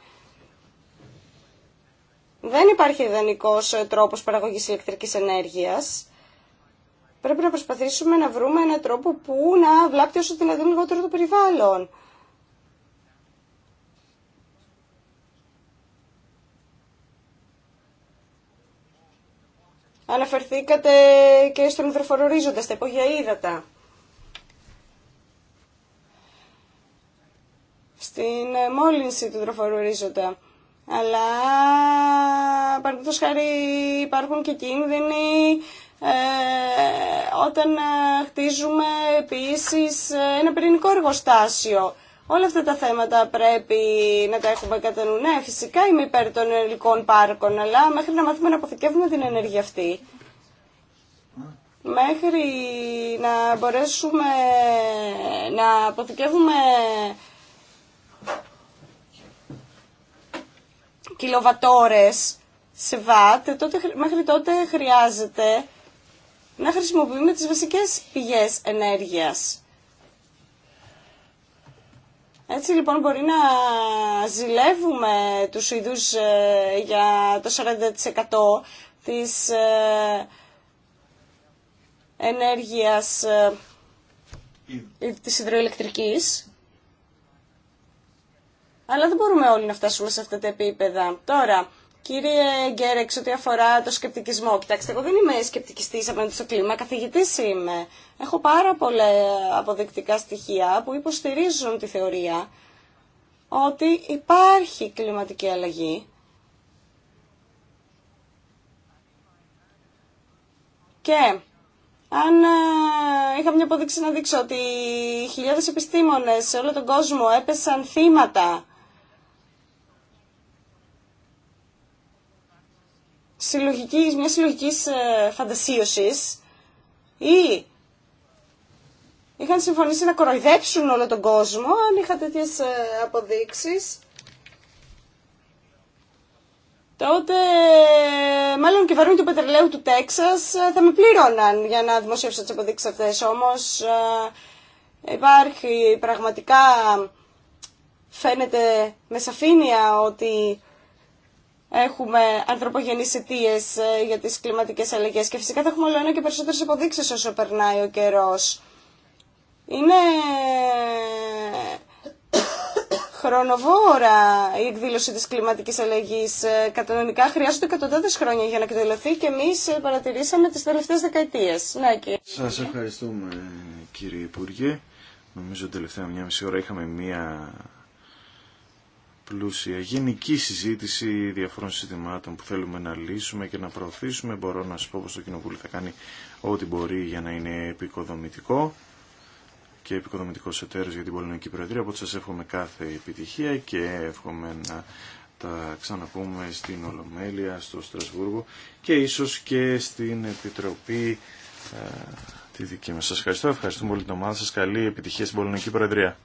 Δεν υπάρχει ιδανικός ε, τρόπος παραγωγής ηλεκτρικής ενέργειας. Πρέπει να προσπαθήσουμε να βρούμε έναν τρόπο που να βλάπτει όσο δυνατόν λιγότερο το περιβάλλον. αναφερθήκατε και στον υδροφορορίζοντα, στα υπόγεια Στην ε, μόλυνση του υδροφορορίζοντα. Αλλά παραδείγματος χάρη υπάρχουν και κίνδυνοι ε, όταν ε, χτίζουμε επίσης ε, ένα πυρηνικό εργοστάσιο Όλα αυτά τα θέματα πρέπει να τα έχουμε κατά νου. Ναι, φυσικά είμαι υπέρ των ελληνικών πάρκων, αλλά μέχρι να μάθουμε να αποθηκεύουμε την ενέργεια αυτή. Μέχρι να μπορέσουμε να αποθηκεύουμε κιλοβατόρες σε βάτ, τότε, μέχρι τότε χρειάζεται να χρησιμοποιούμε τις βασικές πηγές ενέργειας. Έτσι λοιπόν μπορεί να ζηλεύουμε τους είδους ε, για το 40% της ε, ενέργειας ε, της υδροηλεκτρικής. Αλλά δεν μπορούμε όλοι να φτάσουμε σε αυτά τα επίπεδα. Τώρα, Κύριε Γκέρεξ, ό,τι αφορά το σκεπτικισμό, κοιτάξτε, εγώ δεν είμαι σκεπτικιστής απέναντι στο κλίμα, Καθηγητή είμαι. Έχω πάρα πολλά αποδεικτικά στοιχεία που υποστηρίζουν τη θεωρία ότι υπάρχει κλιματική αλλαγή. Και αν ε, είχα μια αποδείξη να δείξω ότι χιλιάδες επιστήμονες σε όλο τον κόσμο έπεσαν θύματα συλλογικής, συλλογική συλλογικής ε, φαντασίωσης ή είχαν συμφωνήσει να κοροϊδέψουν όλο τον κόσμο αν είχαν τέτοιε ε, αποδείξεις τότε μάλλον και βαρύνοι του πετρελαίου του Τέξας ε, θα με πλήρωναν για να δημοσιεύσω τις αποδείξεις αυτές. Όμως υπάρχει πραγματικά φαίνεται με σαφήνεια ότι έχουμε ανθρωπογενείς αιτίε ε, για τις κλιματικές αλλαγές και φυσικά θα έχουμε όλο ένα και περισσότερες αποδείξεις όσο περνάει ο καιρός. Είναι ε, χρονοβόρα η εκδήλωση της κλιματικής αλλαγής. Ε, Κατανονικά χρειάζονται εκατοντάδες χρόνια για να εκδηλωθεί και εμείς παρατηρήσαμε τις τελευταίες δεκαετίες. Ναι, Σας ευχαριστούμε κύριε Υπουργέ. Νομίζω τελευταία μια μισή ώρα είχαμε μία πλούσια γενική συζήτηση διαφόρων συστημάτων που θέλουμε να λύσουμε και να προωθήσουμε. Μπορώ να σα πω πως το Κοινοβούλιο θα κάνει ό,τι μπορεί για να είναι επικοδομητικό και επικοδομητικός εταίρος για την Πολωνική Προεδρία, οπότε σας εύχομαι κάθε επιτυχία και εύχομαι να τα ξαναπούμε στην Ολομέλεια, στο Στρασβούργο και ίσως και στην Επιτροπή ε, τη δική μας. Σας ευχαριστώ, ευχαριστούμε πολύ την ομάδα σας. Καλή επιτυχία στην Πολωνική Προεδρία.